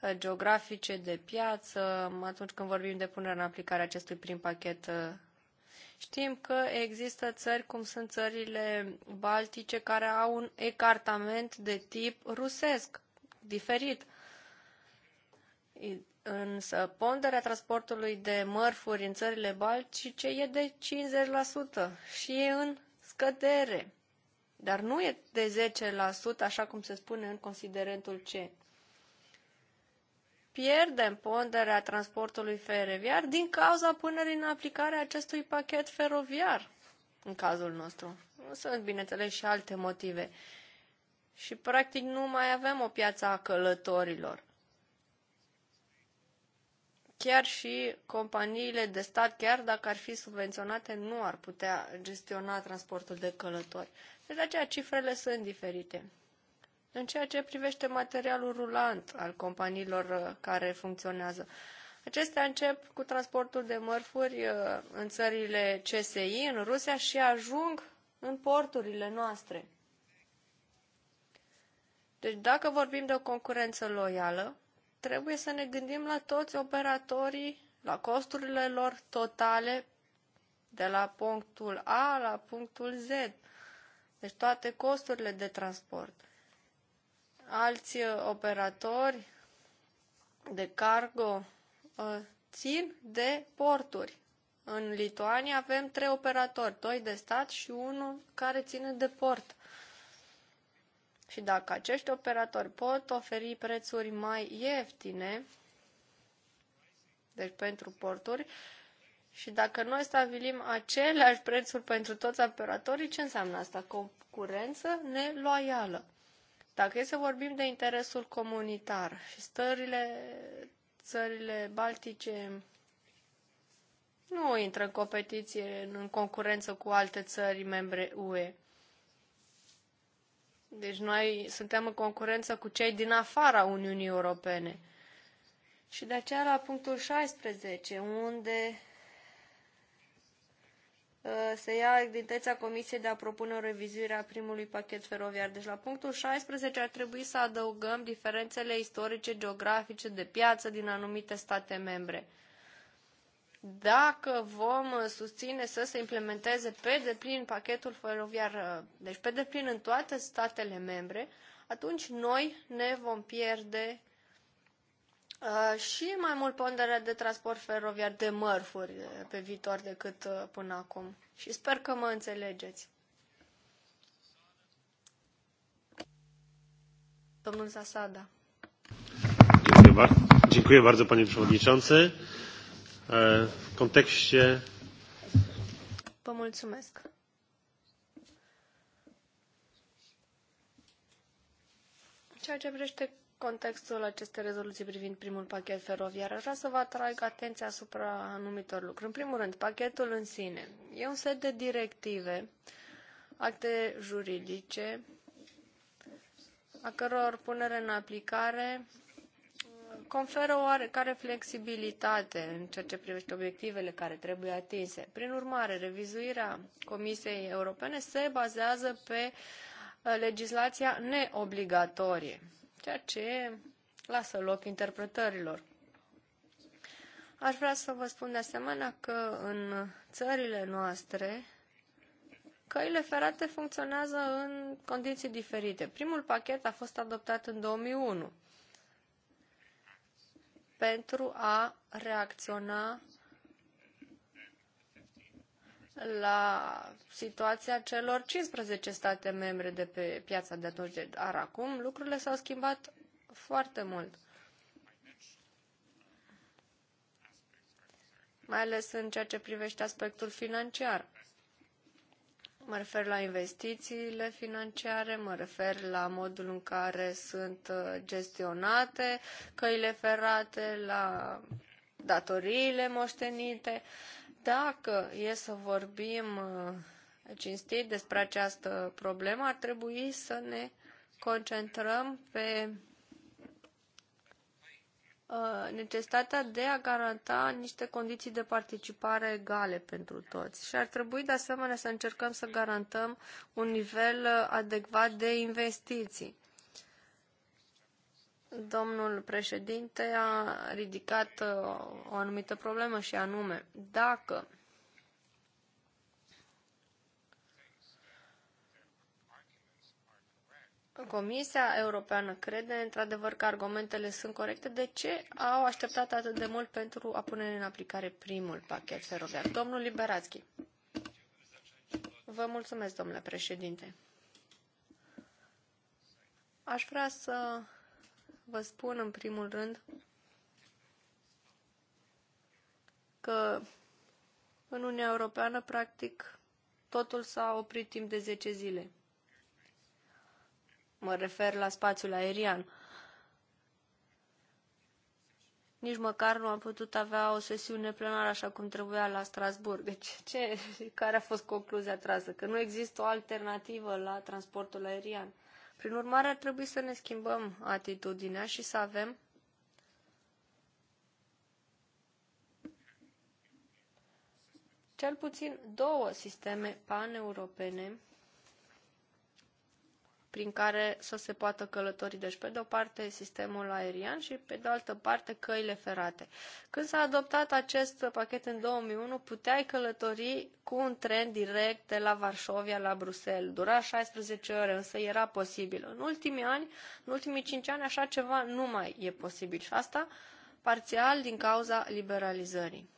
uh, geografice, de piață, atunci când vorbim de punerea în aplicare acestui prim pachet. Uh, știm că există țări, cum sunt țările baltice, care au un ecartament de tip rusesc, diferit Însă ponderea transportului de mărfuri în țările baltice e de 50% și e în scădere. Dar nu e de 10%, așa cum se spune în considerentul C. Pierdem ponderea transportului feroviar din cauza punerii în aplicare a acestui pachet feroviar, în cazul nostru. Nu sunt, bineînțeles, și alte motive. Și, practic, nu mai avem o piață a călătorilor. Chiar și companiile de stat, chiar dacă ar fi subvenționate, nu ar putea gestiona transportul de călători. Deci de aceea cifrele sunt diferite. În ceea ce privește materialul rulant al companiilor uh, care funcționează, Acestea încep cu transportul de mărfuri uh, în țările CSI, în Rusia și ajung în porturile noastre. Deci dacă vorbim de o concurență loială, trebuie să ne gândim la toți operatorii, la costurile lor totale de la punctul A la punctul Z. Deci toate costurile de transport. Alți uh, operatori de cargo uh, țin de porturi. În Lituania avem trei operatori, doi de stat și unul care ține de port. Și dacă acești operatori pot oferi prețuri mai ieftine, deci pentru porturi, și dacă noi stabilim aceleași prețuri pentru toți operatorii, ce înseamnă asta? Concurență neloială. Dacă e să vorbim de interesul comunitar și stările, țările baltice nu intră în competiție, în concurență cu alte țări membre UE. Deci noi suntem în concurență cu cei din afara Uniunii Europene. Și de aceea la punctul 16, unde uh, se ia dignitatea Comisiei de a propune o revizuire a primului pachet feroviar. Deci la punctul 16 ar trebui să adăugăm diferențele istorice, geografice, de piață din anumite state membre dacă vom uh, susține să se implementeze pe deplin pachetul feroviar, uh, deci pe deplin în toate statele membre, atunci noi ne vom pierde uh, și mai mult ponderea de transport feroviar de mărfuri pe viitor decât până acum. Și sper că mă înțelegeți. Domnul Zasada. Dziękuję bardzo, panie przewodniczący w kontekście. Vă mulțumesc. Ceea ce privește contextul acestei rezoluții privind primul pachet feroviar, aș vrea să vă atrag atenția asupra anumitor lucruri. În primul rând, pachetul în sine. E un set de directive, acte juridice, a căror punere în aplicare conferă o oarecare flexibilitate în ceea ce privește obiectivele care trebuie atinse. Prin urmare, revizuirea Comisiei Europene se bazează pe uh, legislația neobligatorie, ceea ce lasă loc interpretărilor. Aș vrea să vă spun de asemenea că în țările noastre căile ferate funcționează în condiții diferite. Primul pachet a fost adoptat în 2001 pentru a reacționa la situația celor 15 state membre de pe piața de atunci. Dar acum lucrurile s-au schimbat foarte mult. Mai ales în ceea ce privește aspectul financiar. Mă refer la investițiile financiare, mă refer la modul în care sunt uh, gestionate căile ferate, la datoriile moștenite. Dacă e să vorbim uh, cinstit despre această problemă, ar trebui să ne concentrăm pe Uh, necesitatea de a garanta niște condiții de participare egale pentru toți. Și ar trebui de asemenea să încercăm să garantăm un nivel uh, adecvat de investiții. Domnul președinte a ridicat uh, o anumită problemă și anume, dacă Comisia Europeană crede într-adevăr că argumentele sunt corecte, de ce au așteptat atât de mult pentru a pune în aplicare primul pachet feroviar? Domnul Liberațchi. Vă mulțumesc, domnule președinte. Aș vrea să vă spun în primul rând că în Uniunea Europeană, practic, totul s-a oprit timp de 10 zile. Mă refer la spațiul aerian. Nici măcar nu am putut avea o sesiune plenară așa cum trebuia la Strasburg. Deci, ce, care a fost concluzia trasă? Că nu există o alternativă la transportul aerian. Prin urmare, ar trebui să ne schimbăm atitudinea și să avem cel puțin două sisteme paneuropene prin care să se poată călători. Deci, pe de-o parte, sistemul aerian și, pe de altă parte, căile ferate. Când s-a adoptat acest pachet în 2001, puteai călători cu un tren direct de la Varșovia la Bruxelles. Dura 16 ore, însă era posibil. În ultimii ani, în ultimii 5 ani, așa ceva nu mai e posibil. Și asta parțial din cauza liberalizării.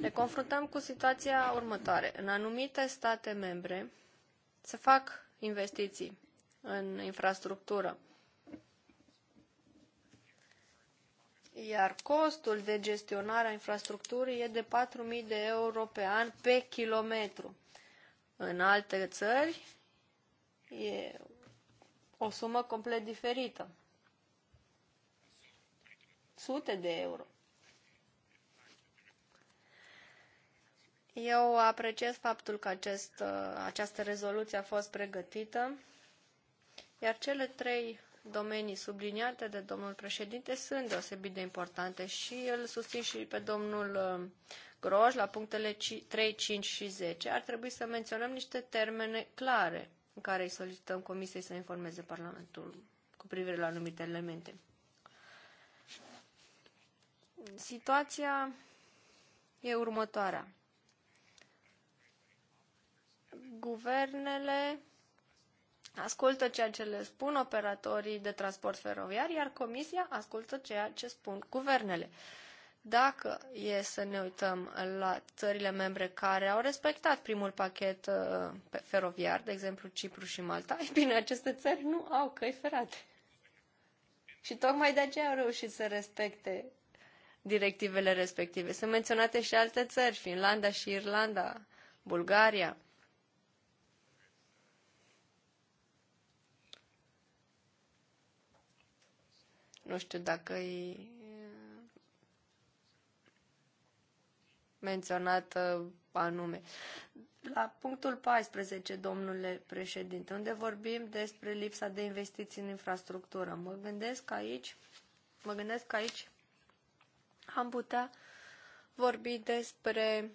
Ne confruntăm cu situația următoare. În anumite state membre se fac investiții în infrastructură, iar costul de gestionare a infrastructurii e de 4.000 de euro pe an pe kilometru. În alte țări e o sumă complet diferită. Sute de euro. Eu apreciez faptul că acest, uh, această rezoluție a fost pregătită, iar cele trei domenii subliniate de domnul președinte sunt deosebit de importante și îl susțin și pe domnul uh, Groș la punctele 3, 5 și 10. Ar trebui să menționăm niște termene clare în care îi solicităm Comisiei să informeze Parlamentul cu privire la anumite elemente. Situația e următoarea guvernele ascultă ceea ce le spun operatorii de transport feroviar, iar comisia ascultă ceea ce spun guvernele. Dacă e să ne uităm la țările membre care au respectat primul pachet uh, feroviar, de exemplu Cipru și Malta, <laughs> e bine, aceste țări nu au căi ferate. Și tocmai de aceea au reușit să respecte directivele respective. Sunt menționate și alte țări, Finlanda și Irlanda, Bulgaria. Nu știu dacă e menționată uh, anume. La punctul 14, domnule președinte, unde vorbim despre lipsa de investiții în infrastructură, mă gândesc aici, mă gândesc aici am putea vorbi despre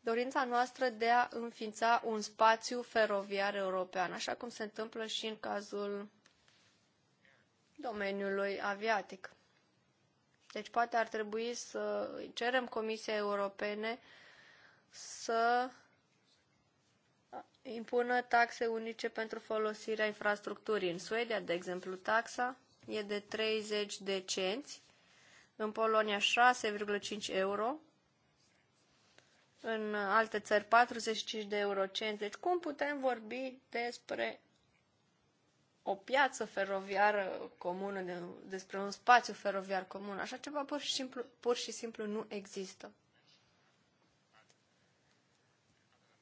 dorința noastră de a înființa un spațiu feroviar european, așa cum se întâmplă și în cazul domeniului aviatic. Deci poate ar trebui să cerem Comisiei Europene să impună taxe unice pentru folosirea infrastructurii. În Suedia, de exemplu, taxa e de 30 de cenți, în Polonia 6,5 euro, în alte țări 45 de euro eurocenți. Deci cum putem vorbi despre o piață feroviară comună, de, despre un spațiu feroviar comun. Așa ceva pur și simplu, pur și simplu nu există.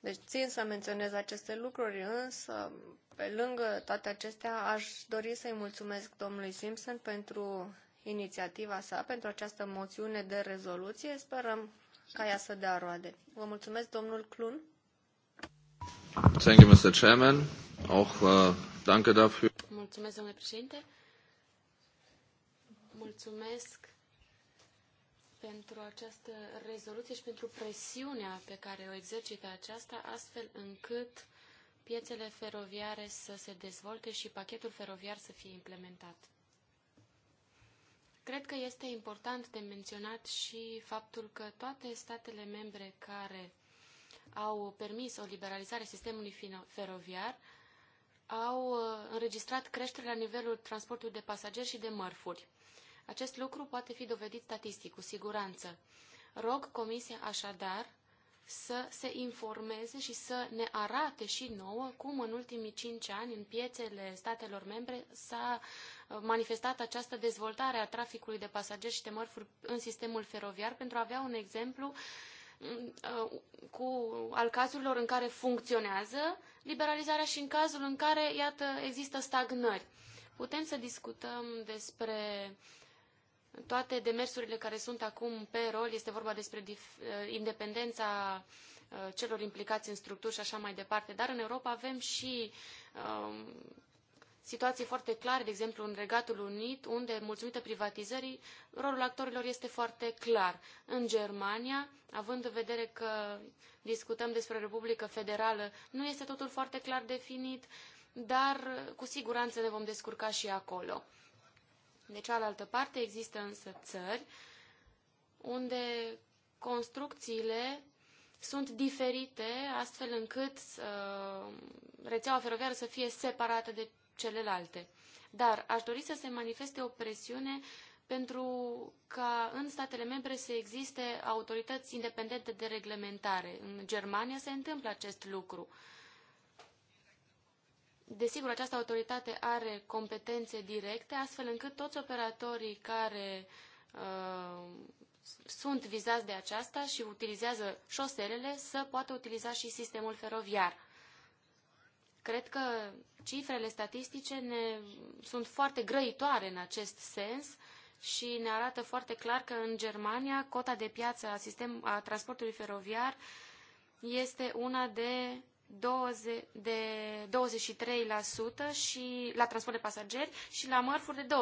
Deci țin să menționez aceste lucruri, însă pe lângă toate acestea aș dori să-i mulțumesc domnului Simpson pentru inițiativa sa, pentru această moțiune de rezoluție. Sperăm ca ea să dea roade. Vă mulțumesc, domnul Clun. Thank you, Mr. Chairman. Auch uh, Danke dafür. Mulțumesc, domnule președinte. Mulțumesc pentru această rezoluție și pentru presiunea pe care o exercită aceasta, astfel încât piețele feroviare să se dezvolte și pachetul feroviar să fie implementat. Cred că este important de menționat și faptul că toate statele membre care au permis o liberalizare a sistemului feroviar au uh, înregistrat creșteri la nivelul transportului de pasageri și de mărfuri. Acest lucru poate fi dovedit statistic, cu siguranță. Rog Comisia așadar să se informeze și să ne arate și nouă cum în ultimii cinci ani în piețele statelor membre s-a uh, manifestat această dezvoltare a traficului de pasageri și de mărfuri în sistemul feroviar pentru a avea un exemplu uh, Uh, cu al cazurilor în care funcționează liberalizarea și în cazul în care, iată, există stagnări. Putem să discutăm despre toate demersurile care sunt acum pe rol, este vorba despre uh, independența uh, celor implicați în structuri și așa mai departe, dar în Europa avem și situații foarte clare, de exemplu în Regatul Unit, unde, mulțumită privatizării, rolul actorilor este foarte clar. În Germania, având în vedere că discutăm despre o Republică Federală, nu este totul foarte clar definit, dar cu siguranță ne vom descurca și acolo. De cealaltă parte, există însă țări unde construcțiile sunt diferite, astfel încât uh, rețeaua feroviară să fie separată de celelalte. Dar aș dori să se manifeste o presiune pentru ca în statele membre să existe autorități independente de reglementare. În Germania se întâmplă acest lucru. Desigur, această autoritate are competențe directe, astfel încât toți operatorii care uh, sunt vizați de aceasta și utilizează șoselele să poată utiliza și sistemul feroviar. Cred că cifrele statistice ne sunt foarte grăitoare în acest sens și ne arată foarte clar că în Germania cota de piață a, sistem, a transportului feroviar este una de 20, de 23% și la transport de pasageri și la mărfuri de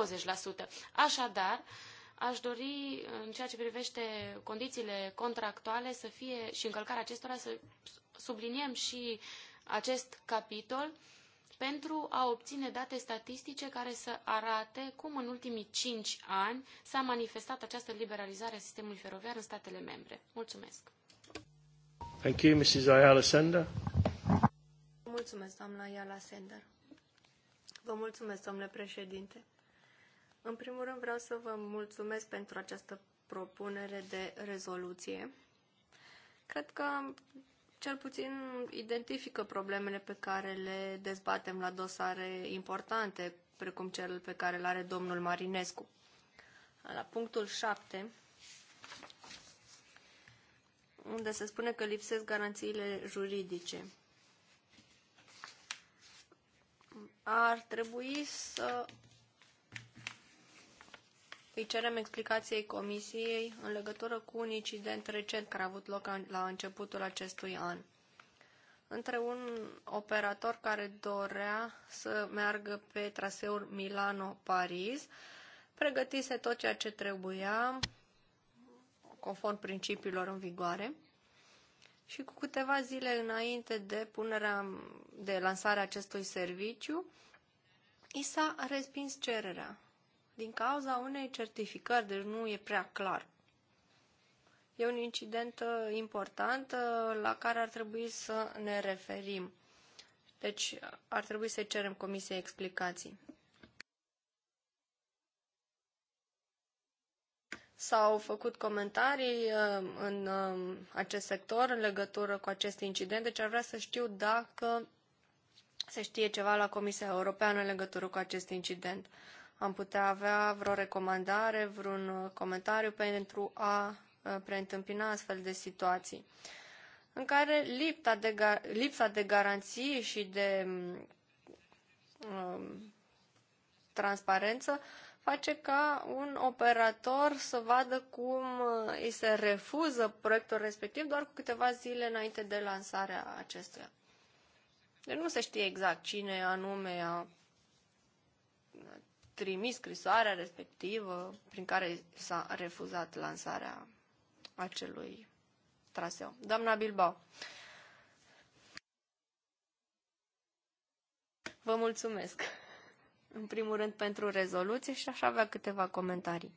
20%. Așadar, aș dori în ceea ce privește condițiile contractuale să fie și încălcarea acestora să subliniem și uh, acest capitol pentru a obține date statistice care să arate cum în ultimii cinci ani s-a manifestat această liberalizare a sistemului feroviar în statele membre. Mulțumesc! Thank you, Mrs. Ayala Sender. Mulțumesc, doamna Ayala Sender. Vă mulțumesc, domnule președinte. În primul rând vreau să vă mulțumesc pentru această propunere de rezoluție. Cred că cel puțin identifică problemele pe care le dezbatem la dosare importante, precum cel pe care îl are domnul Marinescu. La punctul 7, unde se spune că lipsesc garanțiile juridice. Ar trebui să îi cerem explicației Comisiei în legătură cu un incident recent care a avut loc la începutul acestui an între un operator care dorea să meargă pe traseul Milano-Paris, pregătise tot ceea ce trebuia, conform principiilor în vigoare, și cu câteva zile înainte de punerea, de lansarea acestui serviciu, i s-a respins cererea din cauza unei certificări, deci nu e prea clar. E un incident uh, important uh, la care ar trebui să ne referim. Deci uh, ar trebui să cerem comisiei explicații. S-au făcut comentarii în um, acest sector în legătură cu acest incident, deci ar vrea să știu dacă se știe ceva la Comisia Europeană în legătură cu acest incident am putea avea vreo recomandare, vreun comentariu pentru a preîntâmpina astfel de situații în care lipsa de, gar- lipsa de garanții și de um, transparență face ca un operator să vadă cum îi se refuză proiectul respectiv doar cu câteva zile înainte de lansarea acestuia. Deci nu se știe exact cine anume a trimis scrisoarea respectivă prin care s-a refuzat lansarea acelui traseu. Doamna Bilbao, vă mulțumesc în primul rând pentru rezoluție și aș avea câteva comentarii.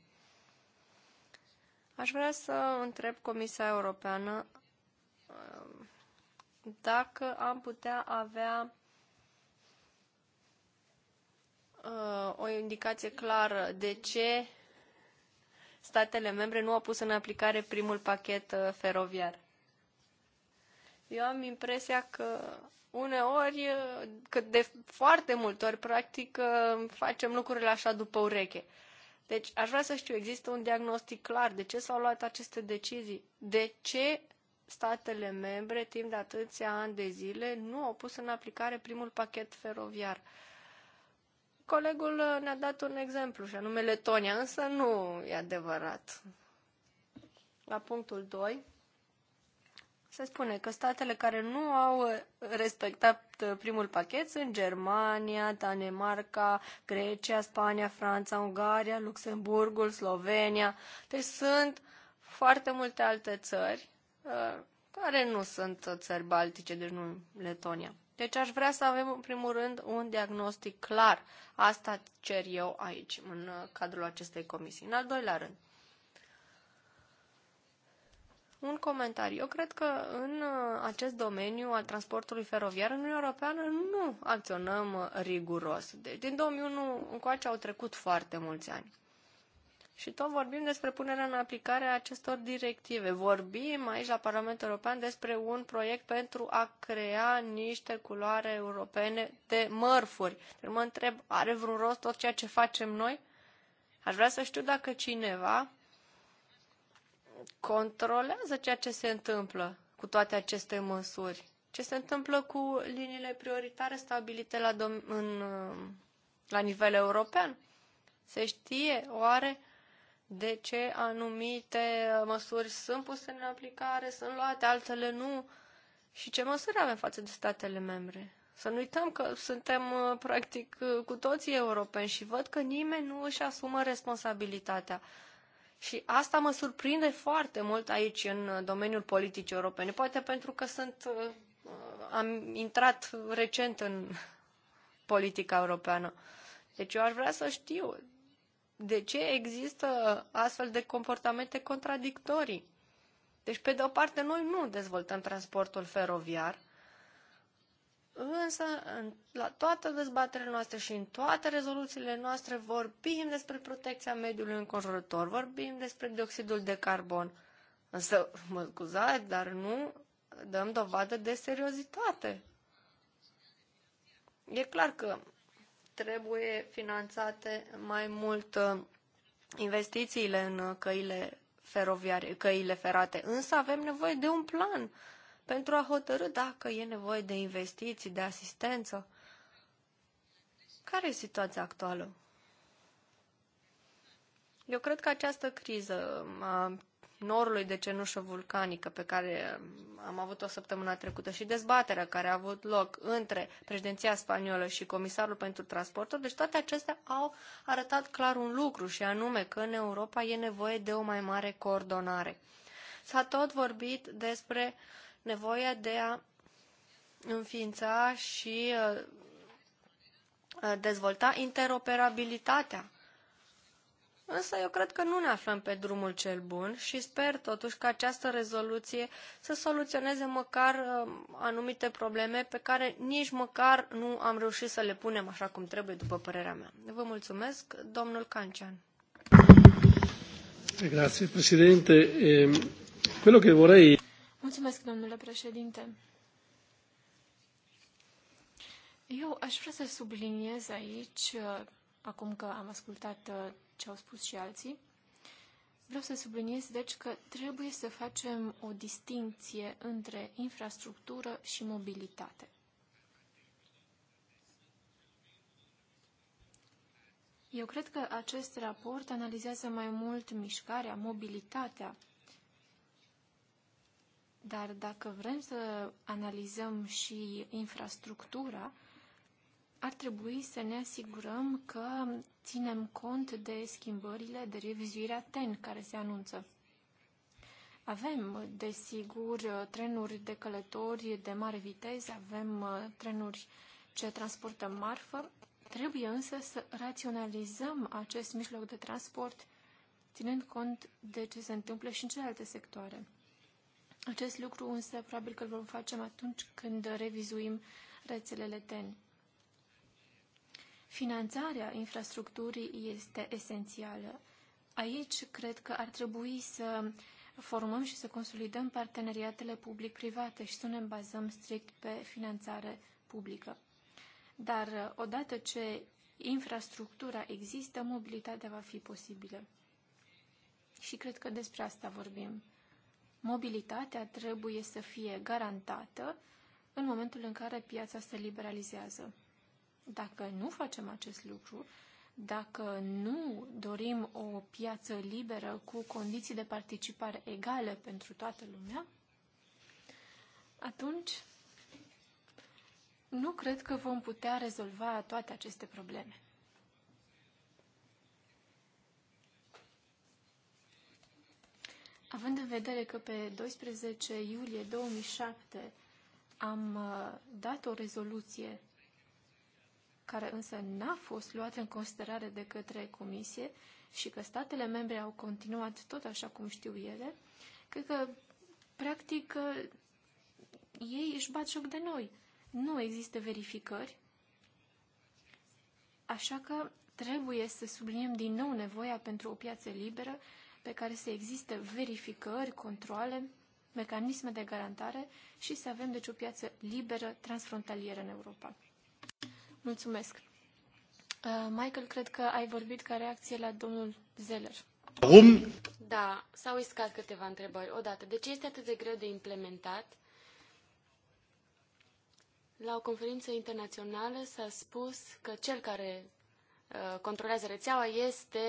Aș vrea să întreb Comisia Europeană uh, dacă am putea avea uh, o indicație clară de ce statele membre nu au pus în aplicare primul pachet uh, feroviar. Eu am impresia că uneori, uh, că de foarte multe ori, practic, uh, facem lucrurile așa după ureche. Deci, aș vrea să știu, există un diagnostic clar de ce s-au luat aceste decizii, de ce statele membre, timp de atâția ani de zile, nu au pus în aplicare primul pachet feroviar. Colegul uh, ne-a dat un exemplu, și anume Letonia, însă nu e adevărat. La punctul 2 se spune că statele care nu au uh, respectat uh, primul pachet sunt Germania, Danemarca, Grecia, Spania, Franța, Ungaria, Luxemburgul, Slovenia. Deci sunt foarte multe alte țări care nu sunt țări baltice, deci nu Letonia. Deci aș vrea să avem, în primul rând, un diagnostic clar. Asta cer eu aici, în uh, cadrul acestei comisii. În al doilea rând, un comentariu. Eu cred că în uh, acest domeniu al transportului feroviar în Uniunea Europeană nu acționăm uh, riguros. Deci din 2001 încoace au trecut foarte mulți ani. Și tot vorbim despre punerea în aplicare a acestor directive. Vorbim aici la Parlamentul European despre un proiect pentru a crea niște culoare europene de mărfuri. Deci mă întreb, are vreun rost tot ceea ce facem noi? Aș vrea să știu dacă cineva controlează ceea ce se întâmplă cu toate aceste măsuri. Ce se întâmplă cu liniile prioritare stabilite la, dom- în, uh, la nivel european? Se știe oare de ce anumite măsuri sunt puse în aplicare, sunt luate, altele nu și ce măsuri avem față de statele membre. Să nu uităm că suntem uh, practic uh, cu toții europeni și văd că nimeni nu își asumă responsabilitatea. Și asta mă surprinde foarte mult aici, în uh, domeniul politicii europene. Poate pentru că sunt, am intrat recent în <laughs> politica europeană. Deci eu aș vrea să știu de ce există astfel de comportamente contradictorii? Deci, pe de o parte, noi nu dezvoltăm transportul feroviar, însă în, la toată dezbaterea noastră și în toate rezoluțiile noastre vorbim despre protecția mediului înconjurător, vorbim despre dioxidul de carbon. Însă, mă scuzați, dar nu dăm dovadă de seriozitate. E clar că trebuie finanțate mai mult uh, investițiile în uh, căile feroviare, căile ferate. Însă avem nevoie de un plan pentru a hotărâ dacă e nevoie de investiții, de asistență. Care e situația actuală? Eu cred că această criză a norului de cenușă vulcanică pe care um, am avut-o săptămână trecută și dezbaterea care a avut loc între președinția spaniolă și comisarul pentru transporturi, deci toate acestea au arătat clar un lucru și anume că în Europa e nevoie de o mai mare coordonare. S-a tot vorbit despre nevoia de a înființa și uh, uh, dezvolta interoperabilitatea Însă eu cred că nu ne aflăm pe drumul cel bun și sper totuși că această rezoluție să soluționeze măcar um, anumite probleme pe care nici măcar nu am reușit să le punem așa cum trebuie, după părerea mea. Vă mulțumesc, domnul Cancian. Grazie, președinte. Ehm, quello che vorrei... Mulțumesc, domnule președinte. Eu aș vrea să subliniez aici, uh, acum că am ascultat uh, ce au spus și alții. Vreau să subliniez, deci, că trebuie să facem o distinție între infrastructură și mobilitate. Eu cred că acest raport analizează mai mult mișcarea, mobilitatea, dar dacă vrem să analizăm și infrastructura, ar trebui să ne asigurăm că ținem cont de schimbările de revizuirea TEN care se anunță. Avem, desigur, trenuri de călători de mare viteză, avem uh, trenuri ce transportă marfă. Trebuie însă să raționalizăm acest mijloc de transport, ținând cont de ce se întâmplă și în celelalte sectoare. Acest lucru însă probabil că îl vom face atunci când revizuim rețelele TEN. Finanțarea infrastructurii este esențială. Aici cred că ar trebui să formăm și să consolidăm parteneriatele public-private și să ne bazăm strict pe finanțare publică. Dar odată ce infrastructura există, mobilitatea va fi posibilă. Și cred că despre asta vorbim. Mobilitatea trebuie să fie garantată în momentul în care piața se liberalizează. Dacă nu facem acest lucru, dacă nu dorim o piață liberă cu condiții de participare egale pentru toată lumea, atunci nu cred că vom putea rezolva toate aceste probleme. Având în vedere că pe 12 iulie 2007 am uh, dat o rezoluție care însă n-a fost luată în considerare de către Comisie și că statele membre au continuat tot așa cum știu ele, cred că, practic, ei își bat joc de noi. Nu există verificări, așa că trebuie să subliniem din nou nevoia pentru o piață liberă pe care să existe verificări, controle, mecanisme de garantare și să avem deci o piață liberă transfrontalieră în Europa. Mulțumesc. Uh, Michael, cred că ai vorbit ca reacție la domnul Zeller. Cum? Da, s-au iscat câteva întrebări. Odată, de ce este atât de greu de implementat? La o conferință internațională s-a spus că cel care Uh, controlează rețeaua este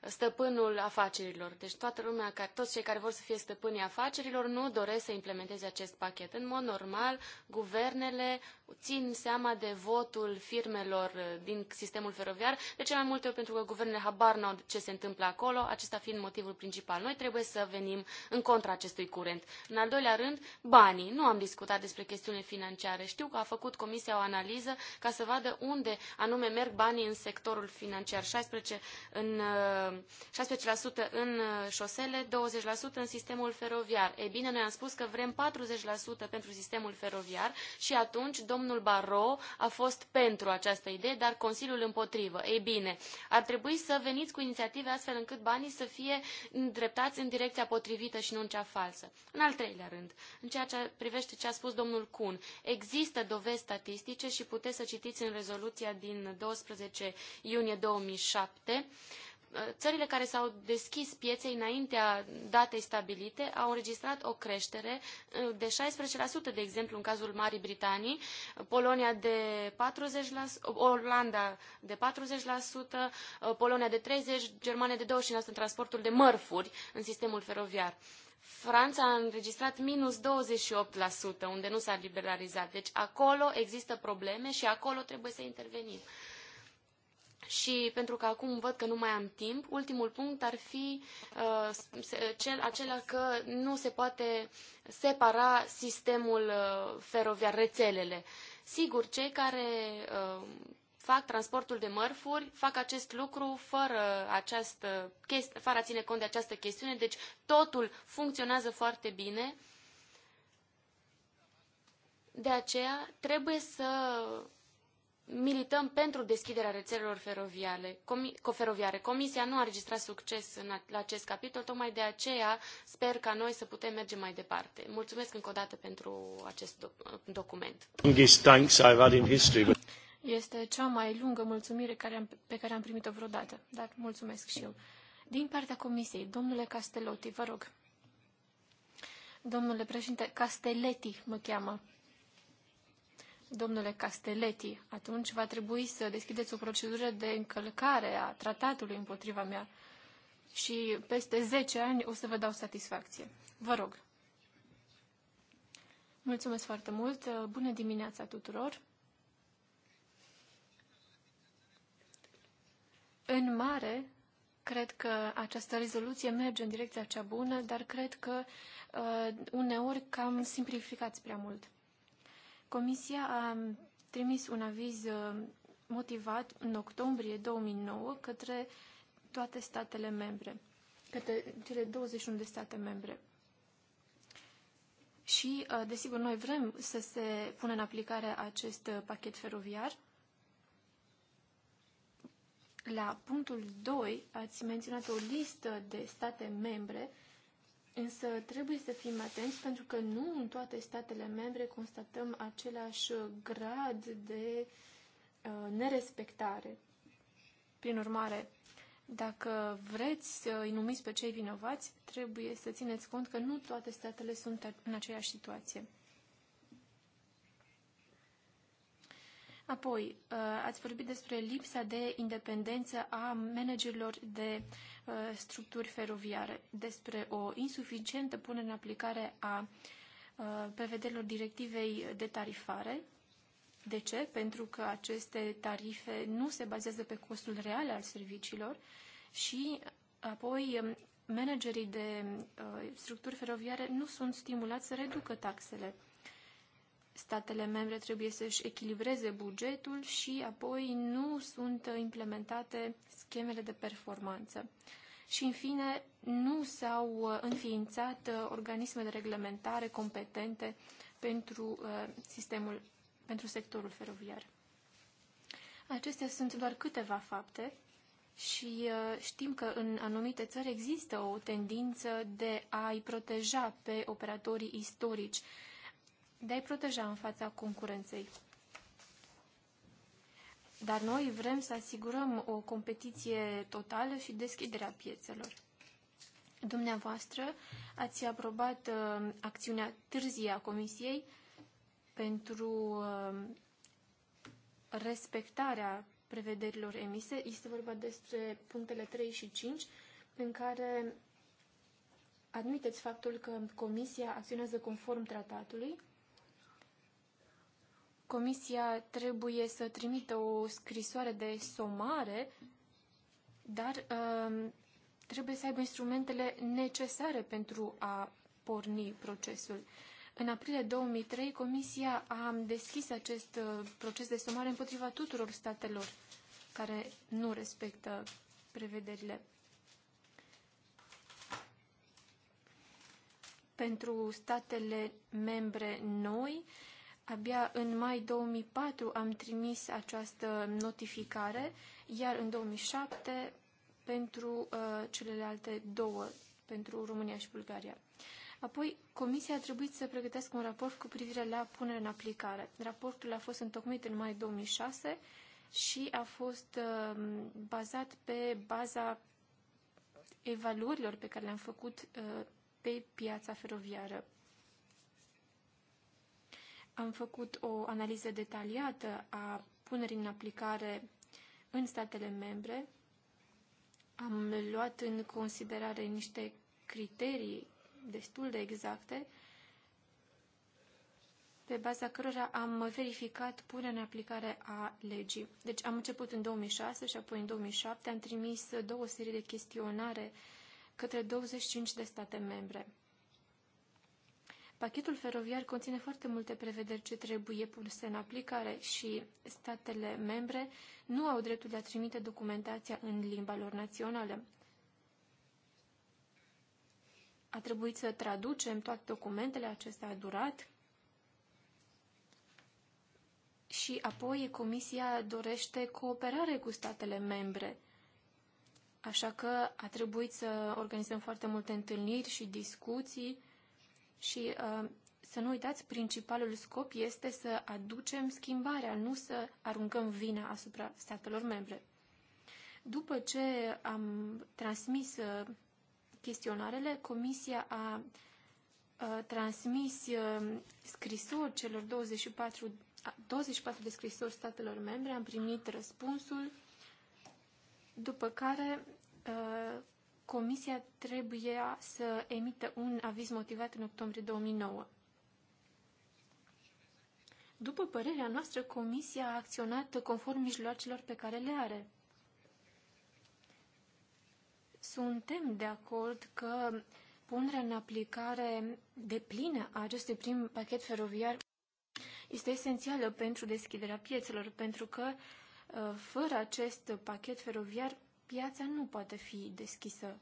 stăpânul afacerilor. Deci toată lumea, toți cei care vor să fie stăpânii afacerilor nu doresc să implementeze acest pachet. În mod normal, guvernele țin seama de votul firmelor uh, din sistemul feroviar, de ce mai multe ori pentru că guvernele habar n-au ce se întâmplă acolo, acesta fiind motivul principal. Noi trebuie să venim în contra acestui curent. În al doilea rând, banii. Nu am discutat despre chestiunile financiare. Știu că a făcut Comisia o analiză ca să vadă unde anume merg banii în sectorul financiar, 16 în, 16% în uh, șosele, 20% în sistemul feroviar. Ei bine, noi am spus că vrem 40% pentru sistemul feroviar și atunci domnul Barrot a fost pentru această idee, dar Consiliul împotrivă. Ei bine, ar trebui să veniți cu inițiative astfel încât banii să fie îndreptați în direcția potrivită și nu în cea falsă. În al treilea rând, în ceea ce privește ce a spus domnul Kuhn, există dovezi statistice și puteți să citiți în rezoluția din 12 iunie 2007, țările care s-au deschis pieței înaintea datei stabilite au înregistrat o creștere uh, de 16%, de exemplu, în cazul Marii Britanii, Polonia de 40%, Olanda de 40%, uh, Polonia de 30%, Germania de 25% în transportul de mărfuri în sistemul feroviar. Franța a înregistrat minus 28%, unde nu s-a liberalizat. Deci acolo există probleme și acolo trebuie să intervenim și pentru că acum văd că nu mai am timp, ultimul punct ar fi uh, cel, acela că nu se poate separa sistemul uh, feroviar, rețelele. Sigur, cei care uh, fac transportul de mărfuri, fac acest lucru fără, această chesti- fără a ține cont de această chestiune, deci totul funcționează foarte bine. De aceea trebuie să milităm pentru deschiderea rețelelor feroviare. feroviare. Comisia nu a registrat succes în la acest capitol, tocmai de aceea sper ca noi să putem merge mai departe. Mulțumesc încă o dată pentru acest doc document. Este cea mai lungă mulțumire care am, pe care am primit-o vreodată, dar mulțumesc și eu. Din partea Comisiei, domnule Castelotti, vă rog. Domnule președinte, Castelletti mă cheamă domnule Castelletti, atunci va trebui să deschideți o procedură de încălcare a tratatului împotriva mea și peste 10 ani o să vă dau satisfacție. Vă rog. Mulțumesc foarte mult. Bună dimineața tuturor. În mare, cred că această rezoluție merge în direcția cea bună, dar cred că uh, uneori cam simplificați prea mult. Comisia a trimis un aviz uh, motivat în octombrie 2009 către toate statele membre, către cele 21 de state membre. Și, uh, desigur, noi vrem să se pună în aplicare acest uh, pachet feroviar. La punctul 2 ați menționat o listă de state membre Însă trebuie să fim atenți pentru că nu în toate statele membre constatăm același grad de uh, nerespectare. Prin urmare, dacă vreți să îi numiți pe cei vinovați, trebuie să țineți cont că nu toate statele sunt în aceeași situație. Apoi, uh, ați vorbit despre lipsa de independență a managerilor de uh, Uh, structuri feroviare, despre o insuficientă punere în aplicare a uh, prevederilor directivei de tarifare. De ce? Pentru că aceste tarife nu se bazează pe costul real al serviciilor și uh, apoi um, managerii de structuri feroviare nu sunt stimulați să reducă taxele statele membre trebuie să-și echilibreze bugetul și apoi nu sunt implementate schemele de performanță. Și, în fine, nu s-au uh, înființat uh, organisme de reglementare competente pentru uh, sistemul, pentru sectorul feroviar. Acestea sunt doar câteva fapte și știm că în anumite țări există o tendință de a-i proteja pe operatorii istorici de a-i proteja în fața concurenței. Dar noi vrem să asigurăm o competiție totală și deschiderea piețelor. Dumneavoastră ați aprobat uh, acțiunea târzie a Comisiei pentru uh, respectarea prevederilor emise. Este vorba despre punctele 3 și 5, în care admiteți faptul că Comisia acționează conform tratatului Comisia trebuie să trimită o scrisoare de somare, dar uh, trebuie să aibă instrumentele necesare pentru a porni procesul. În aprilie 2003, Comisia a deschis acest uh, proces de somare împotriva tuturor statelor care nu respectă prevederile. Pentru statele membre noi, uh, Abia în mai 2004 am trimis această notificare, iar în 2007 pentru uh, celelalte două, pentru România și Bulgaria. Apoi, Comisia a trebuit să pregătească un raport cu privire la punerea în aplicare. Raportul a fost întocmit în mai 2006 și a fost uh, bazat pe baza evaluărilor pe care le-am făcut uh, pe piața feroviară. Am făcut o analiză detaliată a punerii în aplicare în statele membre. Am luat în considerare niște criterii destul de exacte, pe baza cărora am verificat punerea în aplicare a legii. Deci am început în 2006 și apoi în 2007 am trimis două serii de chestionare către 25 de state membre. Pachetul feroviar conține foarte multe prevederi ce trebuie puse în aplicare și statele membre nu au dreptul de a trimite documentația în limba lor națională. A trebuit să traducem toate documentele, acesta a durat și apoi Comisia dorește cooperare cu statele membre. Așa că a trebuit să organizăm foarte multe întâlniri și discuții și uh, să nu uitați, principalul scop este să aducem schimbarea, nu să aruncăm vina asupra statelor membre. După ce am transmis uh, chestionarele, Comisia a uh, transmis scrisori celor 24, 24 de scrisori statelor membre, am primit răspunsul, după care Comisia trebuie să emită un aviz motivat în octombrie 2009. După părerea noastră, Comisia a acționat conform mijloacelor pe care le are. Suntem de acord că punerea în aplicare de plină a acestui prim pachet feroviar este esențială pentru deschiderea piețelor, pentru că uh, fără acest pachet feroviar piața nu poate fi deschisă.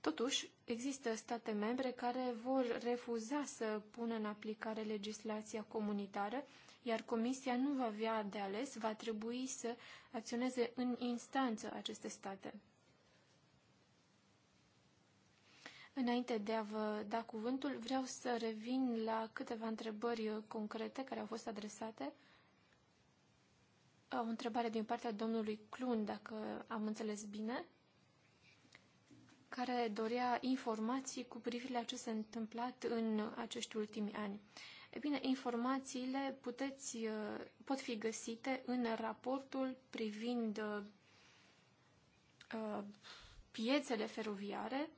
Totuși, există state membre care vor refuza să pună în aplicare legislația comunitară, iar Comisia nu va avea de ales, va trebui să acționeze în instanță aceste state. Înainte de a vă da cuvântul, vreau să revin la câteva întrebări concrete care au fost adresate. O întrebare din partea domnului Clun, dacă am înțeles bine, care dorea informații cu privire la ce s-a întâmplat în acești ultimi ani. E bine, informațiile puteți, uh, pot fi găsite în raportul privind uh, piețele feroviare.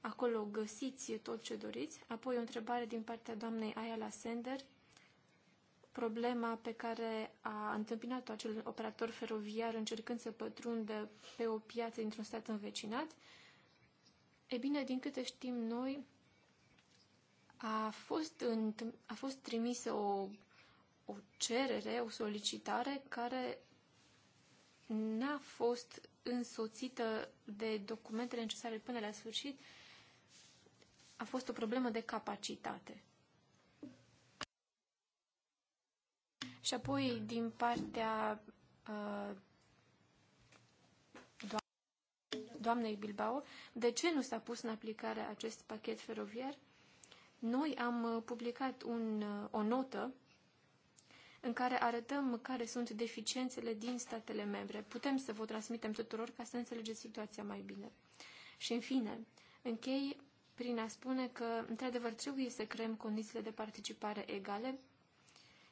Acolo găsiți tot ce doriți. Apoi o întrebare din partea doamnei Ayala Sender problema pe care a întâmpinat-o acel operator feroviar încercând să pătrundă pe o piață dintr-un stat învecinat, e bine, din câte știm noi, a fost, în, a fost trimisă o, o cerere, o solicitare care n-a fost însoțită de documentele necesare până la sfârșit, a fost o problemă de capacitate. Și apoi, din partea uh, doamnei Bilbao, de ce nu s-a pus în aplicare acest pachet feroviar? Noi am uh, publicat un, uh, o notă în care arătăm care sunt deficiențele din statele membre. Putem să vă transmitem tuturor ca să înțelegeți situația mai bine. Și, în fine, închei prin a spune că, într-adevăr, trebuie să creăm condițiile de participare egale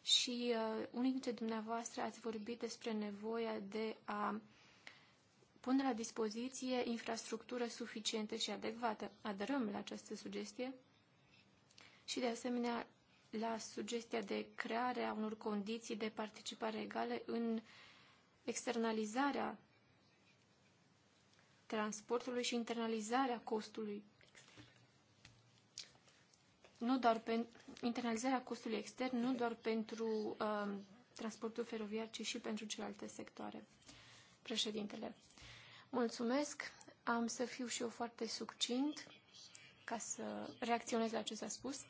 și uh, unii dintre dumneavoastră ați vorbit despre nevoia de a pune la dispoziție infrastructură suficientă și adecvată. Aderăm la această sugestie și, de asemenea, la sugestia de creare a unor condiții de participare egale în externalizarea transportului și internalizarea costului nu doar pentru internalizarea costului extern, nu doar pentru uh, transportul feroviar, ci și pentru celelalte sectoare. Președintele, mulțumesc. Am să fiu și eu foarte succint ca să reacționez la ce s-a spus.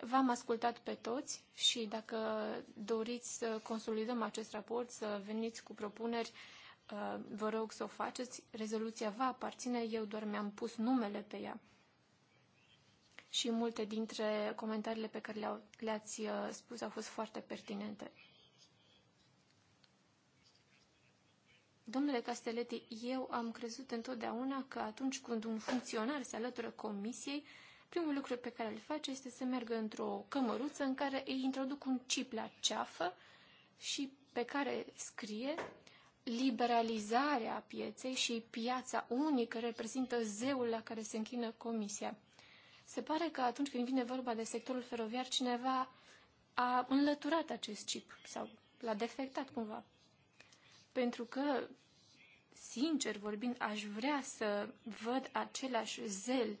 V-am ascultat pe toți și dacă doriți să consolidăm acest raport, să veniți cu propuneri, uh, vă rog să o faceți. Rezoluția va aparține, eu doar mi-am pus numele pe ea și multe dintre comentariile pe care le-ați uh, spus au fost foarte pertinente. Domnule Castelletti, eu am crezut întotdeauna că atunci când un funcționar se alătură comisiei, primul lucru pe care îl face este să meargă într-o cămăruță în care îi introduc un chip la ceafă și pe care scrie liberalizarea pieței și piața unică reprezintă zeul la care se închină comisia. Se pare că atunci când vine vorba de sectorul feroviar, cineva a înlăturat acest chip sau l-a defectat cumva. Pentru că, sincer vorbind, aș vrea să văd același zel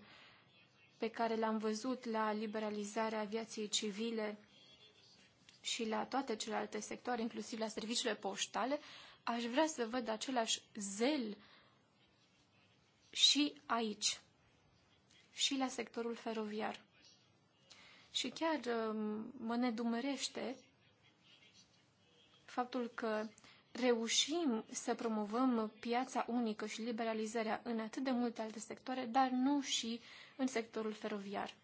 pe care l-am văzut la liberalizarea aviației civile și la toate celelalte sectoare, inclusiv la serviciile poștale, aș vrea să văd același zel și aici și la sectorul feroviar. Și chiar um, mă nedumerește faptul că reușim să promovăm piața unică și liberalizarea în atât de multe alte sectoare, dar nu și în sectorul feroviar.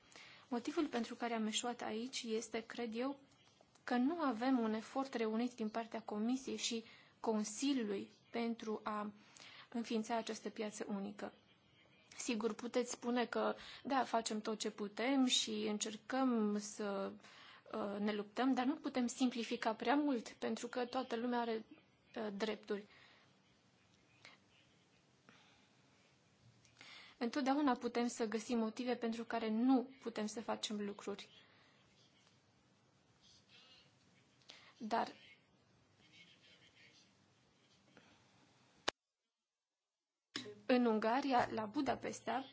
Motivul pentru care am eșuat aici este, cred eu, că nu avem un efort reunit din partea Comisiei și Consiliului pentru a înființa această piață unică. Sigur, puteți spune că, da, facem tot ce putem și încercăm să uh, ne luptăm, dar nu putem simplifica prea mult, pentru că toată lumea are uh, drepturi. Întotdeauna putem să găsim motive pentru care nu putem să facem lucruri. Dar în Ungaria, la Budapesta,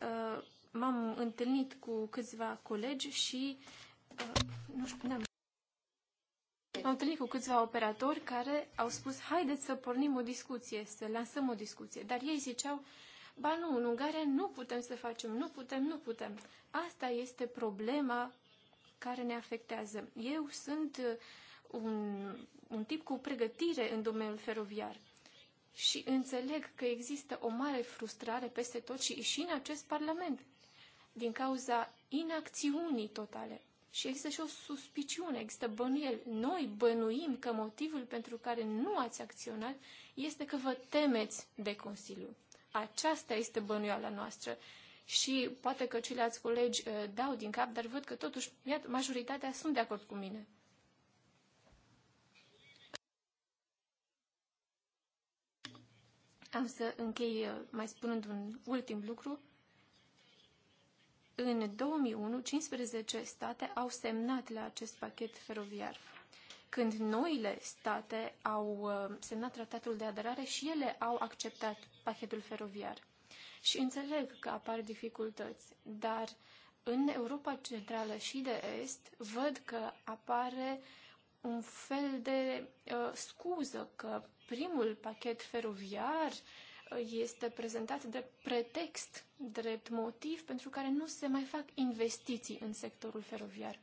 uh, m-am întâlnit cu câțiva colegi și uh, nu știu, n-am am întâlnit cu câțiva operatori care au spus, haideți să pornim o discuție, să lansăm o discuție. Dar ei ziceau, ba nu, în Ungaria nu putem să facem, nu putem, nu putem. Asta este problema care ne afectează. Eu sunt uh, un, un tip cu pregătire în domeniul feroviar și înțeleg că există o mare frustrare peste tot și, și în acest Parlament din cauza inacțiunii totale. Și există și o suspiciune, există bănuiel. Noi bănuim că motivul pentru care nu ați acționat este că vă temeți de Consiliu. Aceasta este bănuiala noastră. Și poate că ceilalți colegi uh, dau din cap, dar văd că totuși, iat, majoritatea sunt de acord cu mine. Am să închei uh, mai spunând un ultim lucru. În 2001, 15 state au semnat la acest pachet feroviar. Când noile state au uh, semnat tratatul de aderare și ele au acceptat pachetul feroviar. Și înțeleg că apar dificultăți, dar în Europa Centrală și de Est văd că apare un fel de uh, scuză că primul pachet feroviar uh, este prezentat drept pretext, drept motiv pentru care nu se mai fac investiții în sectorul feroviar.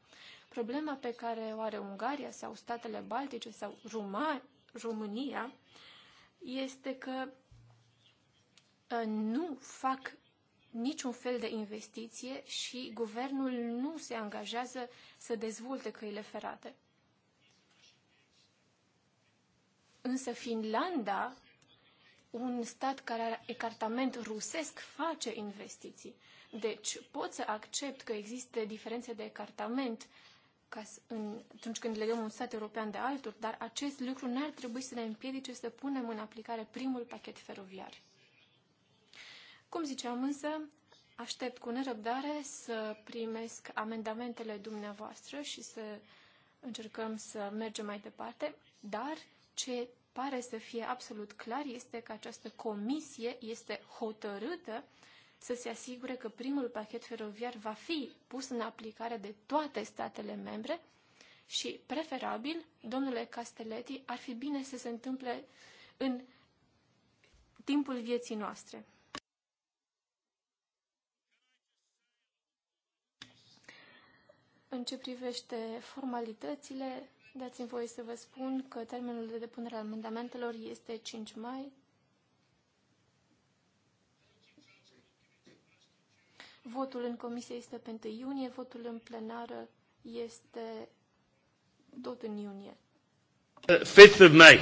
Problema pe care o are Ungaria sau statele baltice sau Ruma, România este că uh, nu fac niciun fel de investiție și guvernul nu se angajează să dezvolte căile ferate. Însă Finlanda, un stat care are ecartament rusesc, face investiții. Deci pot să accept că există diferențe de ecartament ca în, atunci când legăm un stat european de altul, dar acest lucru n-ar trebui să ne împiedice să punem în aplicare primul pachet feroviar. Cum ziceam însă, aștept cu nerăbdare să primesc amendamentele dumneavoastră și să încercăm să mergem mai departe, dar ce pare să fie absolut clar este că această comisie este hotărâtă să se asigure că primul pachet feroviar va fi pus în aplicare de toate statele membre și, preferabil, domnule Castelletti, ar fi bine să se întâmple în timpul vieții noastre. În ce privește formalitățile, Dați-mi voie să vă spun că termenul de depunere al amendamentelor este 5 mai. Votul în comisie este pe 1 iunie, votul în plenară este tot în iunie. 5 mai.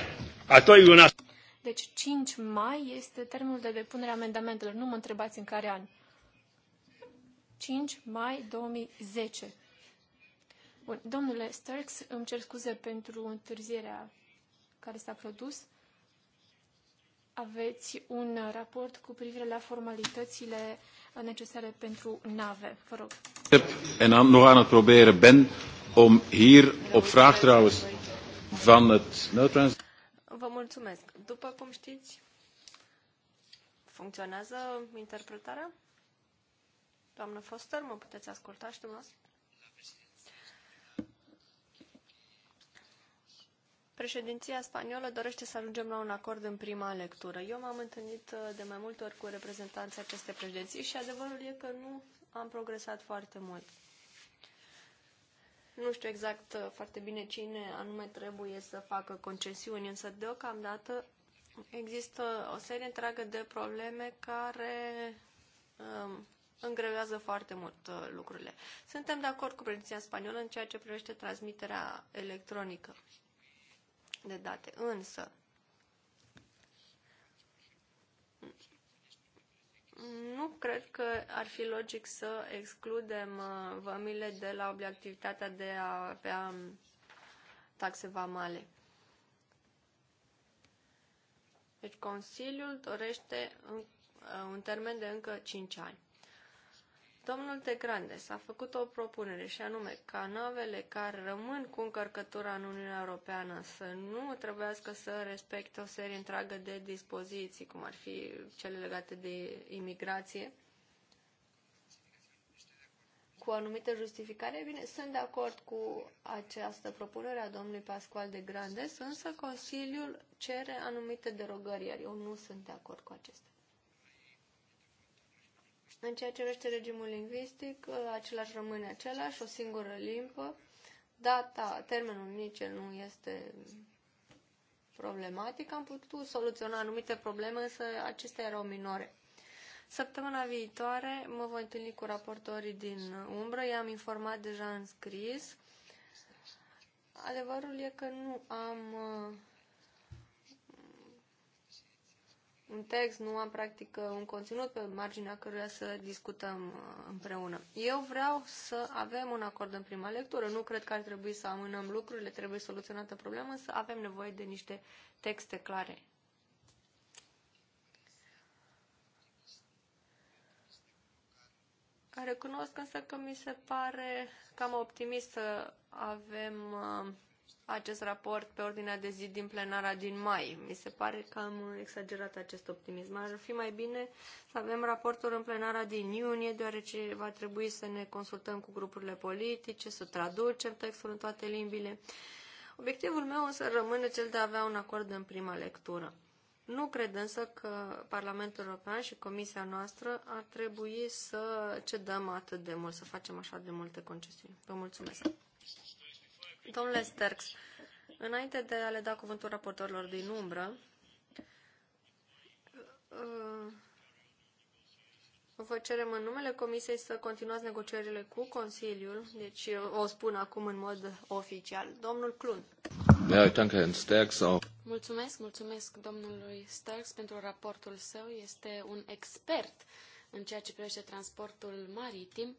Deci 5 mai este termenul de depunere a amendamentelor. Nu mă întrebați în care an. 5 mai 2010. Bun, domnule Starks, îmi cer scuze pentru întârzierea care s-a produs. Aveți un raport cu privire la formalitățile necesare pentru nave. Vă rog. En nog aan het proberen ben om hier op vraag trouwens van het noodtrans... Vă mulțumesc. După cum știți, funcționează interpretarea? Doamnă Foster, mă puteți asculta și dumneavoastră? Președinția spaniolă dorește să ajungem la un acord în prima lectură. Eu m-am întâlnit uh, de mai multe ori cu reprezentanții acestei președinții și adevărul e că nu am progresat foarte mult. Nu știu exact uh, foarte bine cine anume trebuie să facă concesiuni, însă deocamdată există o serie întreagă de probleme care um, îngreuează foarte mult uh, lucrurile. Suntem de acord cu președinția spaniolă în ceea ce privește transmiterea electronică de date. Însă, nu cred că ar fi logic să excludem uh, vămile de la obligativitatea de a avea um, taxe vamale. Deci Consiliul dorește uh, un termen de încă 5 ani. Domnul de Grandes a făcut o propunere și anume ca navele care rămân cu încărcătura în Uniunea Europeană să nu trebuiască să respecte o serie întreagă de dispoziții, cum ar fi cele legate de imigrație, cu anumite justificare. Bine, sunt de acord cu această propunere a domnului Pascual de Grandes, însă Consiliul cere anumite derogări, iar eu nu sunt de acord cu acestea. În ceea ce privește regimul lingvistic, ă, același rămâne același, o singură limbă. Data, termenul nici nu este problematic. Am putut soluționa anumite probleme, însă acestea erau minore. Săptămâna viitoare mă voi întâlni cu raportorii din umbră, i-am informat deja în scris. Adevărul e că nu am ă, un text, nu am practic un conținut pe marginea căruia să discutăm uh, împreună. Eu vreau să avem un acord în prima lectură. Nu cred că ar trebui să amânăm lucrurile, trebuie soluționată problema, să avem nevoie de niște texte clare. Recunosc însă că mi se pare cam optimist să avem uh, acest raport pe ordinea de zi din plenara din mai. Mi se pare că am exagerat acest optimism. Ar fi mai bine să avem raportul în plenara din iunie, deoarece va trebui să ne consultăm cu grupurile politice, să traducem textul în toate limbile. Obiectivul meu însă rămâne cel de a avea un acord în prima lectură. Nu cred însă că Parlamentul European și Comisia noastră ar trebui să cedăm atât de mult, să facem așa de multe concesiuni. Vă mulțumesc! Domnule Sterks, înainte de a le da cuvântul raportorilor din umbră, uh, vă cerem în numele Comisiei să continuați negocierile cu Consiliul, deci o spun acum în mod oficial. Domnul Clun. Mulțumesc, mulțumesc domnului Sterks pentru raportul său. Este un expert în ceea ce privește transportul maritim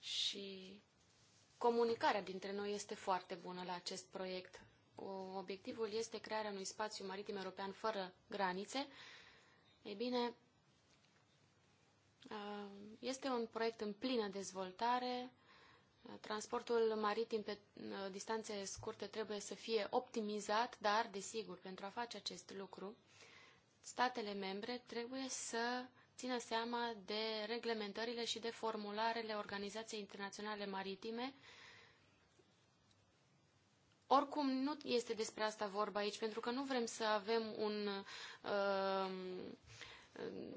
și comunicarea dintre noi este foarte bună la acest proiect. Obiectivul este crearea unui spațiu maritim european fără granițe. Ei bine, este un proiect în plină dezvoltare. Transportul maritim pe distanțe scurte trebuie să fie optimizat, dar, desigur, pentru a face acest lucru, statele membre trebuie să țină seama de reglementările și de formularele Organizației Internaționale Maritime. Oricum, nu este despre asta vorba aici, pentru că nu vrem să avem un, uh, um,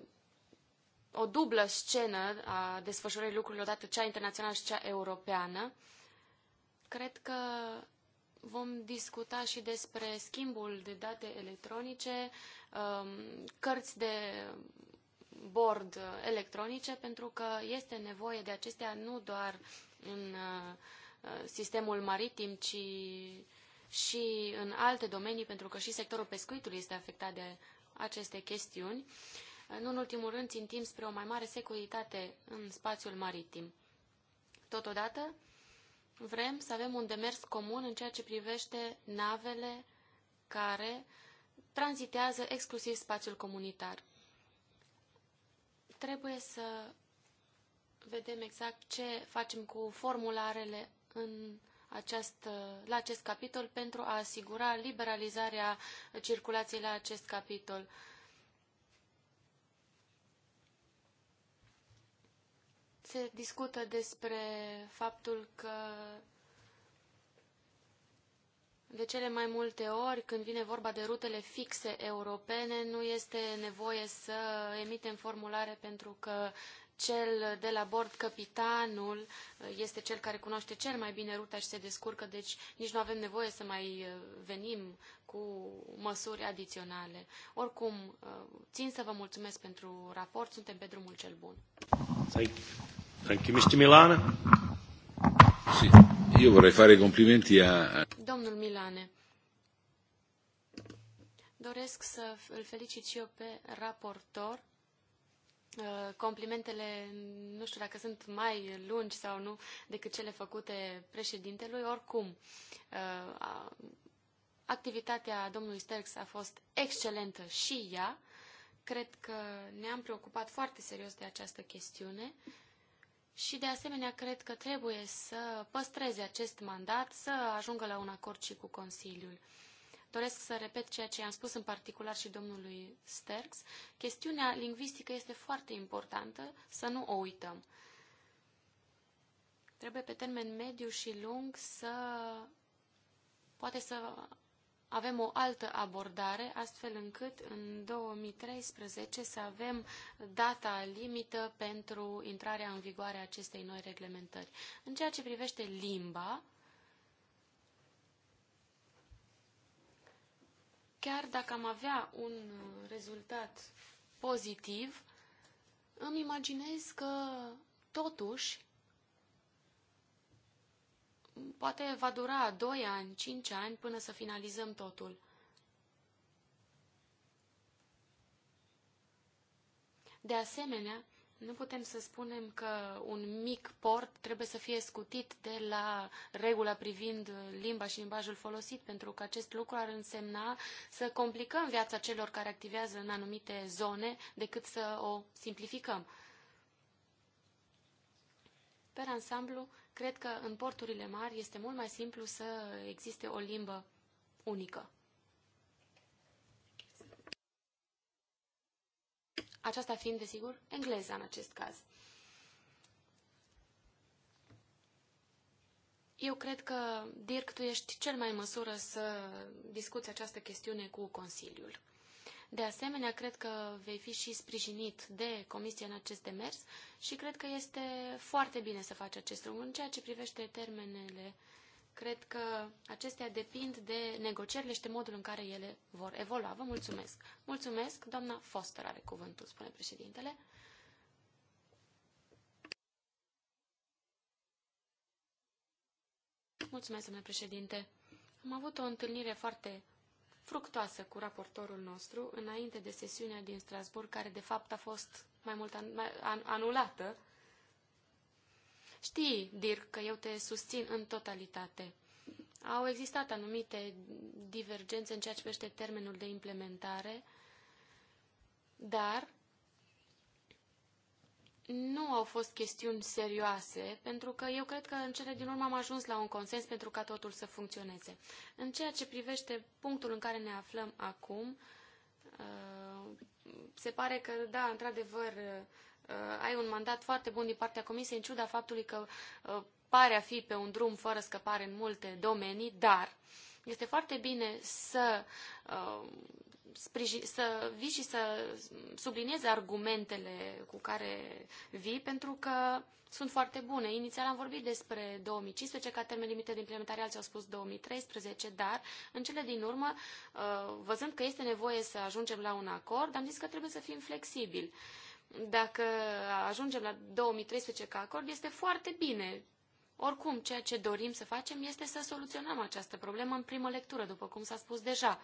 o dublă scenă a desfășurării lucrurilor, odată cea internațională și cea europeană. Cred că vom discuta și despre schimbul de date electronice, um, cărți de board uh, electronice, pentru că este nevoie de acestea nu doar în uh, uh, sistemul maritim, ci și în alte domenii, pentru că și sectorul pescuitului este afectat de aceste chestiuni. Nu în ultimul rând, țintim spre o mai mare securitate în spațiul maritim. Totodată, vrem să avem un demers comun în ceea ce privește navele care tranzitează exclusiv spațiul comunitar. Trebuie să vedem exact ce facem cu formularele în acest, la acest capitol pentru a asigura liberalizarea circulației la acest capitol. Se discută despre faptul că de cele mai multe ori, când vine vorba de rutele fixe europene, nu este nevoie să emitem formulare pentru că cel de la bord, capitanul, este cel care cunoaște cel mai bine ruta și se descurcă, deci nici nu avem nevoie să mai uh, venim cu măsuri adiționale. Oricum, uh, țin să vă mulțumesc pentru raport, suntem pe drumul cel bun. Thank you, Mr. Milana. Eu vorrei fare complimenti a... Domnul Milane, doresc să îl felicit și eu pe raportor. Uh, complimentele, nu știu dacă sunt mai lungi sau nu, decât cele făcute președintelui, oricum, uh, activitatea domnului Sterks a fost excelentă și ea. Cred că ne-am preocupat foarte serios de această chestiune și de asemenea cred că trebuie să păstreze acest mandat, să ajungă la un acord și cu Consiliul. Doresc să repet ceea ce am spus în particular și domnului Sterks. Chestiunea lingvistică este foarte importantă, să nu o uităm. Trebuie pe termen mediu și lung să poate să avem o altă abordare, astfel încât în 2013 să avem data limită pentru intrarea în vigoare a acestei noi reglementări. În ceea ce privește limba, chiar dacă am avea un rezultat pozitiv, îmi imaginez că, totuși, poate va dura doi ani, cinci ani până să finalizăm totul. De asemenea, nu putem să spunem că un mic port trebuie să fie scutit de la regula privind limba și limbajul folosit, pentru că acest lucru ar însemna să complicăm viața celor care activează în anumite zone decât să o simplificăm. Per ansamblu, cred că în porturile mari este mult mai simplu să existe o limbă unică. Aceasta fiind, desigur, engleza în acest caz. Eu cred că, Dirk, tu ești cel mai în măsură să discuți această chestiune cu Consiliul. De asemenea, cred că vei fi și sprijinit de comisie în acest demers și cred că este foarte bine să faci acest lucru. În ceea ce privește termenele, cred că acestea depind de negocierile și de modul în care ele vor evolua. Vă mulțumesc. Mulțumesc. Doamna Foster are cuvântul, spune președintele. Mulțumesc, domnule președinte. Am avut o întâlnire foarte fructoasă cu raportorul nostru înainte de sesiunea din Strasburg, care de fapt a fost mai mult an, mai, an, anulată. Știi, Dirk, că eu te susțin în totalitate. Au existat anumite divergențe în ceea ce privește termenul de implementare, dar nu au fost chestiuni serioase, pentru că eu cred că în cele din urmă am ajuns la un consens pentru ca totul să funcționeze. În ceea ce privește punctul în care ne aflăm acum, uh, se pare că, da, într-adevăr, uh, ai un mandat foarte bun din partea Comisiei, în ciuda faptului că uh, pare a fi pe un drum fără scăpare în multe domenii, dar este foarte bine să să vii și să sublinieze argumentele cu care vii, pentru că sunt foarte bune. Inițial am vorbit despre 2015, ca termen limită de implementare, alții au spus 2013, dar în cele din urmă, uh, văzând că este nevoie să ajungem la un acord, am zis că trebuie să fim flexibili. Dacă ajungem la 2013 ca acord, este foarte bine. Oricum, ceea ce dorim să facem este să soluționăm această problemă în primă lectură, după cum s-a spus deja.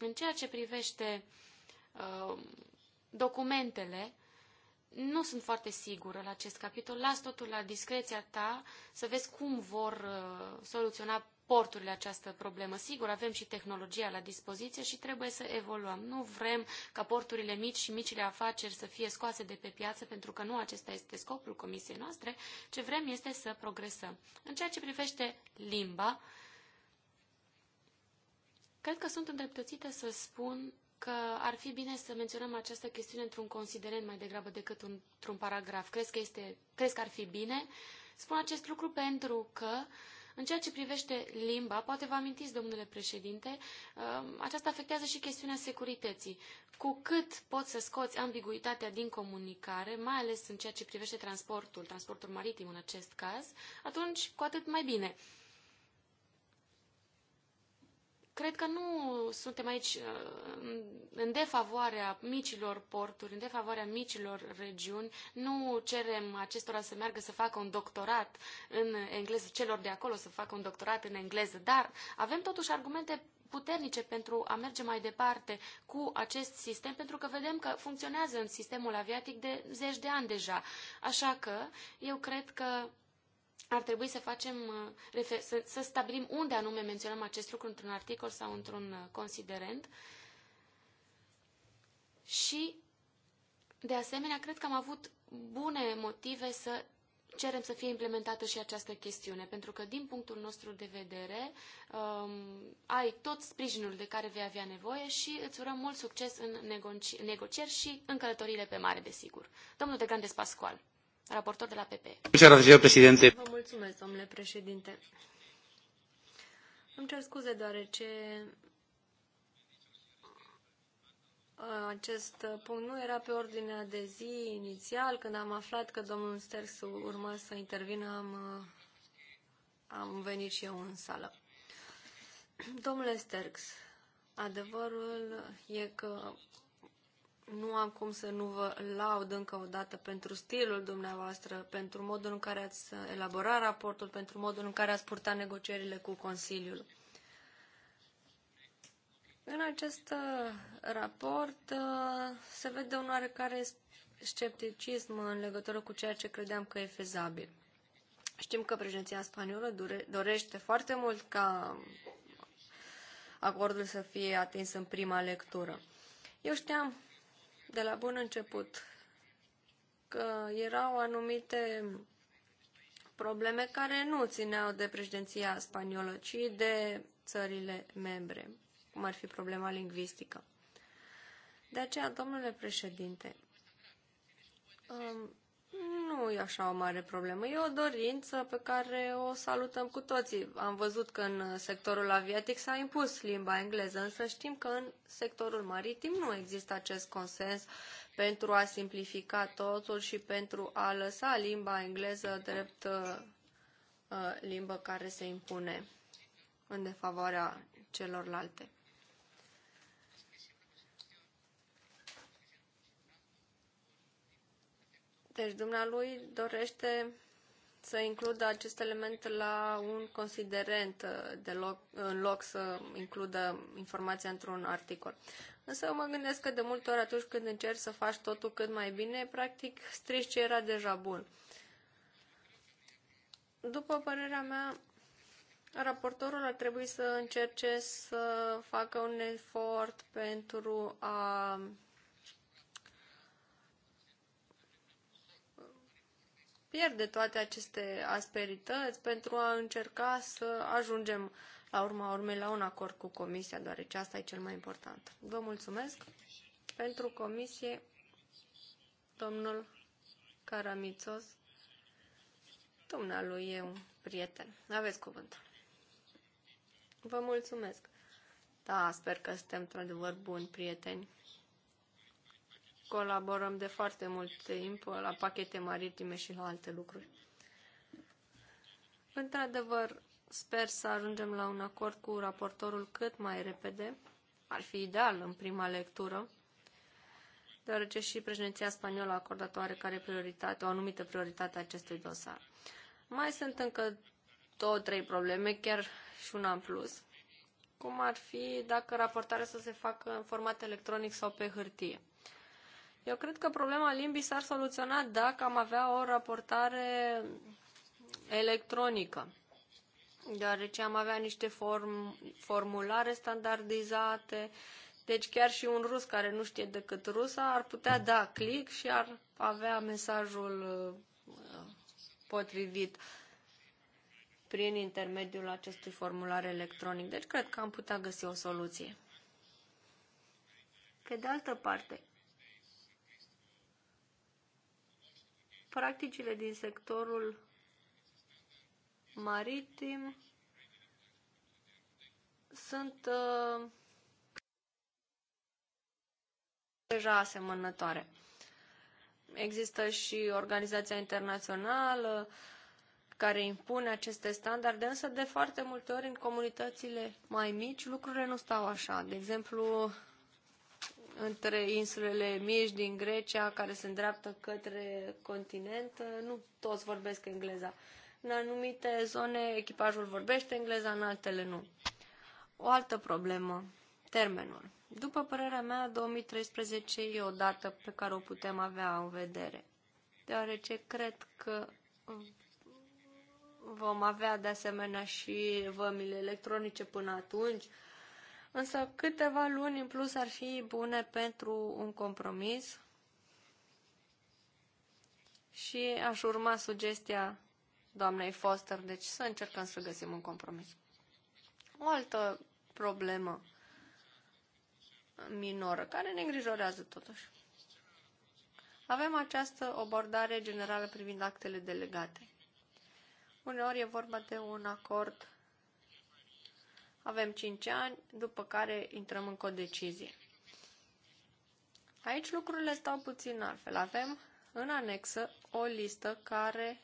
În ceea ce privește uh, documentele, nu sunt foarte sigură la acest capitol. Las totul la discreția ta să vezi cum vor uh, soluționa porturile această problemă. Sigur, avem și tehnologia la dispoziție și trebuie să evoluăm. Nu vrem ca porturile mici și micile afaceri să fie scoase de pe piață, pentru că nu acesta este scopul comisiei noastre. Ce vrem este să progresăm. În ceea ce privește limba, uh, Cred că sunt îndreptățită să spun că ar fi bine să menționăm această chestiune într-un considerent mai degrabă decât într-un paragraf. Crezi că, este, crezi că ar fi bine? Spun acest lucru pentru că, în ceea ce privește limba, poate vă amintiți, domnule președinte, uh, aceasta afectează și chestiunea securității. Cu cât poți să scoți ambiguitatea din comunicare, mai ales în ceea ce privește transportul, transportul maritim în acest caz, atunci cu atât mai bine cred că nu suntem aici uh, în defavoarea micilor porturi, în defavoarea micilor regiuni. Nu cerem acestora să meargă să facă un doctorat în engleză, celor de acolo să facă un doctorat în engleză, dar avem totuși argumente puternice pentru a merge mai departe cu acest sistem, pentru că vedem că funcționează în sistemul aviatic de zeci de ani deja. Așa că eu cred că ar trebui să facem, uh, să, stabilim unde anume menționăm acest lucru într-un articol sau într-un uh, considerent. Și, de asemenea, cred că am avut bune motive să cerem să fie implementată și această chestiune, pentru că, din punctul nostru de vedere, um, ai tot sprijinul de care vei avea nevoie și îți urăm mult succes în negocieri și în călătorile pe mare, desigur. Domnul de Grandes Pascual raportor de la PP. Vă mulțumesc, domnule președinte. Îmi cer scuze deoarece uh, acest punct nu era pe ordinea de zi inițial. Când am aflat că domnul Sters urma să intervină, am, uh, am venit și eu în sală. Domnule Sterks, adevărul e că nu am cum să nu vă laud încă o dată pentru stilul dumneavoastră, pentru modul în care ați elaborat raportul, pentru modul în care ați purtat negocierile cu Consiliul. În acest uh, raport uh, se vede un oarecare scepticism în legătură cu ceea ce credeam că e fezabil. Știm că președinția spaniolă dorește foarte mult ca acordul să fie atins în prima lectură. Eu știam de la bun început că erau anumite probleme care nu țineau de președinția spaniolă, ci de țările membre, cum ar fi problema lingvistică. De aceea, domnule președinte, nu e așa o mare problemă. E o dorință pe care o salutăm cu toții. Am văzut că în sectorul aviatic s-a impus limba engleză, însă știm că în sectorul maritim nu există acest consens pentru a simplifica totul și pentru a lăsa limba engleză drept uh, uh, limbă care se impune în defavoarea celorlalte. Deci dumnealui dorește să includă acest element la un considerent uh, de loc, în loc să includă informația într-un articol. Însă mă gândesc că de multe ori atunci când încerci să faci totul cât mai bine, practic strici ce era deja bun. După părerea mea, raportorul ar trebui să încerce să facă un efort pentru a pierde toate aceste asperități pentru a încerca să ajungem la urma urmei la un acord cu Comisia, deoarece asta e cel mai important. Vă mulțumesc pentru Comisie, domnul Caramițos. Dumnealui e un prieten. Aveți cuvântul. Vă mulțumesc. Da, sper că suntem într-adevăr buni prieteni colaborăm de foarte mult timp la pachete maritime și la alte lucruri. Într-adevăr, sper să ajungem la un acord cu raportorul cât mai repede. Ar fi ideal în prima lectură, deoarece și președinția spaniolă acordatoare care prioritate, o anumită prioritate acestui dosar. Mai sunt încă două, trei probleme, chiar și una în plus, cum ar fi dacă raportarea să se facă în format electronic sau pe hârtie. Eu cred că problema limbii s-ar soluționa dacă am avea o raportare electronică, deoarece am avea niște form, formulare standardizate, deci chiar și un rus care nu știe decât rusa ar putea da click și ar avea mesajul uh, potrivit prin intermediul acestui formular electronic. Deci cred că am putea găsi o soluție. Pe de altă parte, practicile din sectorul maritim sunt uh, deja asemănătoare. Există și Organizația Internațională care impune aceste standarde, însă de foarte multe ori în comunitățile mai mici lucrurile nu stau așa. De exemplu, între insulele mici din Grecia care se îndreaptă către continent, nu toți vorbesc engleza. În anumite zone echipajul vorbește engleza, în altele nu. O altă problemă, termenul. După părerea mea, 2013 e o dată pe care o putem avea în vedere, deoarece cred că vom avea de asemenea și vămile electronice până atunci, Însă câteva luni în plus ar fi bune pentru un compromis și aș urma sugestia doamnei Foster, deci să încercăm să găsim un compromis. O altă problemă minoră, care ne îngrijorează totuși. Avem această abordare generală privind actele delegate. Uneori e vorba de un acord avem 5 ani, după care intrăm în codecizie. Aici lucrurile stau puțin altfel. Avem în anexă o listă care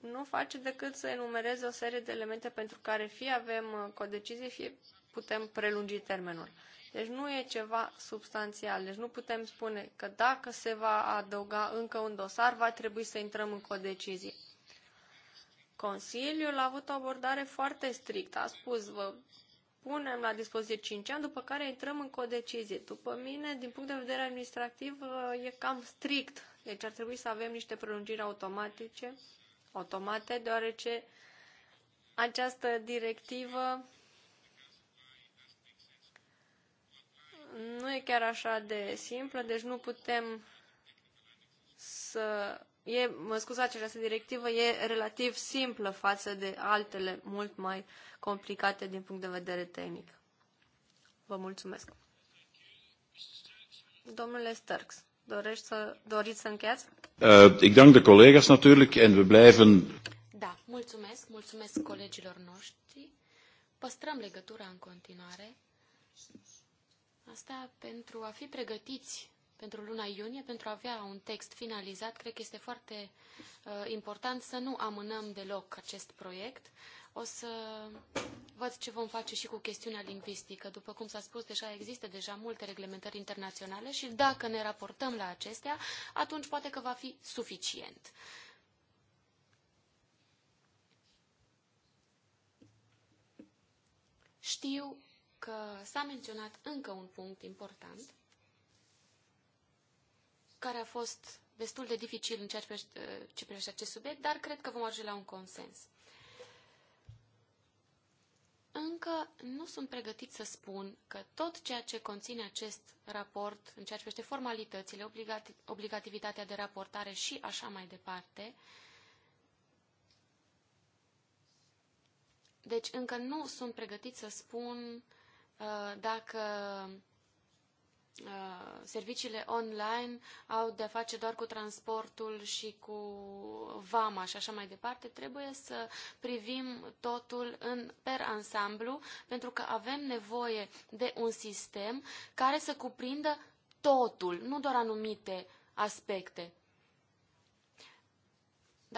nu face decât să enumereze o serie de elemente pentru care fie avem uh, codecizie, fie putem prelungi termenul. Deci nu e ceva substanțial. Deci nu putem spune că dacă se va adăuga încă un dosar, va trebui să intrăm în codecizie. Consiliul a avut o abordare foarte strictă. A spus, vă punem la dispoziție 5 ani, după care intrăm în codecizie. După mine, din punct de vedere administrativ, e cam strict. Deci ar trebui să avem niște prelungiri automatice, automate, deoarece această directivă nu e chiar așa de simplă, deci nu putem să e, mă scuzați, această directivă e relativ simplă față de altele mult mai complicate din punct de vedere tehnic. Vă mulțumesc. Domnule Sterks, dorești să, doriți să încheiați? Uh, ik dank de collega's natuurlijk en we blijven... Da, mulțumesc, mulțumesc colegilor noștri. Păstrăm legătura în continuare. Asta pentru a fi pregătiți pentru luna iunie, pentru a avea un text finalizat, cred că este foarte uh, important să nu amânăm deloc acest proiect. O să văd ce vom face și cu chestiunea lingvistică. După cum s-a spus, deja există deja multe reglementări internaționale și dacă ne raportăm la acestea, atunci poate că va fi suficient. Știu că s-a menționat încă un punct important, care a fost destul de dificil în ceea ce privește, ce privește acest subiect, dar cred că vom ajunge la un consens. Încă nu sunt pregătit să spun că tot ceea ce conține acest raport, în ceea ce privește formalitățile, obligativitatea de raportare și așa mai departe, deci încă nu sunt pregătit să spun uh, dacă Uh, serviciile online au de-a face doar cu transportul și cu vama și așa mai departe, trebuie să privim totul în, per ansamblu, pentru că avem nevoie de un sistem care să cuprindă totul, nu doar anumite aspecte.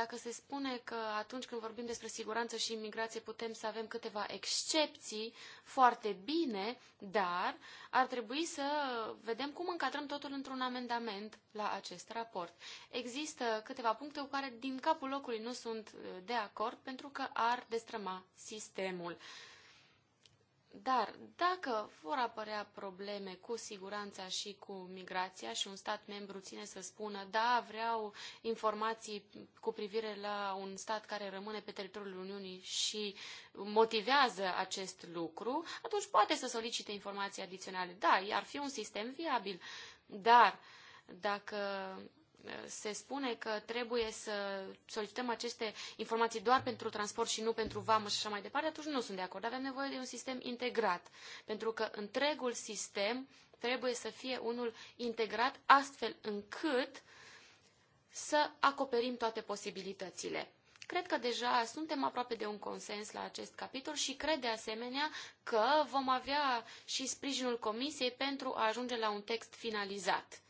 Dacă se spune că atunci când vorbim despre siguranță și imigrație putem să avem câteva excepții, foarte bine, dar ar trebui să vedem cum încadrăm totul într-un amendament la acest raport. Există câteva puncte cu care din capul locului nu sunt uh, de acord pentru că ar destrăma sistemul. Dar dacă vor apărea probleme cu siguranța și cu migrația și un stat membru ține să spună da, vreau informații cu privire la un stat care rămâne pe teritoriul Uniunii și motivează acest lucru, atunci poate să solicite informații adiționale. Da, ar fi un sistem viabil, dar dacă se spune că trebuie să solicităm aceste informații doar pentru transport și nu pentru vamă și așa mai departe, atunci nu sunt de acord. Avem nevoie de un sistem integrat, pentru că întregul sistem trebuie să fie unul integrat astfel încât să acoperim toate posibilitățile. Cred că deja suntem aproape de un consens la acest capitol și cred de asemenea că vom avea și sprijinul Comisiei pentru a ajunge la un text finalizat.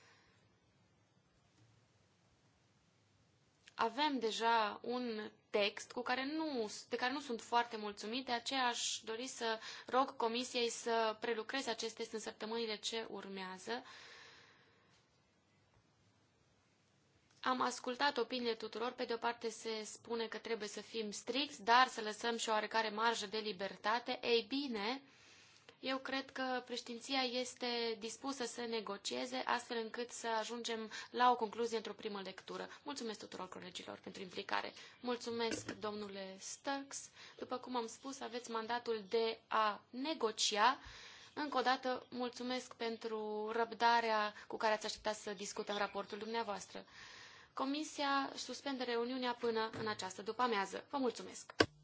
avem deja un text cu care nu, de care nu sunt foarte mulțumit, de aceea aș dori să rog Comisiei să prelucreze acest test în săptămânile ce urmează. Am ascultat opiniile tuturor. Pe de o parte se spune că trebuie să fim stricți, dar să lăsăm și oarecare marjă de libertate. Ei bine, eu cred că preștinția este dispusă să negocieze astfel încât să ajungem la o concluzie într-o primă lectură. Mulțumesc tuturor colegilor pentru implicare. Mulțumesc, domnule Stux. După cum am spus, aveți mandatul de a negocia. Încă o dată, mulțumesc pentru răbdarea cu care ați așteptat să discutăm raportul dumneavoastră. Comisia suspendă reuniunea până în această după amiază. Vă mulțumesc!